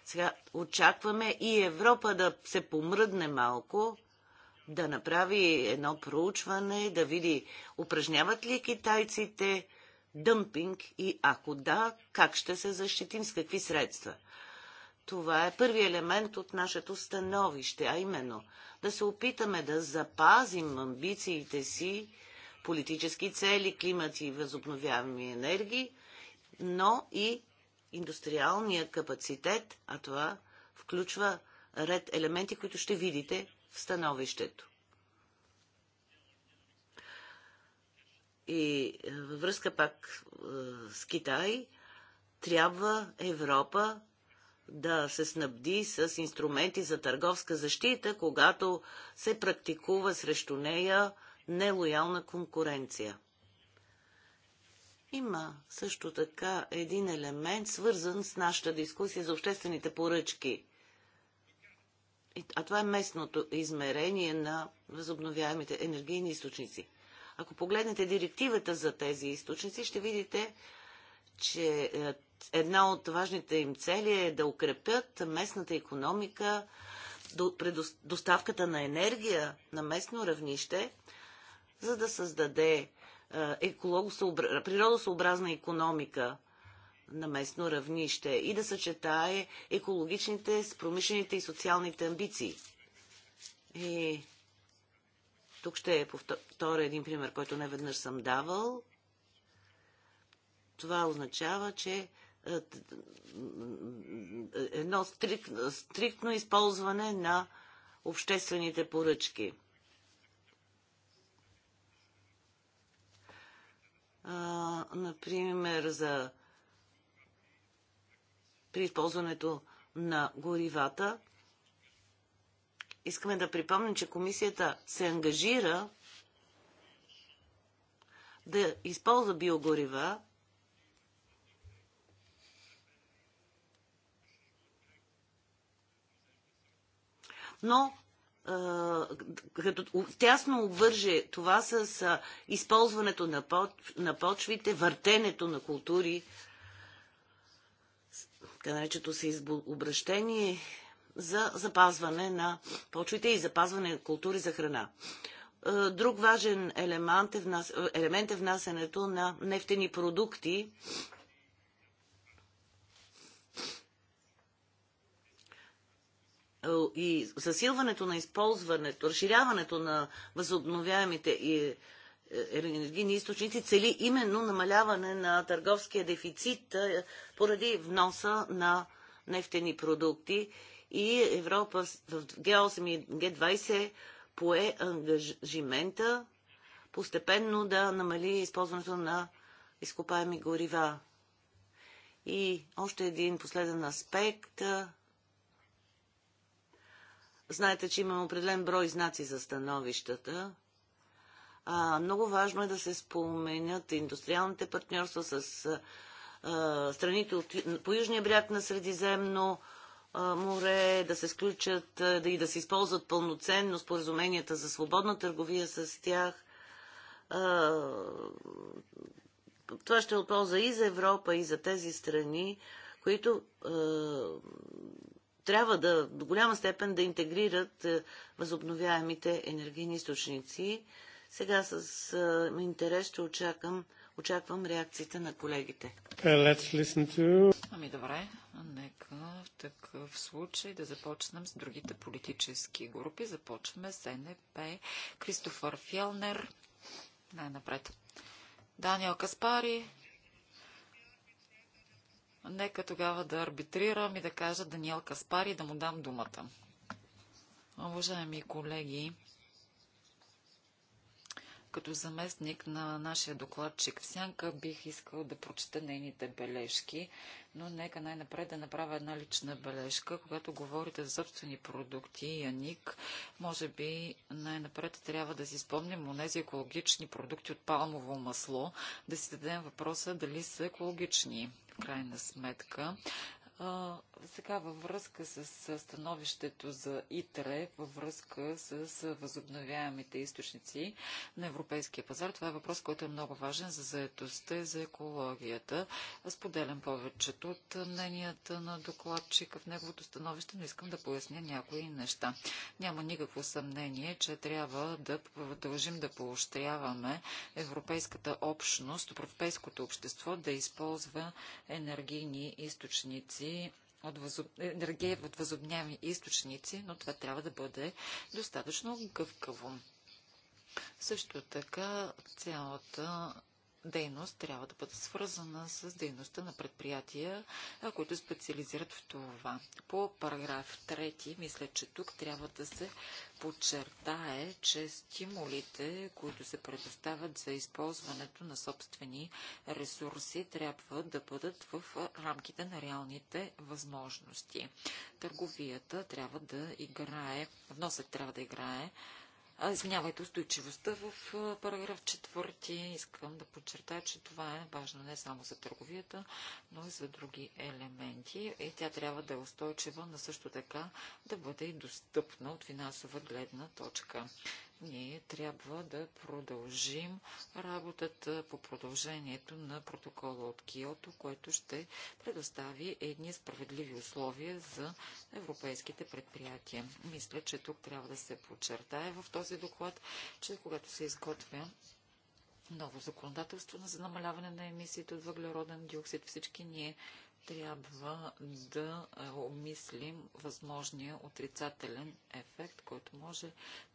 Сега очакваме и Европа да се помръдне малко, да направи едно проучване, да види упражняват ли китайците дъмпинг и ако да, как ще се защитим, с какви средства. Това е първи елемент от нашето становище, а именно да се опитаме да запазим амбициите си, политически цели, климат и възобновяеми енергии, но и индустриалния капацитет, а това включва ред елементи, които ще видите в становището. И е, във връзка пак е, с Китай, трябва Европа да се снабди с инструменти за търговска защита, когато се практикува срещу нея нелоялна конкуренция. Има също така един елемент, свързан с нашата дискусия за обществените поръчки. А това е местното измерение на възобновяемите енергийни източници. Ако погледнете директивата за тези източници, ще видите, че е, една от важните им цели е да укрепят местната економика, доставката на енергия на местно равнище, за да създаде е, природосъобразна економика на местно равнище и да съчетае екологичните с промишлените и социалните амбиции. И тук ще е повторя един пример, който не веднъж съм давал. Това означава, че е, е, едно стрик, стриктно използване на обществените поръчки. А, например, за при използването на горивата Искаме да припомним, че комисията се ангажира да използва биогорива но като тясно обвърже това с използването на, на почвите, въртенето на култури, така наречето се обращение за запазване на почвите и запазване на култури за храна. Е, друг важен елемент е, внас... елемент е внасянето на нефтени продукти. Е, и засилването на използването, разширяването на възобновяемите и е, енергийни източници цели именно намаляване на търговския дефицит поради вноса на нефтени продукти и Европа в Г8 и Г20 пое ангажимента постепенно да намали използването на изкопаеми горива. И още един последен аспект. Знаете, че имаме определен брой знаци за становищата. А, много важно е да се споменят индустриалните партньорства с а, страните от, по южния бряг на Средиземно море, да се сключат да и да се използват пълноценно споразуменията за свободна търговия с тях. Това ще е от полза и за Европа, и за тези страни, които трябва да, до голяма степен да интегрират възобновяемите енергийни източници. Сега с интерес ще очакам Очаквам реакциите на колегите. Uh, to... Ами добре, нека в такъв случай да започнем с другите политически групи. Започваме с НП. Кристофър Фелнер. Най-напред. Даниел Каспари. Нека тогава да арбитрирам и да кажа Даниел Каспари да му дам думата. Уважаеми колеги, като заместник на нашия докладчик в Сянка бих искал да прочета нейните бележки, но нека най-напред да направя една лична бележка. Когато говорите за собствени продукти, Яник, може би най-напред трябва да си спомним онези екологични продукти от палмово масло, да си зададем въпроса дали са екологични крайна сметка сега във връзка с становището за ИТРЕ, във връзка с, възобновяемите източници на европейския пазар, това е въпрос, който е много важен за заетостта и за екологията. Споделям повечето от мненията на докладчика в неговото становище, но искам да поясня някои неща. Няма никакво съмнение, че трябва да продължим да поощряваме европейската общност, европейското общество да използва енергийни източници от възоб... енергия от възобняеми източници, но това трябва да бъде достатъчно гъвкаво. Също така цялата дейност трябва да бъде свързана с дейността на предприятия, които специализират в това. По параграф 3, мисля, че тук трябва да се подчертае, че стимулите, които се предоставят за използването на собствени ресурси, трябва да бъдат в рамките на реалните възможности. Търговията трябва да играе, вносът трябва да играе Извинявайте, устойчивостта в параграф 4. Искам да подчертая, че това е важно не само за търговията, но и за други елементи. И тя трябва да е устойчива, но също така да бъде и достъпна от финансова гледна точка ние трябва да продължим работата по продължението на протокола от Киото, който ще предостави едни справедливи условия за европейските предприятия. Мисля, че тук трябва да се подчертае в този доклад, че когато се изготвя ново законодателство за намаляване на емисиите от въглероден диоксид, всички ние трябва да е, обмислим възможния отрицателен ефект, който може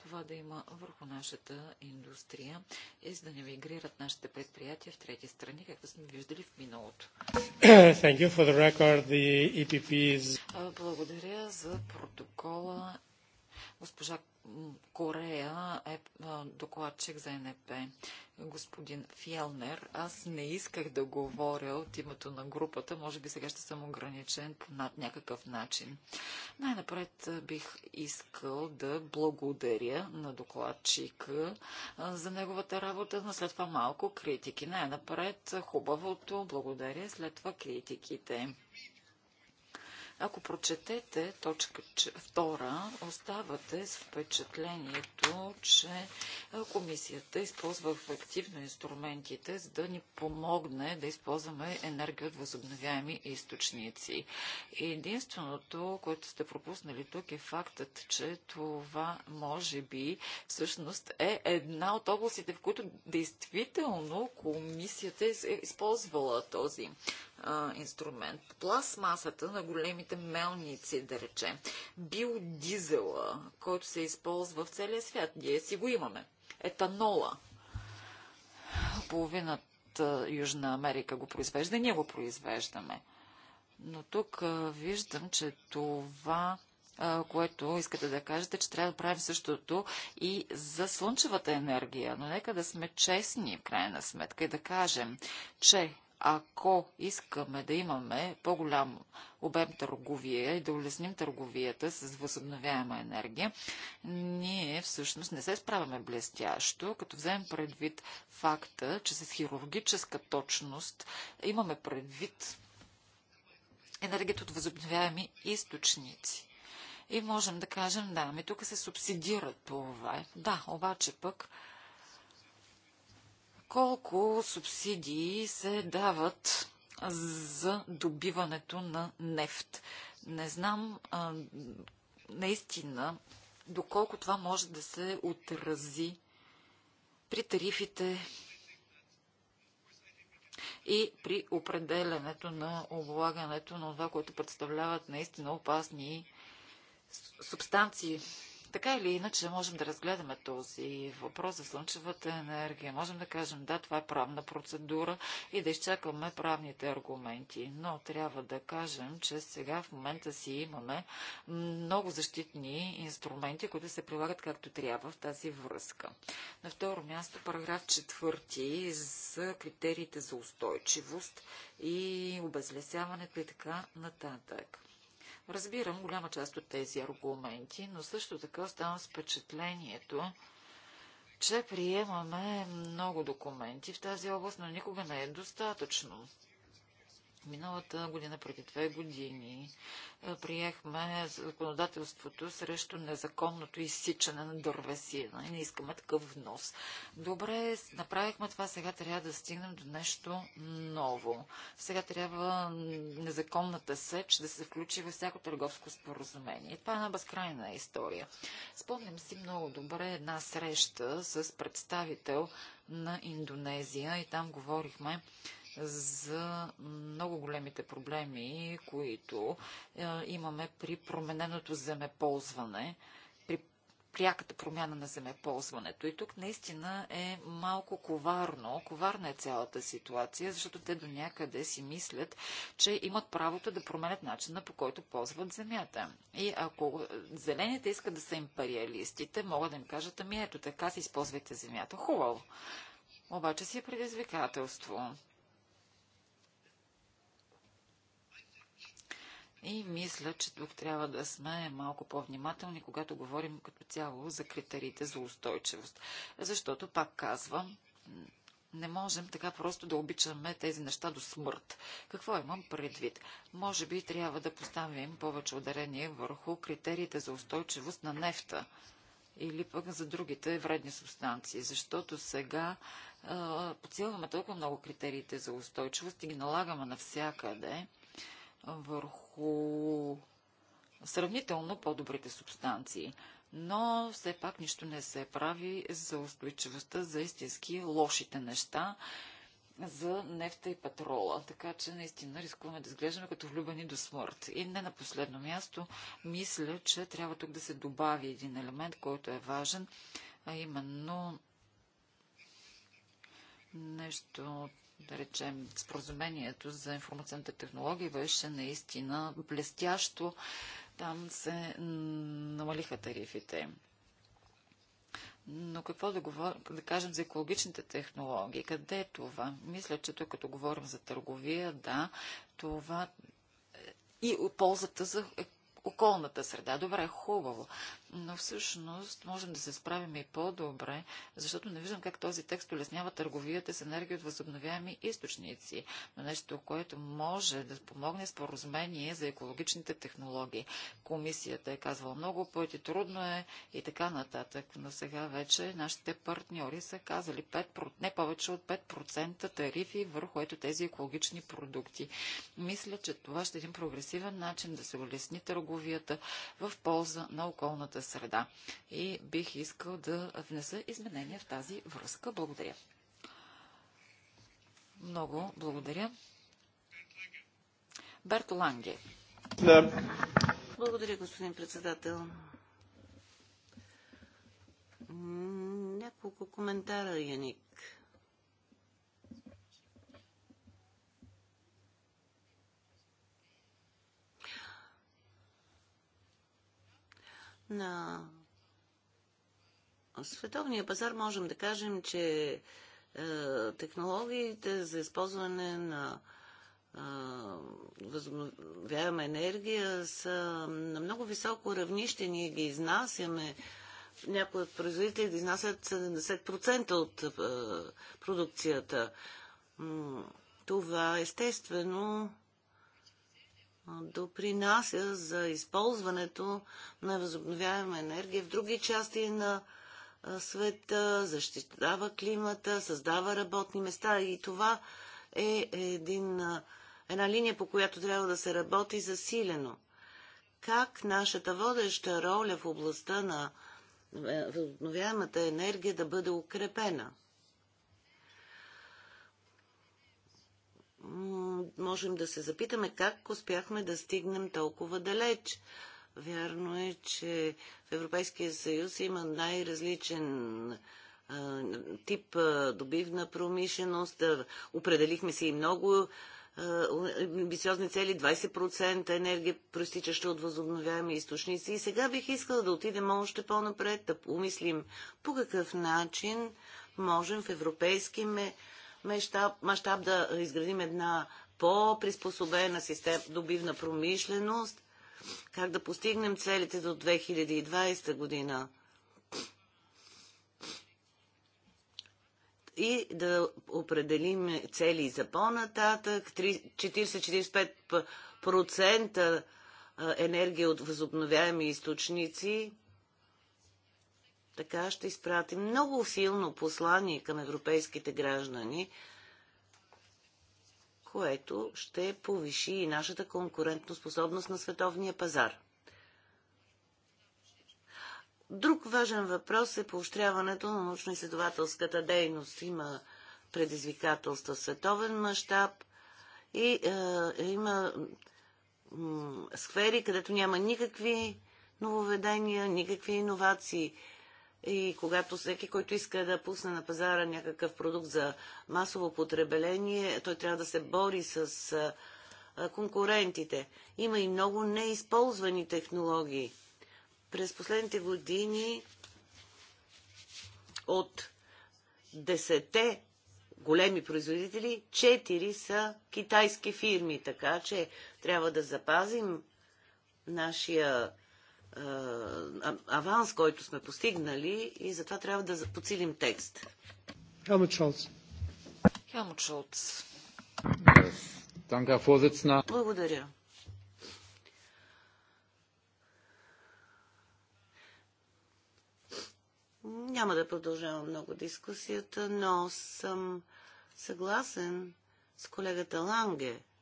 това да има върху нашата индустрия и за да не мигрират нашите предприятия в трети страни, както сме виждали в миналото. (coughs) Thank you for the record. The EPP is... Благодаря за протокола. Госпожа Корея е докладчик за НП. Господин Фелнер, аз не исках да говоря от името на групата. Може би сега ще съм ограничен по над някакъв начин. Най-напред бих искал да благодаря на докладчика за неговата работа, но след това малко критики. Най-напред хубавото, благодаря, след това критиките. Ако прочетете точка 2, оставате с впечатлението, че комисията използва ефективно инструментите, за да ни помогне да използваме енергия от възобновяеми източници. единственото, което сте пропуснали тук е фактът, че това може би всъщност е една от областите, в които действително комисията е, е използвала този а, инструмент. Пластмасата на големите мелници, да речем. Биодизела, който се използва в целия свят. Ние си го имаме. Етанола. Половината Южна Америка го произвежда, ние го произвеждаме. Но тук а, виждам, че това което искате да кажете, че трябва да правим същото и за слънчевата енергия. Но нека да сме честни, в крайна сметка, и да кажем, че ако искаме да имаме по-голям обем търговия и да улесним търговията с възобновяема енергия, ние всъщност не се справяме блестящо, като вземем предвид факта, че с хирургическа точност имаме предвид енергията от възобновяеми източници. И можем да кажем, да, ми тук се субсидира това. Да, обаче пък колко субсидии се дават за добиването на нефт. Не знам а, наистина доколко това може да се отрази при тарифите и при определенето на облагането на това, което представляват наистина опасни субстанции. Така или иначе можем да разгледаме този въпрос за слънчевата енергия. Можем да кажем, да, това е правна процедура и да изчакваме правните аргументи. Но трябва да кажем, че сега в момента си имаме много защитни инструменти, които се прилагат както трябва в тази връзка. На второ място параграф 4 за критериите за устойчивост и обезлесяването и така нататък. Разбирам голяма част от тези аргументи, но също така оставам с впечатлението, че приемаме много документи в тази област, но никога не е достатъчно. Миналата година, преди две години, е, приехме законодателството срещу незаконното изсичане на дървесина и не искаме такъв внос. Добре, направихме това, сега трябва да стигнем до нещо ново. Сега трябва незаконната сеч да се включи във всяко търговско споразумение. Това е една безкрайна история. Спомням си много добре една среща с представител на Индонезия и там говорихме за много големите проблеми, които е, имаме при промененото земеползване, при пряката промяна на земеползването. И тук наистина е малко коварно. Коварна е цялата ситуация, защото те до някъде си мислят, че имат правото да променят начина по който ползват земята. И ако зелените искат да са империалистите, могат да им кажат, ами ето така си използвайте земята. Хубаво. Обаче си е предизвикателство. И мисля, че тук трябва да сме малко по-внимателни, когато говорим като цяло за критериите за устойчивост. Защото, пак казвам, не можем така просто да обичаме тези неща до смърт. Какво имам предвид? Може би трябва да поставим повече ударение върху критериите за устойчивост на нефта или пък за другите вредни субстанции, защото сега а, подсилваме толкова много критериите за устойчивост и ги налагаме навсякъде върху сравнително по-добрите субстанции. Но все пак нищо не се прави за устойчивостта, за истински лошите неща, за нефта и петрола. Така че наистина рискуваме да изглеждаме като влюбени до смърт. И не на последно място, мисля, че трябва тук да се добави един елемент, който е важен, а именно нещо да речем, споразумението за информационните технологии беше наистина блестящо. Там се намалиха тарифите. Но какво да, говор... да кажем за екологичните технологии? Къде е това? Мисля, че тук като говорим за търговия, да, това е и ползата за околната среда. Добре, хубаво. Но всъщност можем да се справим и по-добре, защото не виждам как този текст улеснява търговията с енергия от възобновяеми източници. Но нещо, което може да помогне споразумение за екологичните технологии. Комисията е казвала много пъти, трудно е и така нататък. Но сега вече нашите партньори са казали 5, не повече от 5% тарифи върху ето тези екологични продукти. Мисля, че това ще е един прогресивен начин да се улесни търговията търговията в полза на околната среда. И бих искал да внеса изменения в тази връзка. Благодаря. Много благодаря. Берто Ланге. Да. Благодаря, господин председател. Няколко коментара, Яник. На световния пазар можем да кажем, че е, технологиите за използване на е, възобновяема енергия са на много високо равнище. Ние ги изнасяме. Някои от производителите изнасят 70% от е, продукцията. Това естествено допринася за използването на възобновяема енергия в други части на света, защитава климата, създава работни места и това е един, една линия, по която трябва да се работи засилено. Как нашата водеща роля в областта на е, възобновяемата енергия да бъде укрепена – можем да се запитаме как успяхме да стигнем толкова далеч. Вярно е, че в Европейския съюз има най-различен тип добивна промишленост. Определихме си и много амбициозни цели 20% енергия, проистичаща от възобновяеми източници. И сега бих искала да отидем още по-напред, да помислим по какъв начин можем в европейски ме мащаб да изградим една по-приспособена система, добивна промишленост, как да постигнем целите до 2020 година. и да определим цели за по-нататък. 40-45% енергия от възобновяеми източници така ще изпратим много силно послание към европейските граждани, което ще повиши и нашата конкурентоспособност на световния пазар. Друг важен въпрос е поощряването на научно-изследователската дейност. Има предизвикателства в световен мащаб и е, има сфери, където няма никакви нововедения, никакви иновации и когато всеки, който иска да пусне на пазара някакъв продукт за масово потребление, той трябва да се бори с конкурентите. Има и много неизползвани технологии. През последните години от десете големи производители, четири са китайски фирми, така че трябва да запазим нашия аванс, който сме постигнали и затова трябва да подсилим текст. Хелмут Шолц. Хелмут Шолц. Благодаря. Няма да продължавам много дискусията, но съм съгласен с колегата Ланге –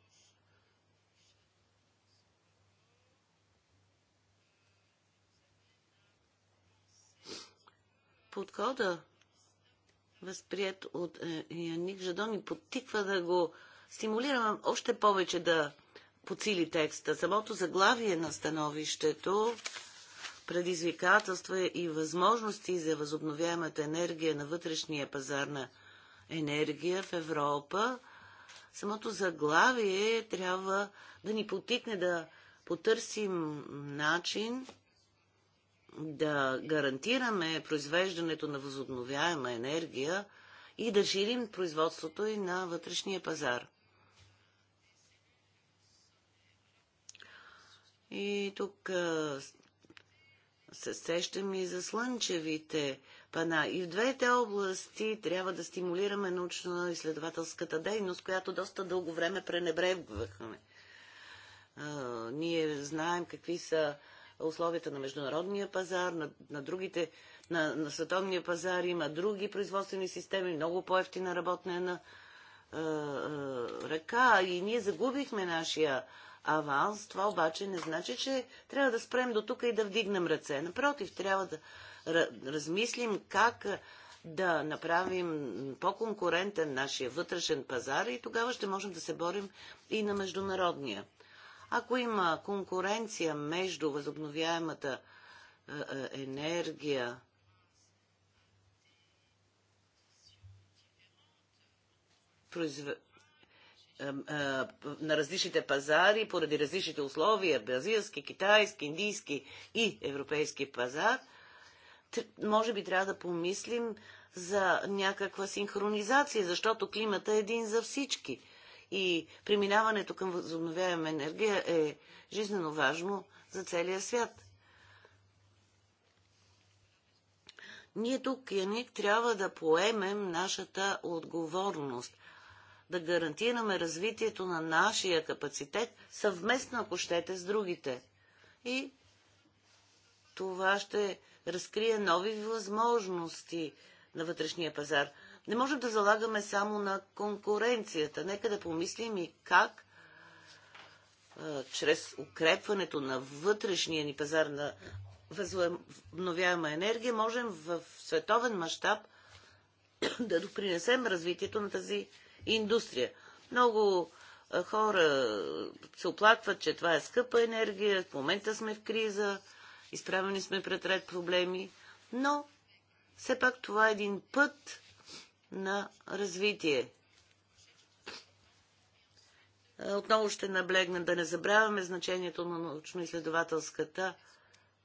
подхода, възприят от е, Яник Жадон, и подтиква да го стимулирам още повече да подсили текста. Самото заглавие на становището предизвикателства и възможности за възобновяемата енергия на вътрешния пазар на енергия в Европа. Самото заглавие трябва да ни потикне да потърсим начин да гарантираме произвеждането на възобновяема енергия и да ширим производството и на вътрешния пазар. И тук се сещам и за слънчевите пана. И в двете области трябва да стимулираме научно-изследователската дейност, която доста дълго време пренебрегвахме. Ние знаем какви са условията на международния пазар, на, на другите, на, на световния пазар има други производствени системи, много по-ефтина работна на е, е, ръка и ние загубихме нашия аванс. Това обаче не значи, че трябва да спрем до тук и да вдигнем ръце. Напротив, трябва да размислим как да направим по-конкурентен нашия вътрешен пазар и тогава ще можем да се борим и на международния. Ако има конкуренция между възобновяемата е, е, енергия, е, на различните пазари, поради различните условия, бразилски, китайски, индийски и европейски пазар, може би трябва да помислим за някаква синхронизация, защото климата е един за всички – и преминаването към възобновяема енергия е жизненно важно за целия свят. Ние тук, Яник, трябва да поемем нашата отговорност, да гарантираме развитието на нашия капацитет съвместно, ако щете, с другите. И това ще разкрие нови възможности на вътрешния пазар. Не можем да залагаме само на конкуренцията. Нека да помислим и как а, чрез укрепването на вътрешния ни пазар на възобновяема енергия можем в световен мащаб (clears throat) да допринесем развитието на тази индустрия. Много хора се оплакват, че това е скъпа енергия, в момента сме в криза, изправени сме пред ред проблеми, но все пак това е един път на развитие. Е, отново ще наблегна да не забравяме значението на научно-изследователската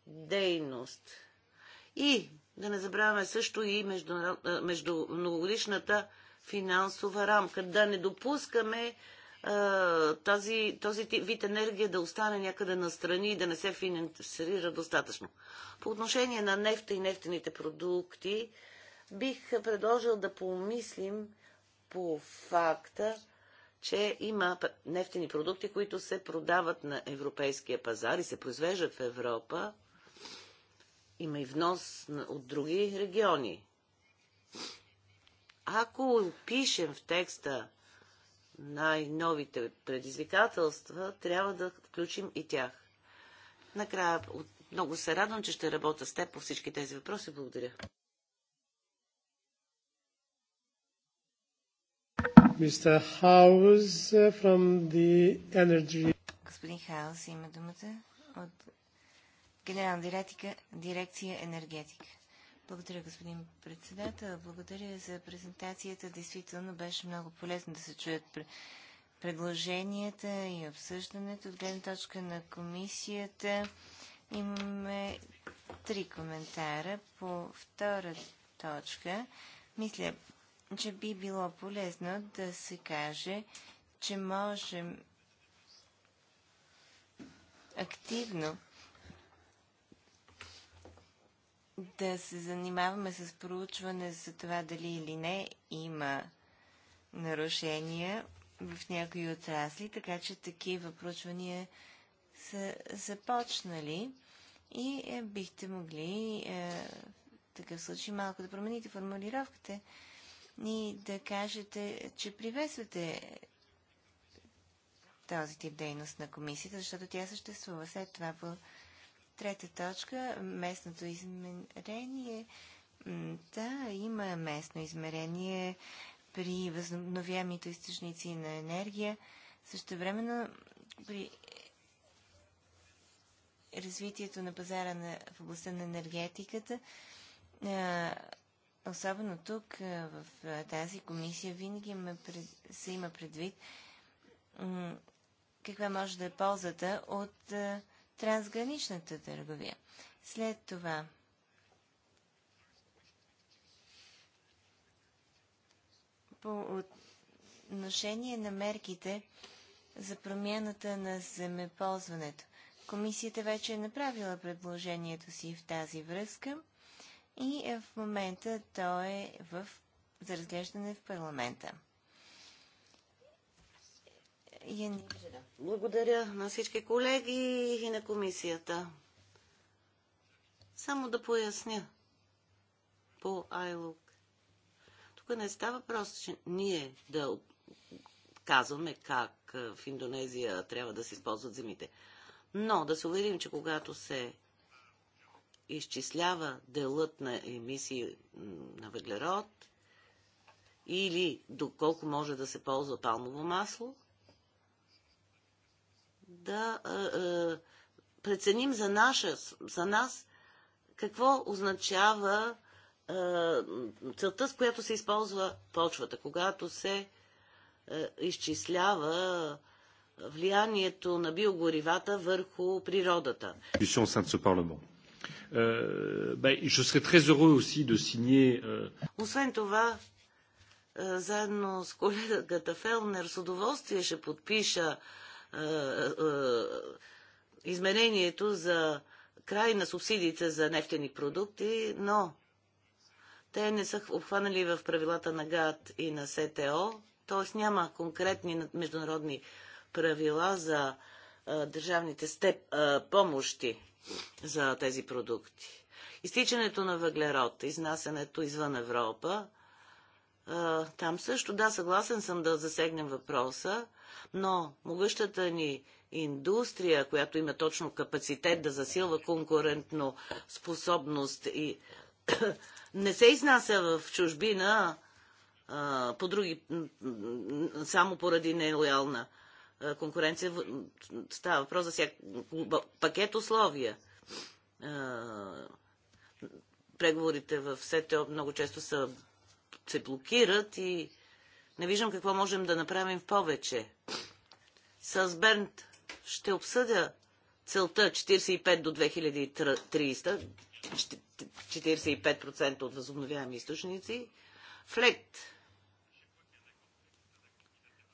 дейност. И да не забравяме също и между, е, между многогодишната финансова рамка. Да не допускаме а, е, тази, този вид енергия да остане някъде настрани и да не се финансира достатъчно. По отношение на нефта и нефтените продукти, бих предложил да помислим по факта, че има нефтени продукти, които се продават на европейския пазар и се произвеждат в Европа. Има и внос от други региони. Ако пишем в текста най-новите предизвикателства, трябва да включим и тях. Накрая, много се радвам, че ще работя с теб по всички тези въпроси. Благодаря. Mr. House е, from the Energy. Господин Хаус има думата от Генерална директика, дирекция енергетика. Благодаря, господин председател. Благодаря за презентацията. Действително беше много полезно да се чуят предложенията и обсъждането. От гледна точка на комисията имаме три коментара. По втора точка, мисля, че би било полезно да се каже, че можем активно да се занимаваме с проучване за това дали или не има нарушения в някои отрасли, така че такива проучвания са започнали и е, бихте могли е, в такъв случай малко да промените формулировката ни да кажете, че приветствате този тип дейност на комисията, защото тя съществува. След това по трета точка, местното измерение. Да, има местно измерение при възобновяемите източници на енергия. Също времено при развитието на пазара на, в областта на енергетиката особено тук е, в е, тази комисия винаги има пред, се има предвид каква може да е ползата от е, трансграничната търговия. След това по отношение на мерките за промяната на земеползването. Комисията вече е направила предложението си в тази връзка – и е в момента той е в, за разглеждане в парламента. Яни. Благодаря на всички колеги и на комисията. Само да поясня по Айлук. Тук не става просто, че ние да казваме как в Индонезия трябва да се използват земите. Но да се уверим, че когато се изчислява делът на емисии на въглерод или доколко може да се ползва палмово масло, да е, е, преценим за, наша, за нас какво означава е, целта, с която се използва почвата, когато се е, изчислява влиянието на биогоривата върху природата. Euh, je serais très heureux aussi de signer. Euh, Освен това, е, заедно с колегата Фелнер с удоволствие ще подпиша е, е, изменението за край на субсидиите за нефтени продукти, но те не са обхванали в правилата на ГАД и на СТО, т.е. няма конкретни международни правила за държавните степ, помощи за тези продукти. Изтичането на въглерод, изнасянето извън Европа, там също, да, съгласен съм да засегнем въпроса, но могъщата ни индустрия, която има точно капацитет да засилва конкурентно способност и (coughs) не се изнася в чужбина по други, само поради нелоялна конкуренция. Става въпрос за всяк... пакет условия. Преговорите в СТО много често са, се блокират и не виждам какво можем да направим в повече. С Бернт ще обсъдя целта 45 до 2030, 45% от възобновяеми източници. Флект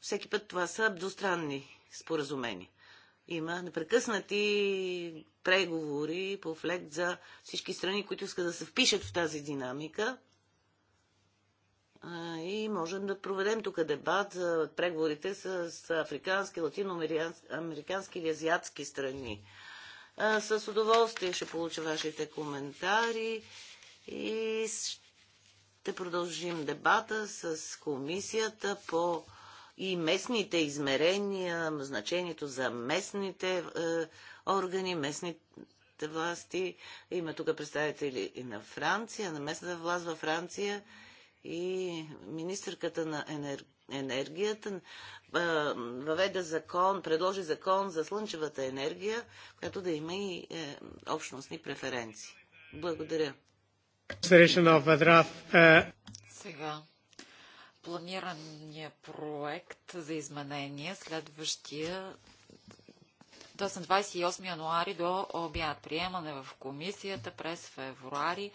всеки път това са двустранни споразумения. Има непрекъснати преговори по флект за всички страни, които искат да се впишат в тази динамика. И можем да проведем тук дебат за преговорите с африкански, латиноамерикански или азиатски страни. С удоволствие ще получа вашите коментари и ще продължим дебата с комисията по и местните измерения, значението за местните е, органи, местните власти. Има тук представители и на Франция, на местната власт във Франция и министърката на енер... енергията е, въведе закон, предложи закон за слънчевата енергия, която да има и е, общностни преференции. Благодаря. Е, Сега планирания проект за изменение следващия до 28 януари до обяд. Приемане в комисията през февруари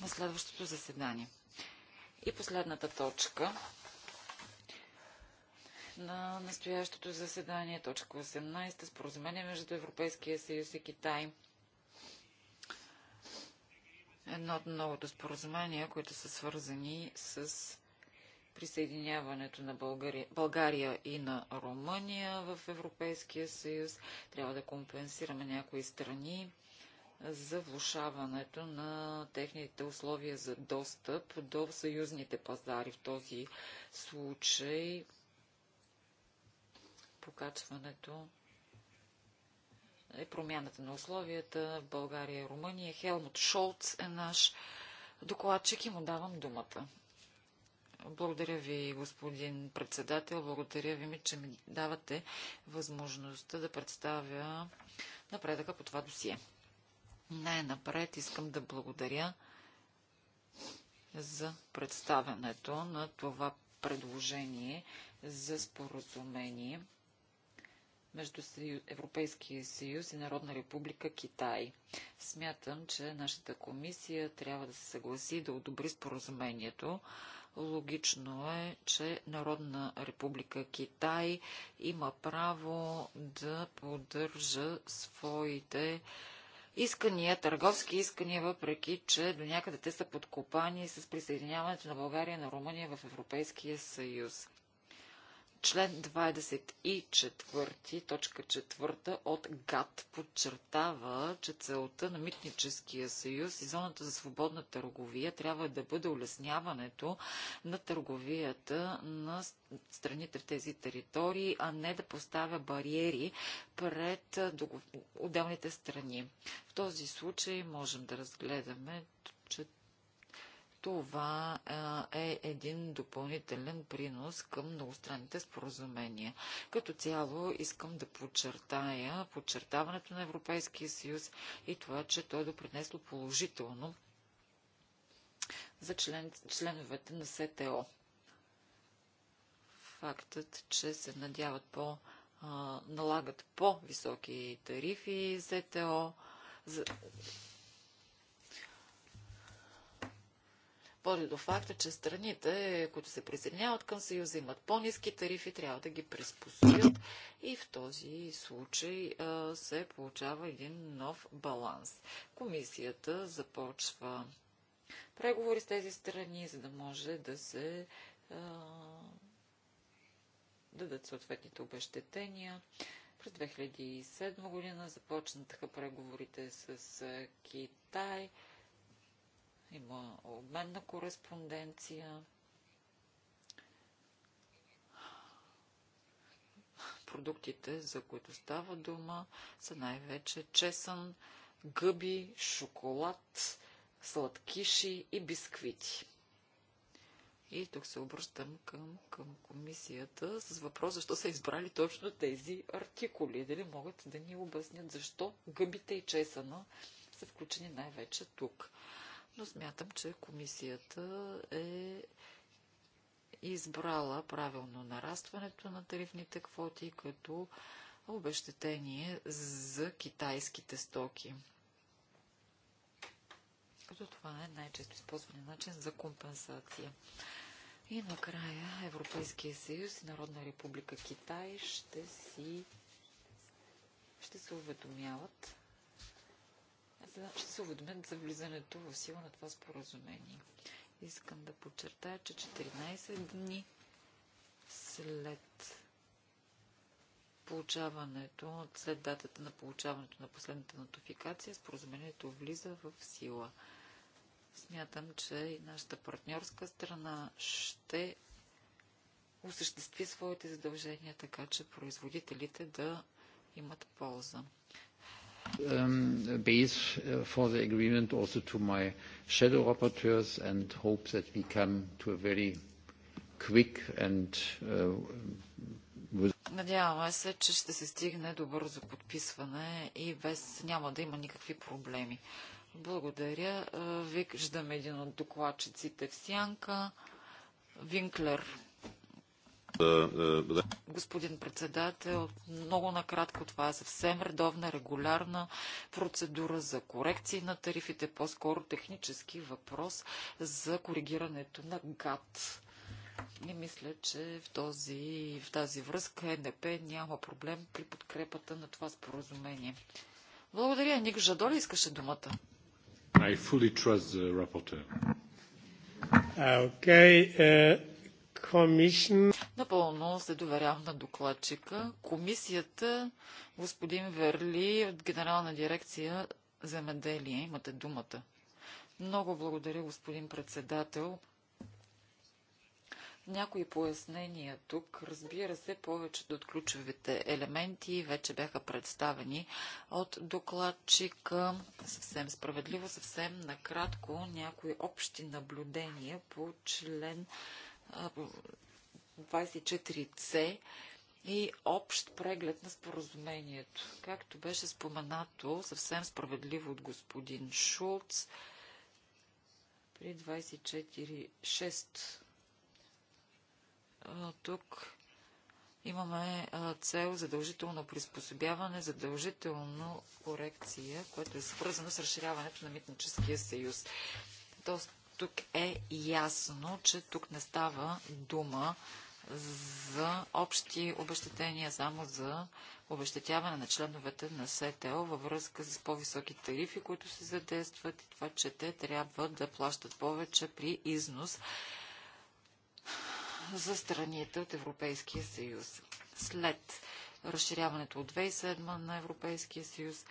на следващото заседание. И последната точка на настоящото заседание, точка 18, споразумение между Европейския съюз и Китай – едно от новото споразумение, които са свързани с присъединяването на България, България и на Румъния в Европейския съюз. Трябва да компенсираме някои страни за влушаването на техните условия за достъп до съюзните пазари. В този случай покачването е промяната на условията в България и Румъния. Хелмут Шолц е наш докладчик и му давам думата. Благодаря ви, господин председател. Благодаря ви, че ми давате възможността да представя напредъка по това досие. Най-напред искам да благодаря за представянето на това предложение за споразумение между Европейския съюз и Народна република Китай. Смятам, че нашата комисия трябва да се съгласи да одобри споразумението. Логично е, че Народна република Китай има право да поддържа своите искания, търговски искания, въпреки че до някъде те са подкопани с присъединяването на България на Румъния в Европейския съюз. Член 24, точка 4 от ГАТ подчертава, че целта на Митническия съюз и зоната за свободна търговия трябва да бъде улесняването на търговията на страните в тези територии, а не да поставя бариери пред отделните страни. В този случай можем да разгледаме това е един допълнителен принос към многостранните споразумения. Като цяло искам да подчертая подчертаването на Европейския съюз и това, че той е допринесло положително за член, членовете на СТО. Фактът, че се надяват по, а, налагат по-високи тарифи СТО, за, води до факта, че страните, които се присъединяват към Съюза, имат по-низки тарифи, трябва да ги приспособят и в този случай а, се получава един нов баланс. Комисията започва преговори с тези страни, за да може да се а, дадат съответните обещетения. През 2007 година започнаха преговорите с Китай има обмен на кореспонденция, продуктите, за които става дума, са най-вече чесън, гъби, шоколад, сладкиши и бисквити. И тук се обръщам към, към комисията с въпрос, защо са избрали точно тези артикули. Дали могат да ни обяснят защо гъбите и чесъна са включени най-вече тук но смятам, че комисията е избрала правилно нарастването на тарифните квоти като обещетение за китайските стоки. Като това е най-често използвания начин за компенсация. И накрая Европейския съюз и Народна република Китай ще си ще се уведомяват за, значи ще се уведомят за влизането в сила на това споразумение. Искам да подчертая, че 14 дни след получаването, след датата на получаването на последната нотификация, споразумението влиза в сила. Смятам, че и нашата партньорска страна ще осъществи своите задължения така, че производителите да имат полза. Um, base uh, for the agreement, also to my shadow rapporteurs, and hope that we come to a very quick and uh, Надяваме се, че ще се стигне до бързо подписване и без няма да има никакви проблеми. Благодаря. Е, виждам един от докладчиците в сянка. Винклер. Е, Господин председател, много накратко това е съвсем редовна, регулярна процедура за корекции на тарифите, по-скоро технически въпрос за коригирането на ГАТ. Не мисля, че в, този, в тази връзка е НДП няма проблем при подкрепата на това споразумение. Благодаря. Ник Жадоли искаше думата. I fully trust the rapporteur. Okay, uh... Commission... Напълно се доверявам на докладчика. Комисията, господин Верли е от Генерална дирекция Земеделие. Имате думата. Много благодаря, господин председател. Някои пояснения тук. Разбира се, повечето от ключовите елементи вече бяха представени от докладчика. Съвсем справедливо, съвсем накратко някои общи наблюдения по член 24C и общ преглед на споразумението. Както беше споменато съвсем справедливо от господин Шулц, при 24.6 тук имаме цел задължително приспособяване, задължително корекция, което е свързано с разширяването на митническия съюз. Тоест, тук е ясно, че тук не става дума за общи обещетения, само за обещетяване на членовете на СТО във връзка с по-високи тарифи, които се задействат и това, че те трябва да плащат повече при износ за страните от Европейския съюз. След разширяването от 2007 на Европейския съюз,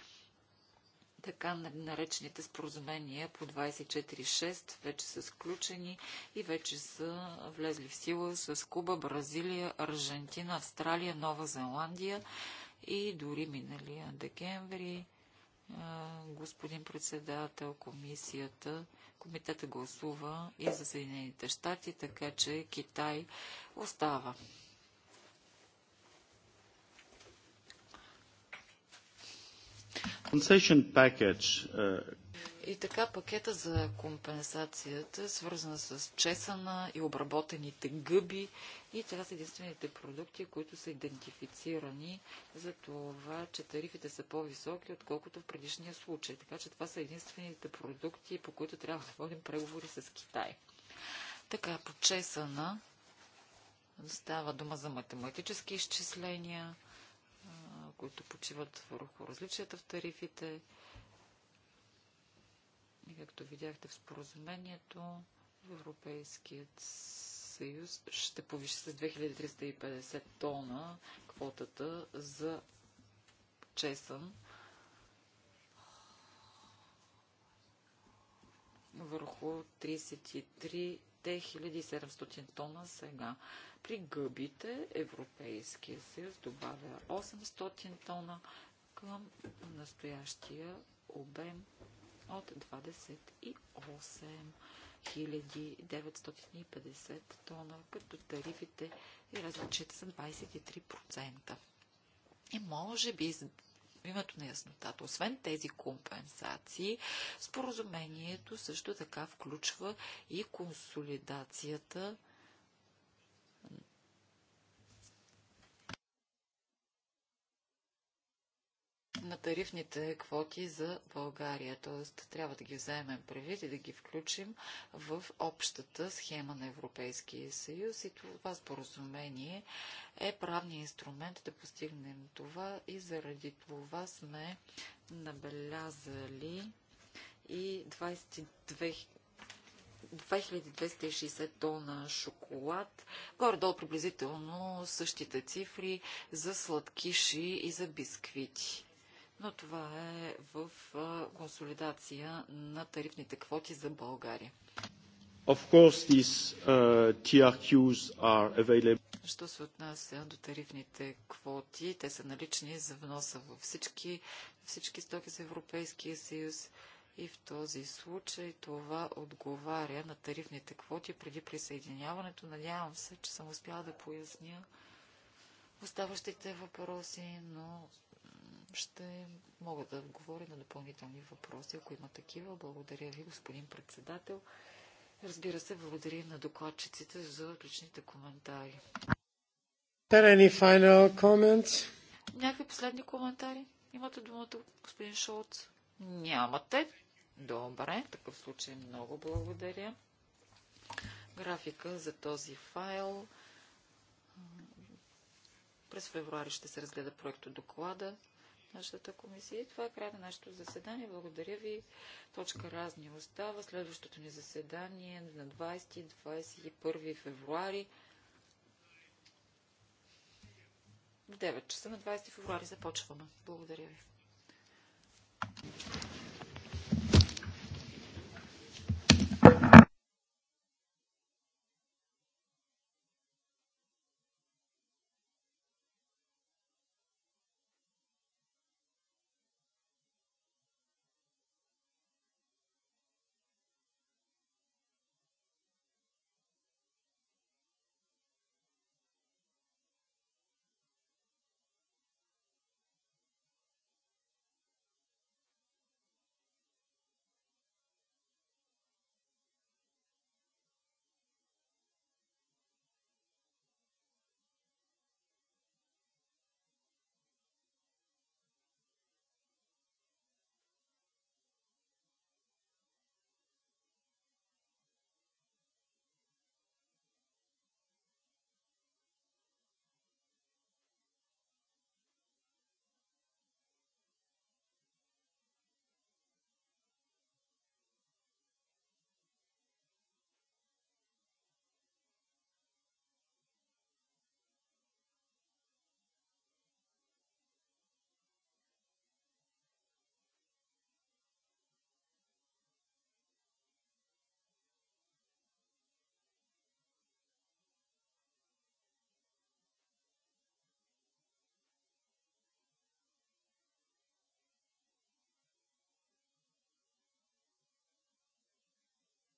така наречените споразумения по 24.6 вече са сключени и вече са влезли в сила с Куба, Бразилия, Аржентина, Австралия, Нова Зеландия и дори миналия декември господин председател, комисията, комитета гласува и за Съединените щати, така че Китай остава Uh, и така пакета за компенсацията е свързана с чесана и обработените гъби и това са единствените продукти, които са идентифицирани за това, че тарифите са по-високи, отколкото в предишния случай. Така че това са единствените продукти, по които трябва да водим преговори с Китай. Така, по чесана става дума за математически изчисления, които почиват върху различията в тарифите. И както видяхте в споразумението, Европейският съюз ще повиши с 2350 тона квотата за чесън върху 33 2700 тона сега. При гъбите Европейския съюз добавя 800 тона към настоящия обем от 28 950 тона, като тарифите и различите са 23%. И може би в името на яснотата. Освен тези компенсации, споразумението също така включва и консолидацията на тарифните квоти за България. Т.е. трябва да ги вземем предвид и да ги включим в общата схема на Европейския съюз. И това споразумение е правния инструмент да постигнем това и заради това сме набелязали и 22 2260 тона шоколад, горе-долу приблизително същите цифри за сладкиши и за бисквити но това е в консолидация на тарифните квоти за България. Of course, these uh, TRQs are available. Що се отнася до тарифните квоти, те са налични за вноса във всички, всички стоки за Европейския съюз и в този случай това отговаря на тарифните квоти преди присъединяването. Надявам се, че съм успяла да поясня оставащите въпроси, но ще мога да отговоря на допълнителни въпроси, ако има такива. Благодаря ви, господин председател. Разбира се, благодаря на докладчиците за отличните коментари. Някакви последни коментари? Имате думата, господин Шолц? Нямате. Добре, в такъв случай много благодаря. Графика за този файл. През февруари ще се разгледа проекто доклада нашата комисия. И това е края на нашето заседание. Благодаря ви. Точка разни остава. Следващото ни заседание е на 20-21 февруари. В 9 часа на 20 февруари започваме. Благодаря ви.